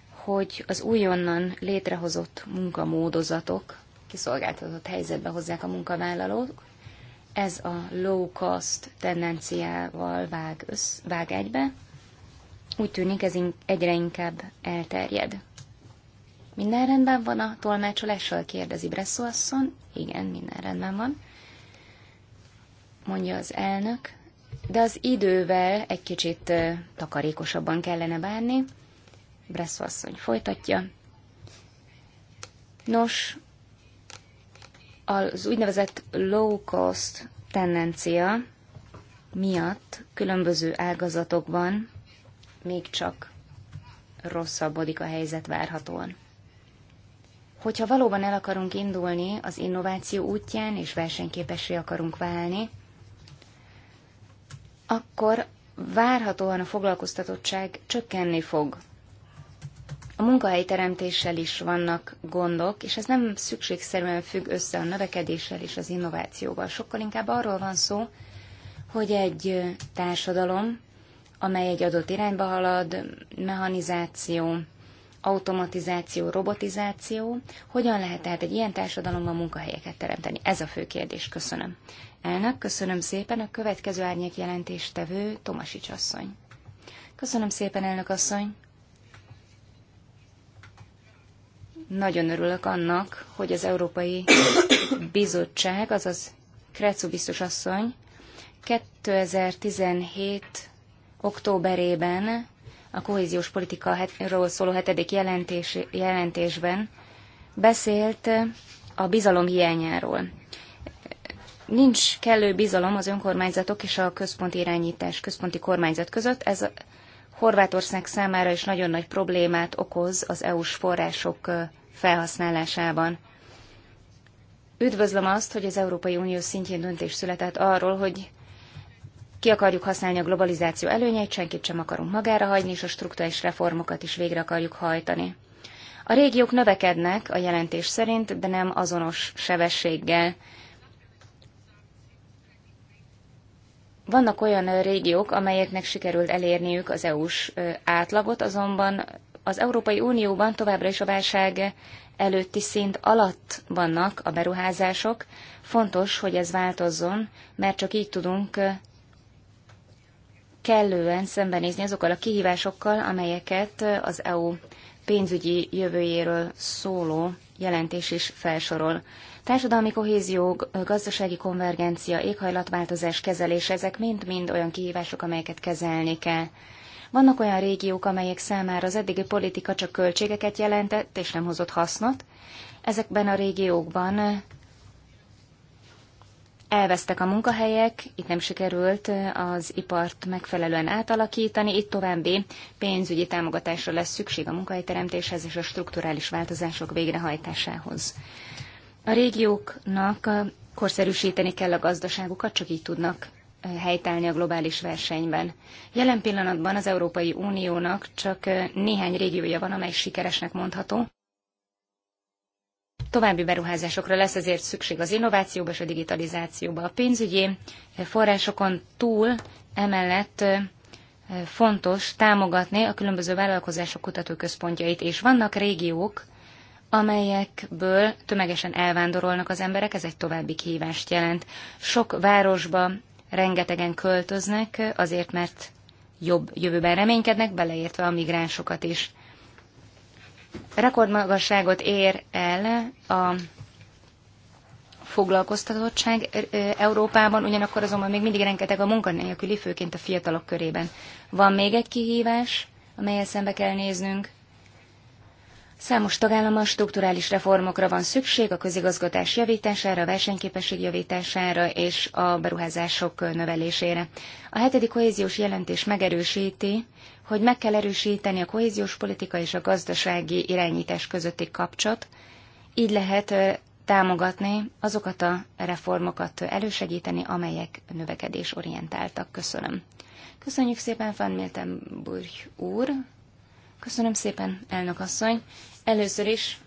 hogy az újonnan létrehozott munkamódozatok kiszolgáltatott helyzetbe hozzák a munkavállalók. Ez a low cost tendenciával vág, össz, vág egybe. Úgy tűnik ez egyre inkább elterjed. Minden rendben van a tolmácsolással? kérdezi Bresszó asszon. Igen, minden rendben van, mondja az elnök. De az idővel egy kicsit takarékosabban kellene bánni. Bresszó asszony folytatja. Nos, az úgynevezett low cost tendencia miatt különböző ágazatokban még csak rosszabbodik a helyzet várhatóan. Hogyha valóban el akarunk indulni az innováció útján, és versenyképessé akarunk válni, akkor várhatóan a foglalkoztatottság csökkenni fog a teremtéssel is vannak gondok, és ez nem szükségszerűen függ össze a növekedéssel és az innovációval. Sokkal inkább arról van szó, hogy egy társadalom, amely egy adott irányba halad, mechanizáció, automatizáció, robotizáció, hogyan lehet tehát egy ilyen társadalomban munkahelyeket teremteni? Ez a fő kérdés. Köszönöm. Elnök, köszönöm szépen. A következő árnyék jelentéstevő Tomasics asszony. Köszönöm szépen, elnök asszony. Nagyon örülök annak, hogy az Európai Bizottság, azaz Krecu biztos asszony 2017 októberében a kohéziós ról szóló hetedik jelentés, jelentésben beszélt a bizalom hiányáról. Nincs kellő bizalom az önkormányzatok és a központi irányítás, központi kormányzat között. Ez Horvátország számára is nagyon nagy problémát okoz az EU-s források felhasználásában. Üdvözlöm azt, hogy az Európai Unió szintjén döntés született arról, hogy ki akarjuk használni a globalizáció előnyeit, senkit sem akarunk magára hagyni, és a struktúrális reformokat is végre akarjuk hajtani. A régiók növekednek a jelentés szerint, de nem azonos sebességgel. Vannak olyan régiók, amelyeknek sikerült elérniük az EU-s átlagot, azonban az Európai Unióban továbbra is a válság előtti szint alatt vannak a beruházások. Fontos, hogy ez változzon, mert csak így tudunk kellően szembenézni azokkal a kihívásokkal, amelyeket az EU pénzügyi jövőjéről szóló jelentés is felsorol. Társadalmi kohézió, gazdasági konvergencia, éghajlatváltozás kezelése, ezek mind-mind olyan kihívások, amelyeket kezelni kell. Vannak olyan régiók, amelyek számára az eddigi politika csak költségeket jelentett, és nem hozott hasznot. Ezekben a régiókban elvesztek a munkahelyek, itt nem sikerült az ipart megfelelően átalakítani, itt további pénzügyi támogatásra lesz szükség a munkahelyteremtéshez és a strukturális változások végrehajtásához. A régióknak korszerűsíteni kell a gazdaságukat, csak így tudnak helytállni a globális versenyben. Jelen pillanatban az Európai Uniónak csak néhány régiója van, amely sikeresnek mondható. További beruházásokra lesz ezért szükség az innovációba és a digitalizációba. A pénzügyi forrásokon túl emellett fontos támogatni a különböző vállalkozások kutatóközpontjait, és vannak régiók, amelyekből tömegesen elvándorolnak az emberek, ez egy további kihívást jelent. Sok városba rengetegen költöznek, azért mert jobb jövőben reménykednek, beleértve a migránsokat is. Rekordmagasságot ér el a foglalkoztatottság Európában, ugyanakkor azonban még mindig rengeteg a munkanélküli, főként a fiatalok körében. Van még egy kihívás, amelyet szembe kell néznünk, Számos tagállamban strukturális reformokra van szükség, a közigazgatás javítására, a versenyképesség javítására és a beruházások növelésére. A hetedik kohéziós jelentés megerősíti, hogy meg kell erősíteni a kohéziós politika és a gazdasági irányítás közötti kapcsot, így lehet támogatni azokat a reformokat elősegíteni, amelyek növekedésorientáltak. Köszönöm. Köszönjük szépen, Van Miltenburg úr! Köszönöm szépen, elnök asszony. Először is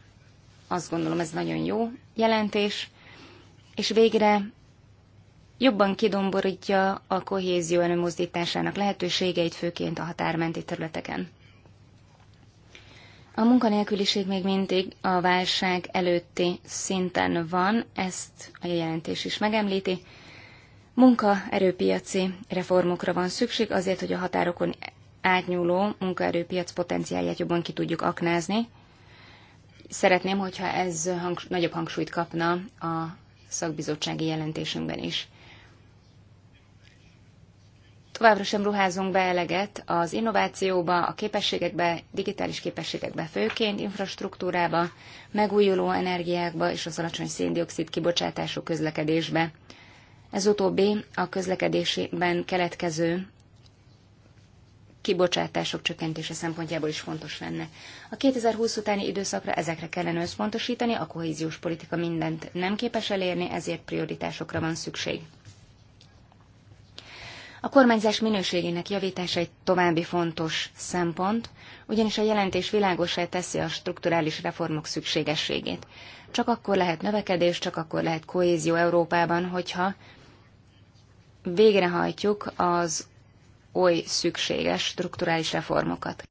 azt gondolom, ez nagyon jó jelentés, és végre jobban kidomborítja a kohézió előmozdításának lehetőségeit, főként a határmenti területeken. A munkanélküliség még mindig a válság előtti szinten van, ezt a jelentés is megemlíti. Munkaerőpiaci reformokra van szükség azért, hogy a határokon átnyúló munkaerőpiac potenciáját jobban ki tudjuk aknázni. Szeretném, hogyha ez hangs- nagyobb hangsúlyt kapna a szakbizottsági jelentésünkben is. Továbbra sem ruházunk be eleget az innovációba, a képességekbe, digitális képességekbe főként, infrastruktúrába, megújuló energiákba és az alacsony széndiokszid kibocsátású közlekedésbe. Ez utóbbi a közlekedésben keletkező kibocsátások csökkentése szempontjából is fontos lenne. A 2020 utáni időszakra ezekre kellene összpontosítani, a kohéziós politika mindent nem képes elérni, ezért prioritásokra van szükség. A kormányzás minőségének javítása egy további fontos szempont, ugyanis a jelentés világosá teszi a strukturális reformok szükségességét. Csak akkor lehet növekedés, csak akkor lehet kohézió Európában, hogyha végrehajtjuk az oly szükséges strukturális reformokat.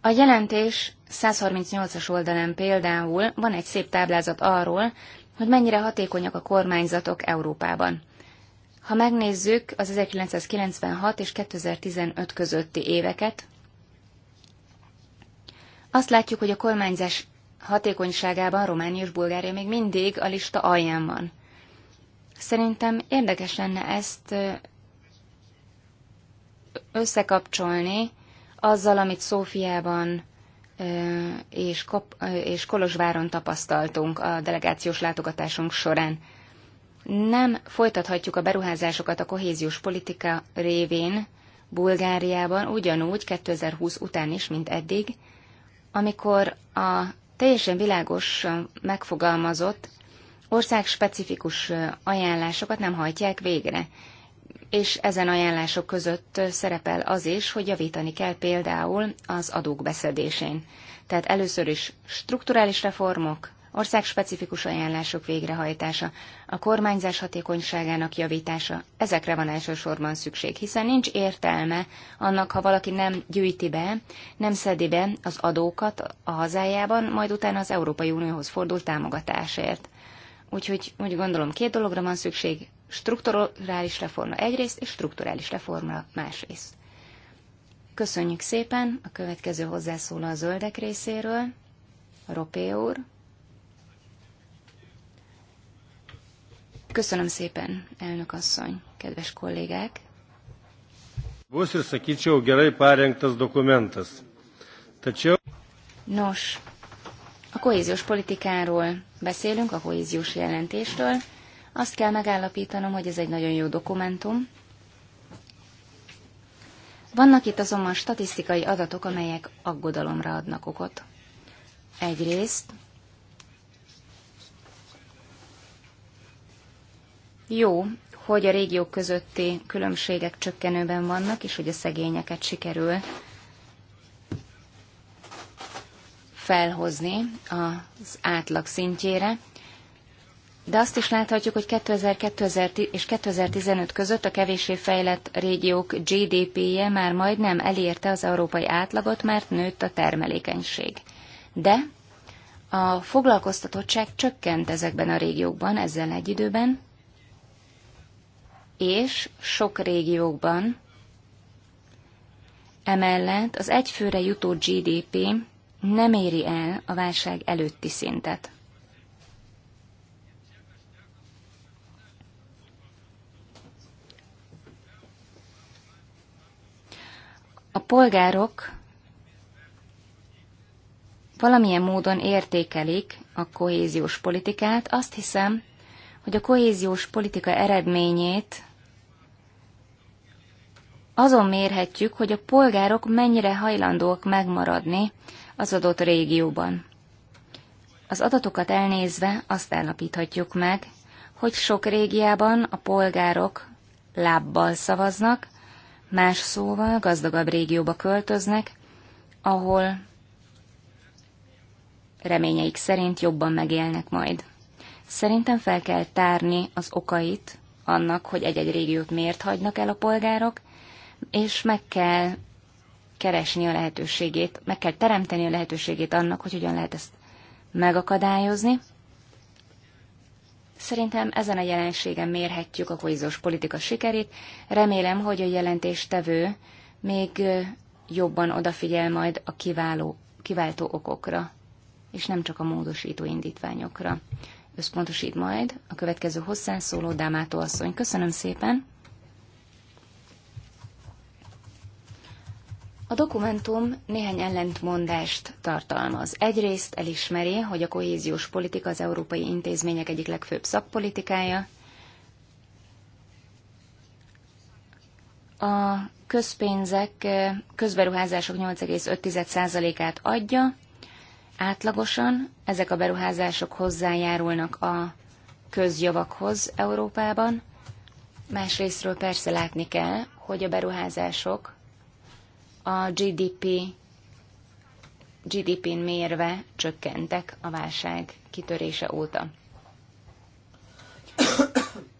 A jelentés 138-as oldalán például van egy szép táblázat arról, hogy mennyire hatékonyak a kormányzatok Európában. Ha megnézzük az 1996 és 2015 közötti éveket, azt látjuk, hogy a kormányzás hatékonyságában Románia és Bulgária még mindig a lista alján van. Szerintem érdekes lenne ezt összekapcsolni azzal, amit Szófiában és, Kop- és Kolozsváron tapasztaltunk a delegációs látogatásunk során. Nem folytathatjuk a beruházásokat a kohéziós politika révén Bulgáriában ugyanúgy 2020 után is, mint eddig, amikor a teljesen világos megfogalmazott országspecifikus ajánlásokat nem hajtják végre. És ezen ajánlások között szerepel az is, hogy javítani kell például az adók beszedésén. Tehát először is strukturális reformok, országspecifikus ajánlások végrehajtása, a kormányzás hatékonyságának javítása, ezekre van elsősorban szükség, hiszen nincs értelme annak, ha valaki nem gyűjti be, nem szedi be az adókat a hazájában, majd utána az Európai Unióhoz fordul támogatásért. Úgyhogy úgy gondolom, két dologra van szükség, strukturális reforma egyrészt, és strukturális reforma másrészt. Köszönjük szépen, a következő hozzászóló a zöldek részéről, Ropé úr. Köszönöm szépen, elnök asszony, kedves kollégák. Bus ir gerai parengtas dokumentas. Nos, a kohéziós politikáról beszélünk, a kohéziós jelentésről, azt kell megállapítanom, hogy ez egy nagyon jó dokumentum. Vannak itt azonban statisztikai adatok, amelyek aggodalomra adnak okot. Egyrészt jó, hogy a régiók közötti különbségek csökkenőben vannak, és hogy a szegényeket sikerül felhozni az átlag szintjére, de azt is láthatjuk, hogy 2000, és 2015 között a kevésé fejlett régiók GDP-je már majdnem elérte az európai átlagot, mert nőtt a termelékenység. De a foglalkoztatottság csökkent ezekben a régiókban ezzel egy időben, és sok régiókban emellett az egyfőre jutó GDP nem éri el a válság előtti szintet. A polgárok valamilyen módon értékelik a kohéziós politikát. Azt hiszem, hogy a kohéziós politika eredményét azon mérhetjük, hogy a polgárok mennyire hajlandók megmaradni az adott régióban. Az adatokat elnézve azt állapíthatjuk meg, hogy sok régiában a polgárok lábbal szavaznak, más szóval gazdagabb régióba költöznek, ahol reményeik szerint jobban megélnek majd. Szerintem fel kell tárni az okait annak, hogy egy-egy régiót miért hagynak el a polgárok, és meg kell keresni a lehetőségét, meg kell teremteni a lehetőségét annak, hogy hogyan lehet ezt megakadályozni. Szerintem ezen a jelenségen mérhetjük a kohéziós politika sikerét. Remélem, hogy a jelentéstevő még jobban odafigyel majd a kiváló, kiváltó okokra, és nem csak a módosító indítványokra. Összpontosít majd a következő szóló Dámátó asszony. Köszönöm szépen! A dokumentum néhány ellentmondást tartalmaz. Egyrészt elismeri, hogy a kohéziós politika az európai intézmények egyik legfőbb szakpolitikája. A közpénzek közberuházások 8,5%-át adja, átlagosan ezek a beruházások hozzájárulnak a közjavakhoz Európában. Másrésztről persze látni kell, hogy a beruházások a GDP, GDP-n mérve csökkentek a válság kitörése óta.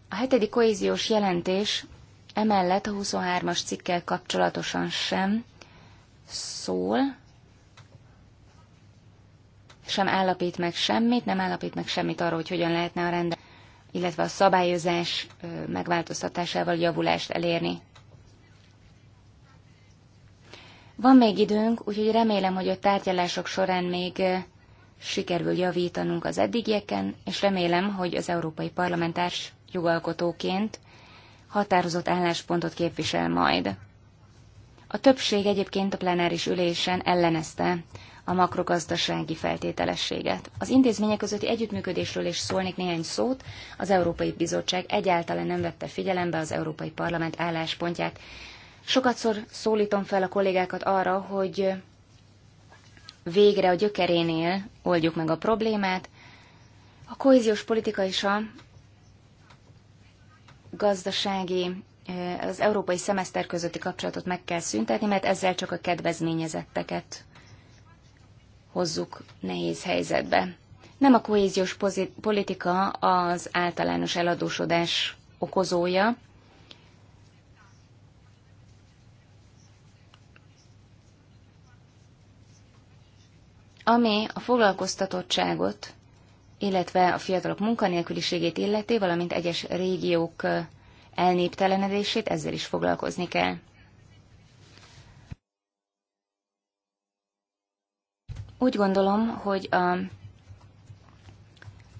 A hetedik kohéziós jelentés emellett a 23-as cikkel kapcsolatosan sem szól, sem állapít meg semmit, nem állapít meg semmit arról, hogy hogyan lehetne a rende, illetve a szabályozás megváltoztatásával javulást elérni. Van még időnk, úgyhogy remélem, hogy a tárgyalások során még sikerül javítanunk az eddigieken, és remélem, hogy az Európai Parlamentárs jogalkotóként határozott álláspontot képvisel majd. A többség egyébként a plenáris ülésen ellenezte a makrogazdasági feltételességet. Az intézmények közötti együttműködésről is szólnék néhány szót. Az Európai Bizottság egyáltalán nem vette figyelembe az Európai Parlament álláspontját. Sokatszor szólítom fel a kollégákat arra, hogy végre a gyökerénél oldjuk meg a problémát. A kohéziós politika is a gazdasági, az európai szemeszter közötti kapcsolatot meg kell szüntetni, mert ezzel csak a kedvezményezetteket hozzuk nehéz helyzetbe. Nem a kohéziós politika az általános eladósodás okozója, ami a foglalkoztatottságot, illetve a fiatalok munkanélküliségét illeti, valamint egyes régiók elnéptelenedését, ezzel is foglalkozni kell. Úgy gondolom, hogy a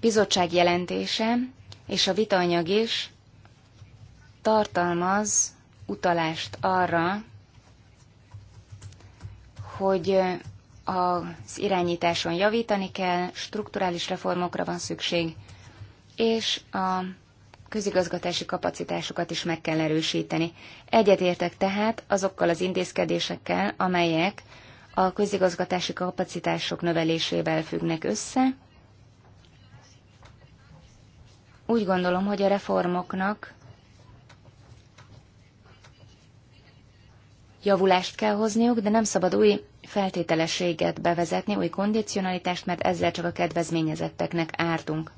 bizottság jelentése és a vitanyag is tartalmaz utalást arra, hogy az irányításon javítani kell, strukturális reformokra van szükség, és a közigazgatási kapacitásokat is meg kell erősíteni. Egyetértek tehát azokkal az intézkedésekkel, amelyek a közigazgatási kapacitások növelésével függnek össze. Úgy gondolom, hogy a reformoknak javulást kell hozniuk, de nem szabad új feltételességet bevezetni, új kondicionalitást, mert ezzel csak a kedvezményezetteknek ártunk.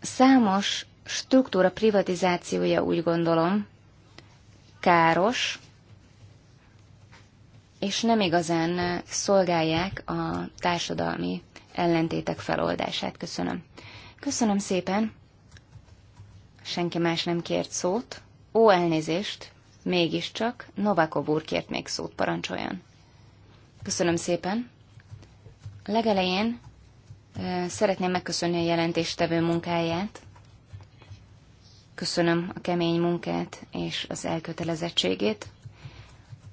Számos struktúra privatizációja úgy gondolom káros, és nem igazán szolgálják a társadalmi ellentétek feloldását. Köszönöm. Köszönöm szépen. Senki más nem kért szót. Ó, elnézést. Mégiscsak Novakov úr kért még szót, parancsoljon. Köszönöm szépen. A legelején szeretném megköszönni a jelentéstevő munkáját. Köszönöm a kemény munkát és az elkötelezettségét.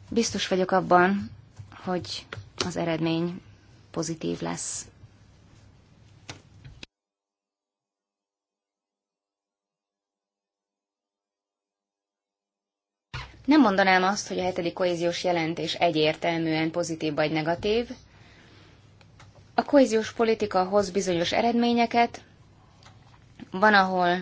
Biztos vagyok abban, hogy az eredmény pozitív lesz. Nem mondanám azt, hogy a hetedik kohéziós jelentés egyértelműen pozitív vagy negatív. A kohéziós politika hoz bizonyos eredményeket, van, ahol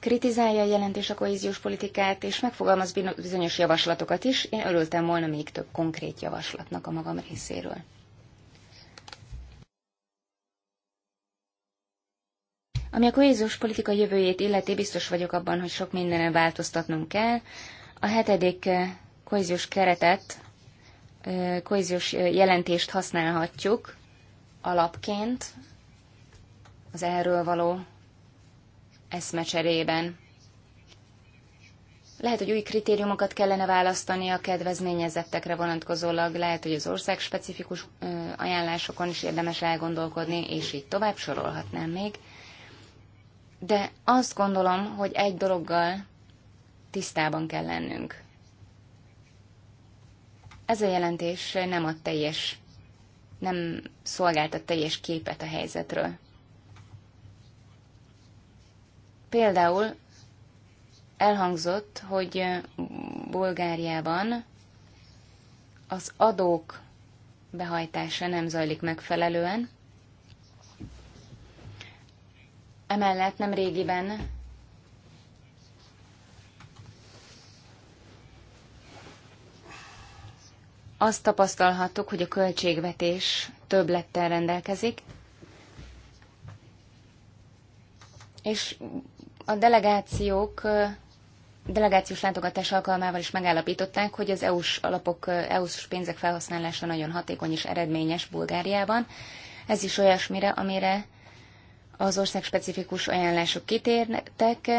kritizálja a jelentés a kohéziós politikát, és megfogalmaz bizonyos javaslatokat is. Én örültem volna még több konkrét javaslatnak a magam részéről. Ami a kohéziós politika jövőjét illeti, biztos vagyok abban, hogy sok mindenen változtatnunk kell. A hetedik eh, kohéziós keretet, eh, kohéziós eh, jelentést használhatjuk alapként az erről való eszmecserében. Lehet, hogy új kritériumokat kellene választani a kedvezményezettekre vonatkozólag, lehet, hogy az ország specifikus ajánlásokon is érdemes elgondolkodni, és így tovább sorolhatnám még. De azt gondolom, hogy egy dologgal tisztában kell lennünk. Ez a jelentés nem ad teljes, nem szolgáltat teljes képet a helyzetről. Például elhangzott, hogy Bulgáriában az adók behajtása nem zajlik megfelelően. Emellett nem régiben azt tapasztalhattuk, hogy a költségvetés többlettel rendelkezik, és a delegációk delegációs látogatás alkalmával is megállapították, hogy az EU-s alapok, EU-s pénzek felhasználása nagyon hatékony és eredményes Bulgáriában. Ez is olyasmire, amire az ország specifikus ajánlások kitértek,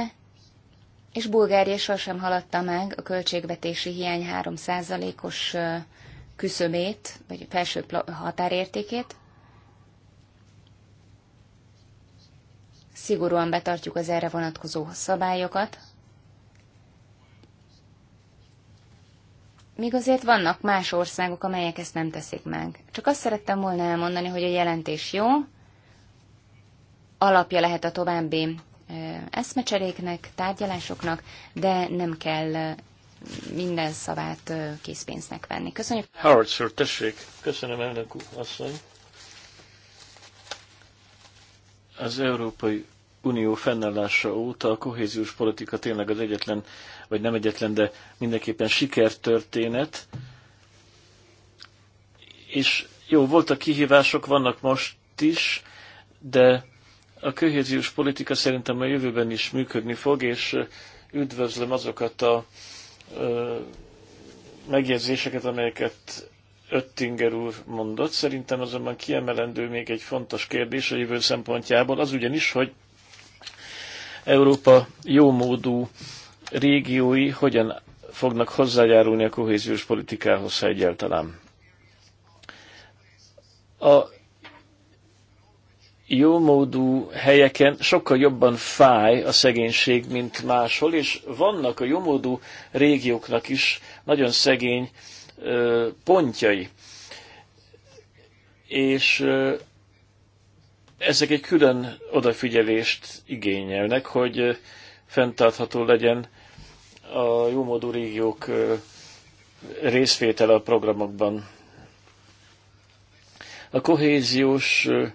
és Bulgária sosem haladta meg a költségvetési hiány 3%-os küszömét, vagy felső határértékét. Szigorúan betartjuk az erre vonatkozó szabályokat. Míg azért vannak más országok, amelyek ezt nem teszik meg. Csak azt szerettem volna elmondani, hogy a jelentés jó, alapja lehet a további eszmecseréknek, tárgyalásoknak, de nem kell minden szavát készpénznek venni. Köszönjük. Howard Sir, tessék. Köszönöm, elnök asszony. Az Európai Unió fennállása óta a kohéziós politika tényleg az egyetlen, vagy nem egyetlen, de mindenképpen sikertörténet. És jó, voltak kihívások, vannak most is, de a kohéziós politika szerintem a jövőben is működni fog, és üdvözlöm azokat a megjegyzéseket, amelyeket Öttinger úr mondott. Szerintem azonban kiemelendő még egy fontos kérdés a jövő szempontjából, az ugyanis, hogy Európa jómódú régiói hogyan fognak hozzájárulni a kohéziós politikához, ha egyáltalán. A jómódú helyeken sokkal jobban fáj a szegénység, mint máshol, és vannak a jómódú régióknak is nagyon szegény ö, pontjai. És ö, ezek egy külön odafigyelést igényelnek, hogy ö, fenntartható legyen a jómódú régiók ö, részvétele a programokban. A kohéziós ö,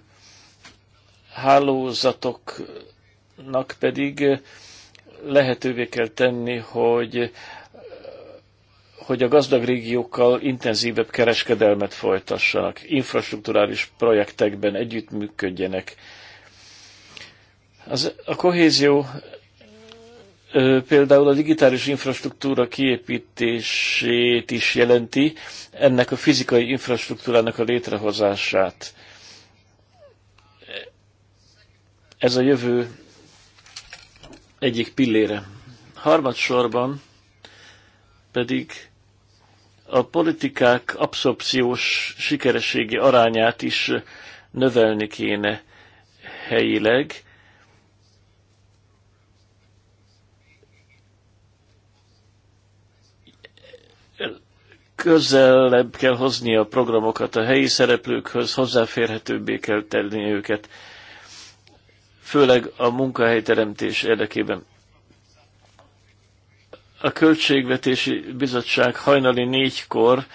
hálózatoknak pedig lehetővé kell tenni, hogy hogy a gazdag régiókkal intenzívebb kereskedelmet folytassanak, infrastruktúrális projektekben együttműködjenek. Az, a kohézió például a digitális infrastruktúra kiépítését is jelenti, ennek a fizikai infrastruktúrának a létrehozását Ez a jövő egyik pillére. Harmadsorban pedig a politikák abszorpciós sikerességi arányát is növelni kéne helyileg. Közelebb kell hozni a programokat a helyi szereplőkhöz, hozzáférhetőbbé kell tenni őket főleg a munkahelyteremtés érdekében. A Költségvetési Bizottság hajnali négykor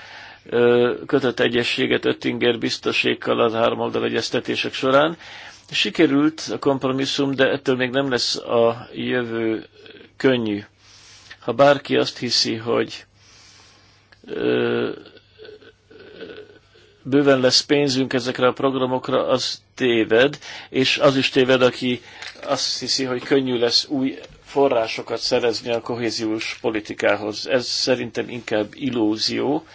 kötött egyességet Öttinger biztosékkal az háromoldal egyeztetések során. Sikerült a kompromisszum, de ettől még nem lesz a jövő könnyű. Ha bárki azt hiszi, hogy bőven lesz pénzünk ezekre a programokra, az téved, és az is téved, aki azt hiszi, hogy könnyű lesz új forrásokat szerezni a kohéziós politikához. Ez szerintem inkább illúzió.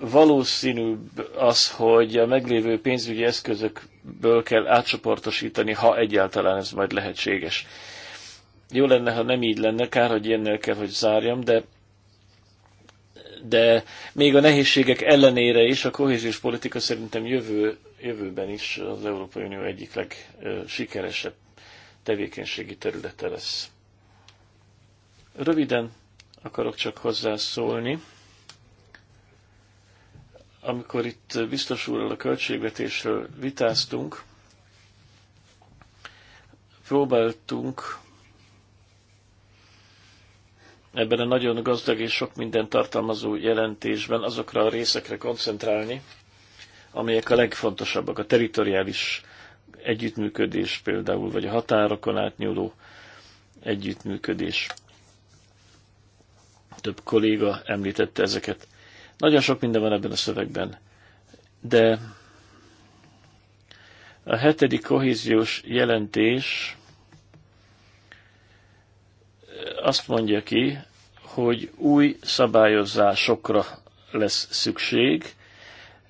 Valószínűbb az, hogy a meglévő pénzügyi eszközökből kell átcsoportosítani, ha egyáltalán ez majd lehetséges. Jó lenne, ha nem így lenne, kár, hogy ilyennel kell, hogy zárjam, de de még a nehézségek ellenére is a kohéziós politika szerintem jövő, jövőben is az Európai Unió egyik legsikeresebb tevékenységi területe lesz. Röviden akarok csak hozzászólni. Amikor itt biztos úrral a költségvetésről vitáztunk, próbáltunk ebben a nagyon gazdag és sok minden tartalmazó jelentésben azokra a részekre koncentrálni, amelyek a legfontosabbak, a teritoriális együttműködés például, vagy a határokon átnyúló együttműködés. Több kolléga említette ezeket. Nagyon sok minden van ebben a szövegben, de a hetedik kohéziós jelentés azt mondja ki, hogy új szabályozásokra lesz szükség.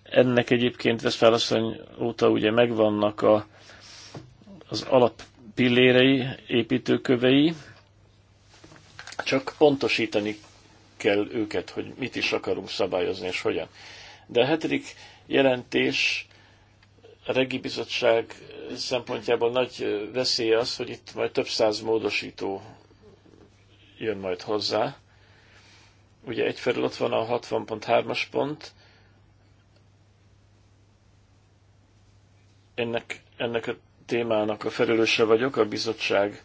Ennek egyébként Veszpálasszony óta ugye megvannak a, az alappillérei, építőkövei, csak pontosítani kell őket, hogy mit is akarunk szabályozni és hogyan. De a hetedik jelentés a regi bizottság szempontjából nagy veszély az, hogy itt majd több száz módosító jön majd hozzá. Ugye egyfelől ott van a 60.3-as pont, ennek, ennek a témának a felelőse vagyok, a bizottság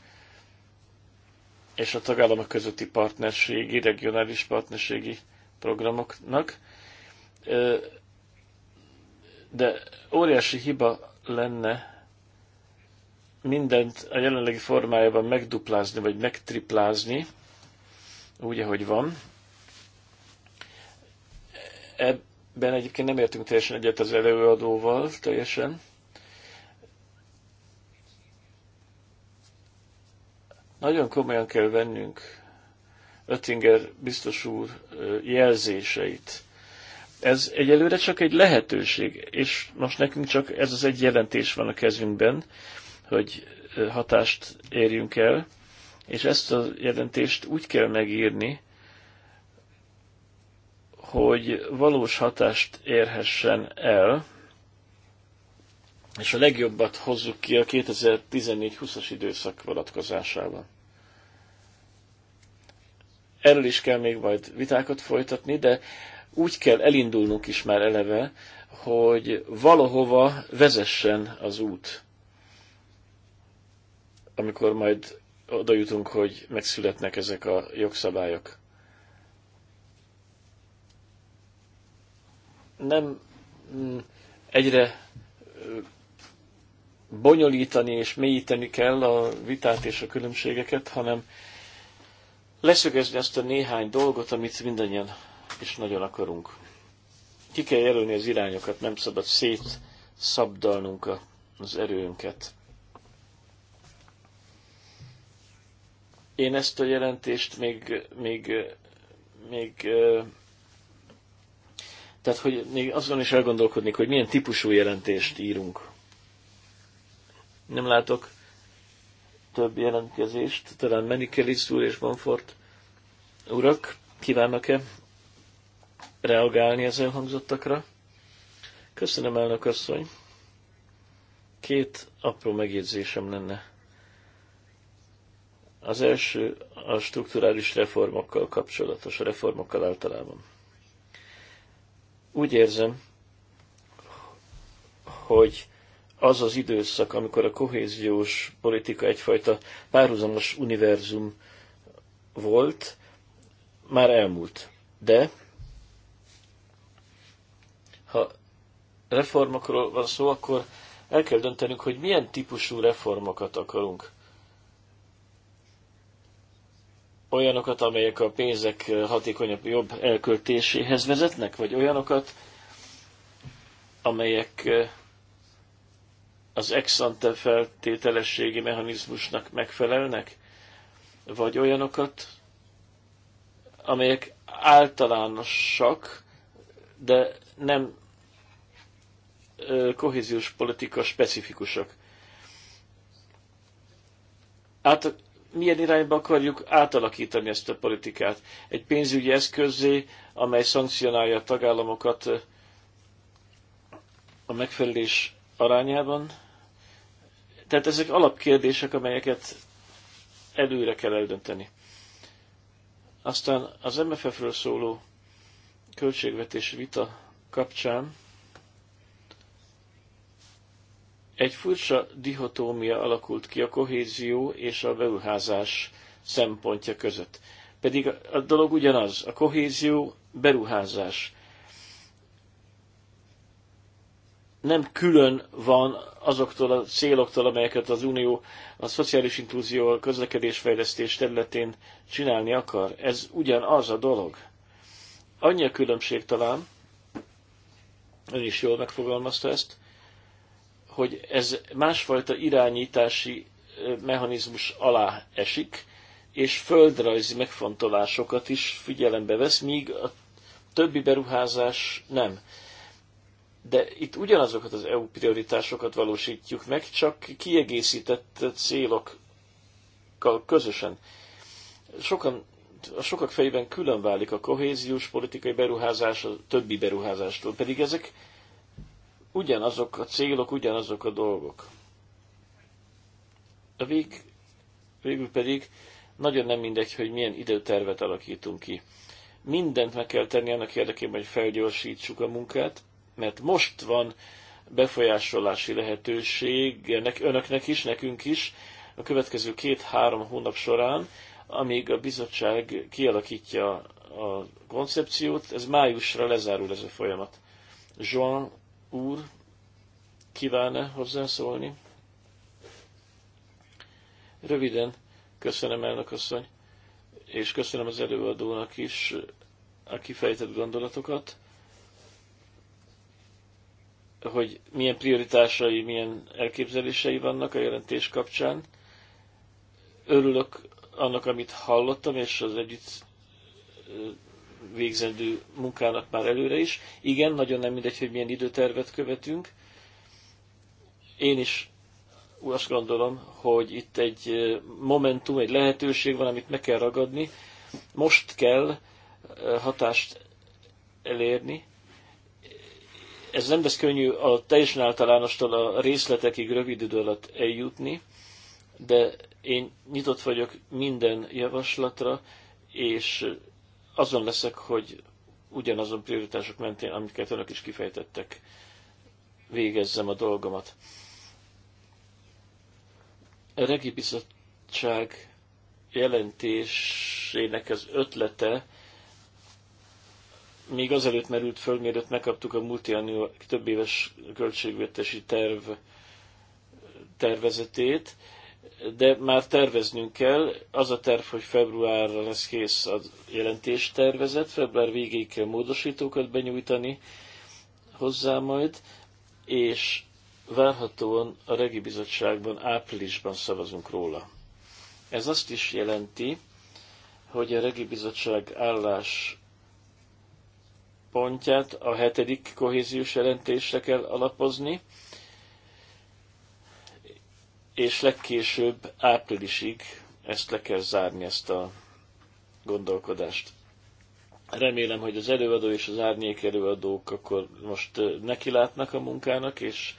és a tagállamok közötti partnerségi, regionális partnerségi programoknak. De óriási hiba lenne mindent a jelenlegi formájában megduplázni, vagy megtriplázni, úgy, ahogy van. Ebben egyébként nem értünk teljesen egyet az előadóval, teljesen. Nagyon komolyan kell vennünk Öttinger biztos úr jelzéseit. Ez egyelőre csak egy lehetőség, és most nekünk csak ez az egy jelentés van a kezünkben, hogy hatást érjünk el, és ezt a jelentést úgy kell megírni, hogy valós hatást érhessen el, és a legjobbat hozzuk ki a 2014-20-as időszak vonatkozásában. Erről is kell még majd vitákat folytatni, de úgy kell elindulnunk is már eleve, hogy valahova vezessen az út. Amikor majd oda jutunk, hogy megszületnek ezek a jogszabályok. nem mm, egyre bonyolítani és mélyíteni kell a vitát és a különbségeket, hanem leszögezni azt a néhány dolgot, amit mindannyian is nagyon akarunk. Ki kell jelölni az irányokat, nem szabad szétszabdalnunk az erőnket. Én ezt a jelentést még, még, még tehát, hogy még azon is elgondolkodnék, hogy milyen típusú jelentést írunk. Nem látok több jelentkezést, talán Menikelis úr és Bonfort urak kívánnak-e reagálni az elhangzottakra? Köszönöm, elnök asszony. Két apró megjegyzésem lenne. Az első a strukturális reformokkal kapcsolatos, a reformokkal általában. Úgy érzem, hogy az az időszak, amikor a kohéziós politika egyfajta párhuzamos univerzum volt, már elmúlt. De ha reformokról van szó, akkor el kell döntenünk, hogy milyen típusú reformokat akarunk. olyanokat, amelyek a pénzek hatékonyabb, jobb elköltéséhez vezetnek, vagy olyanokat, amelyek az ex-ante feltételességi mechanizmusnak megfelelnek, vagy olyanokat, amelyek általánosak, de nem kohéziós politika specifikusak. Át milyen irányba akarjuk átalakítani ezt a politikát. Egy pénzügyi eszközé, amely szankcionálja a tagállamokat a megfelelés arányában. Tehát ezek alapkérdések, amelyeket előre kell eldönteni. Aztán az MFF-ről szóló költségvetési vita kapcsán Egy furcsa dihotómia alakult ki a kohézió és a beruházás szempontja között. Pedig a dolog ugyanaz, a kohézió beruházás. nem külön van azoktól a céloktól, amelyeket az Unió a szociális inkluzió, a közlekedésfejlesztés területén csinálni akar. Ez ugyanaz a dolog. Annyi a különbség talán, ön is jól megfogalmazta ezt, hogy ez másfajta irányítási mechanizmus alá esik, és földrajzi megfontolásokat is figyelembe vesz, míg a többi beruházás nem. De itt ugyanazokat az EU prioritásokat valósítjuk meg, csak kiegészített célokkal közösen. Sokan, a sokak fejében külön válik a kohéziós politikai beruházás a többi beruházástól, pedig ezek ugyanazok a célok, ugyanazok a dolgok. A vég, végül pedig nagyon nem mindegy, hogy milyen időtervet alakítunk ki. Mindent meg kell tenni annak érdekében, hogy felgyorsítsuk a munkát, mert most van befolyásolási lehetőség nek, önöknek is, nekünk is, a következő két-három hónap során, amíg a bizottság kialakítja a koncepciót, ez májusra lezárul ez a folyamat. Jean úr kíván-e hozzászólni? Röviden köszönöm elnök asszony, és köszönöm az előadónak is a kifejtett gondolatokat, hogy milyen prioritásai, milyen elképzelései vannak a jelentés kapcsán. Örülök annak, amit hallottam, és az együtt végzendő munkának már előre is. Igen, nagyon nem mindegy, hogy milyen időtervet követünk. Én is azt gondolom, hogy itt egy momentum, egy lehetőség van, amit meg kell ragadni. Most kell hatást elérni. Ez nem lesz könnyű a teljesen általánostól a részletekig rövid idő alatt eljutni, de én nyitott vagyok minden javaslatra, és azon leszek, hogy ugyanazon prioritások mentén, amiket önök is kifejtettek, végezzem a dolgomat. A Regi Bizottság jelentésének az ötlete még azelőtt merült föl, mielőtt megkaptuk a multiannual több éves költségvetési terv tervezetét, de már terveznünk kell. Az a terv, hogy februárra lesz kész a jelentéstervezet, február végéig kell módosítókat benyújtani hozzá majd, és várhatóan a Regi Bizottságban áprilisban szavazunk róla. Ez azt is jelenti, hogy a Regi Bizottság állás pontját a hetedik kohéziós jelentésre kell alapozni, és legkésőbb áprilisig ezt le kell zárni, ezt a gondolkodást. Remélem, hogy az előadó és az árnyék előadók akkor most nekilátnak a munkának, és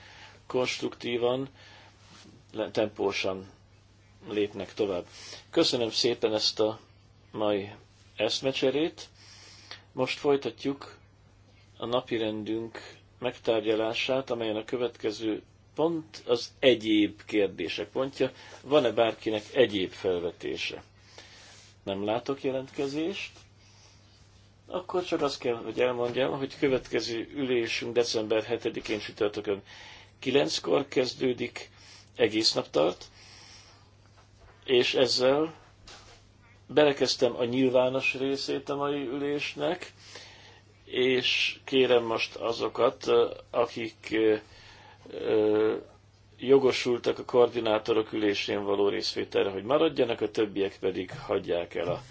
konstruktívan, tempósan lépnek tovább. Köszönöm szépen ezt a mai eszmecserét. Most folytatjuk a napirendünk megtárgyalását, amelyen a következő pont az egyéb kérdések pontja. Van-e bárkinek egyéb felvetése? Nem látok jelentkezést. Akkor csak azt kell, hogy elmondjam, hogy következő ülésünk december 7-én sütörtökön 9-kor kezdődik, egész nap tart, és ezzel belekezdtem a nyilvános részét a mai ülésnek, és kérem most azokat, akik jogosultak a koordinátorok ülésén való részvételre, hogy maradjanak, a többiek pedig hagyják el a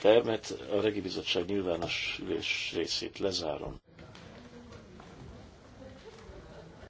termet. A Regi Bizottság nyilvános ülés részét lezárom.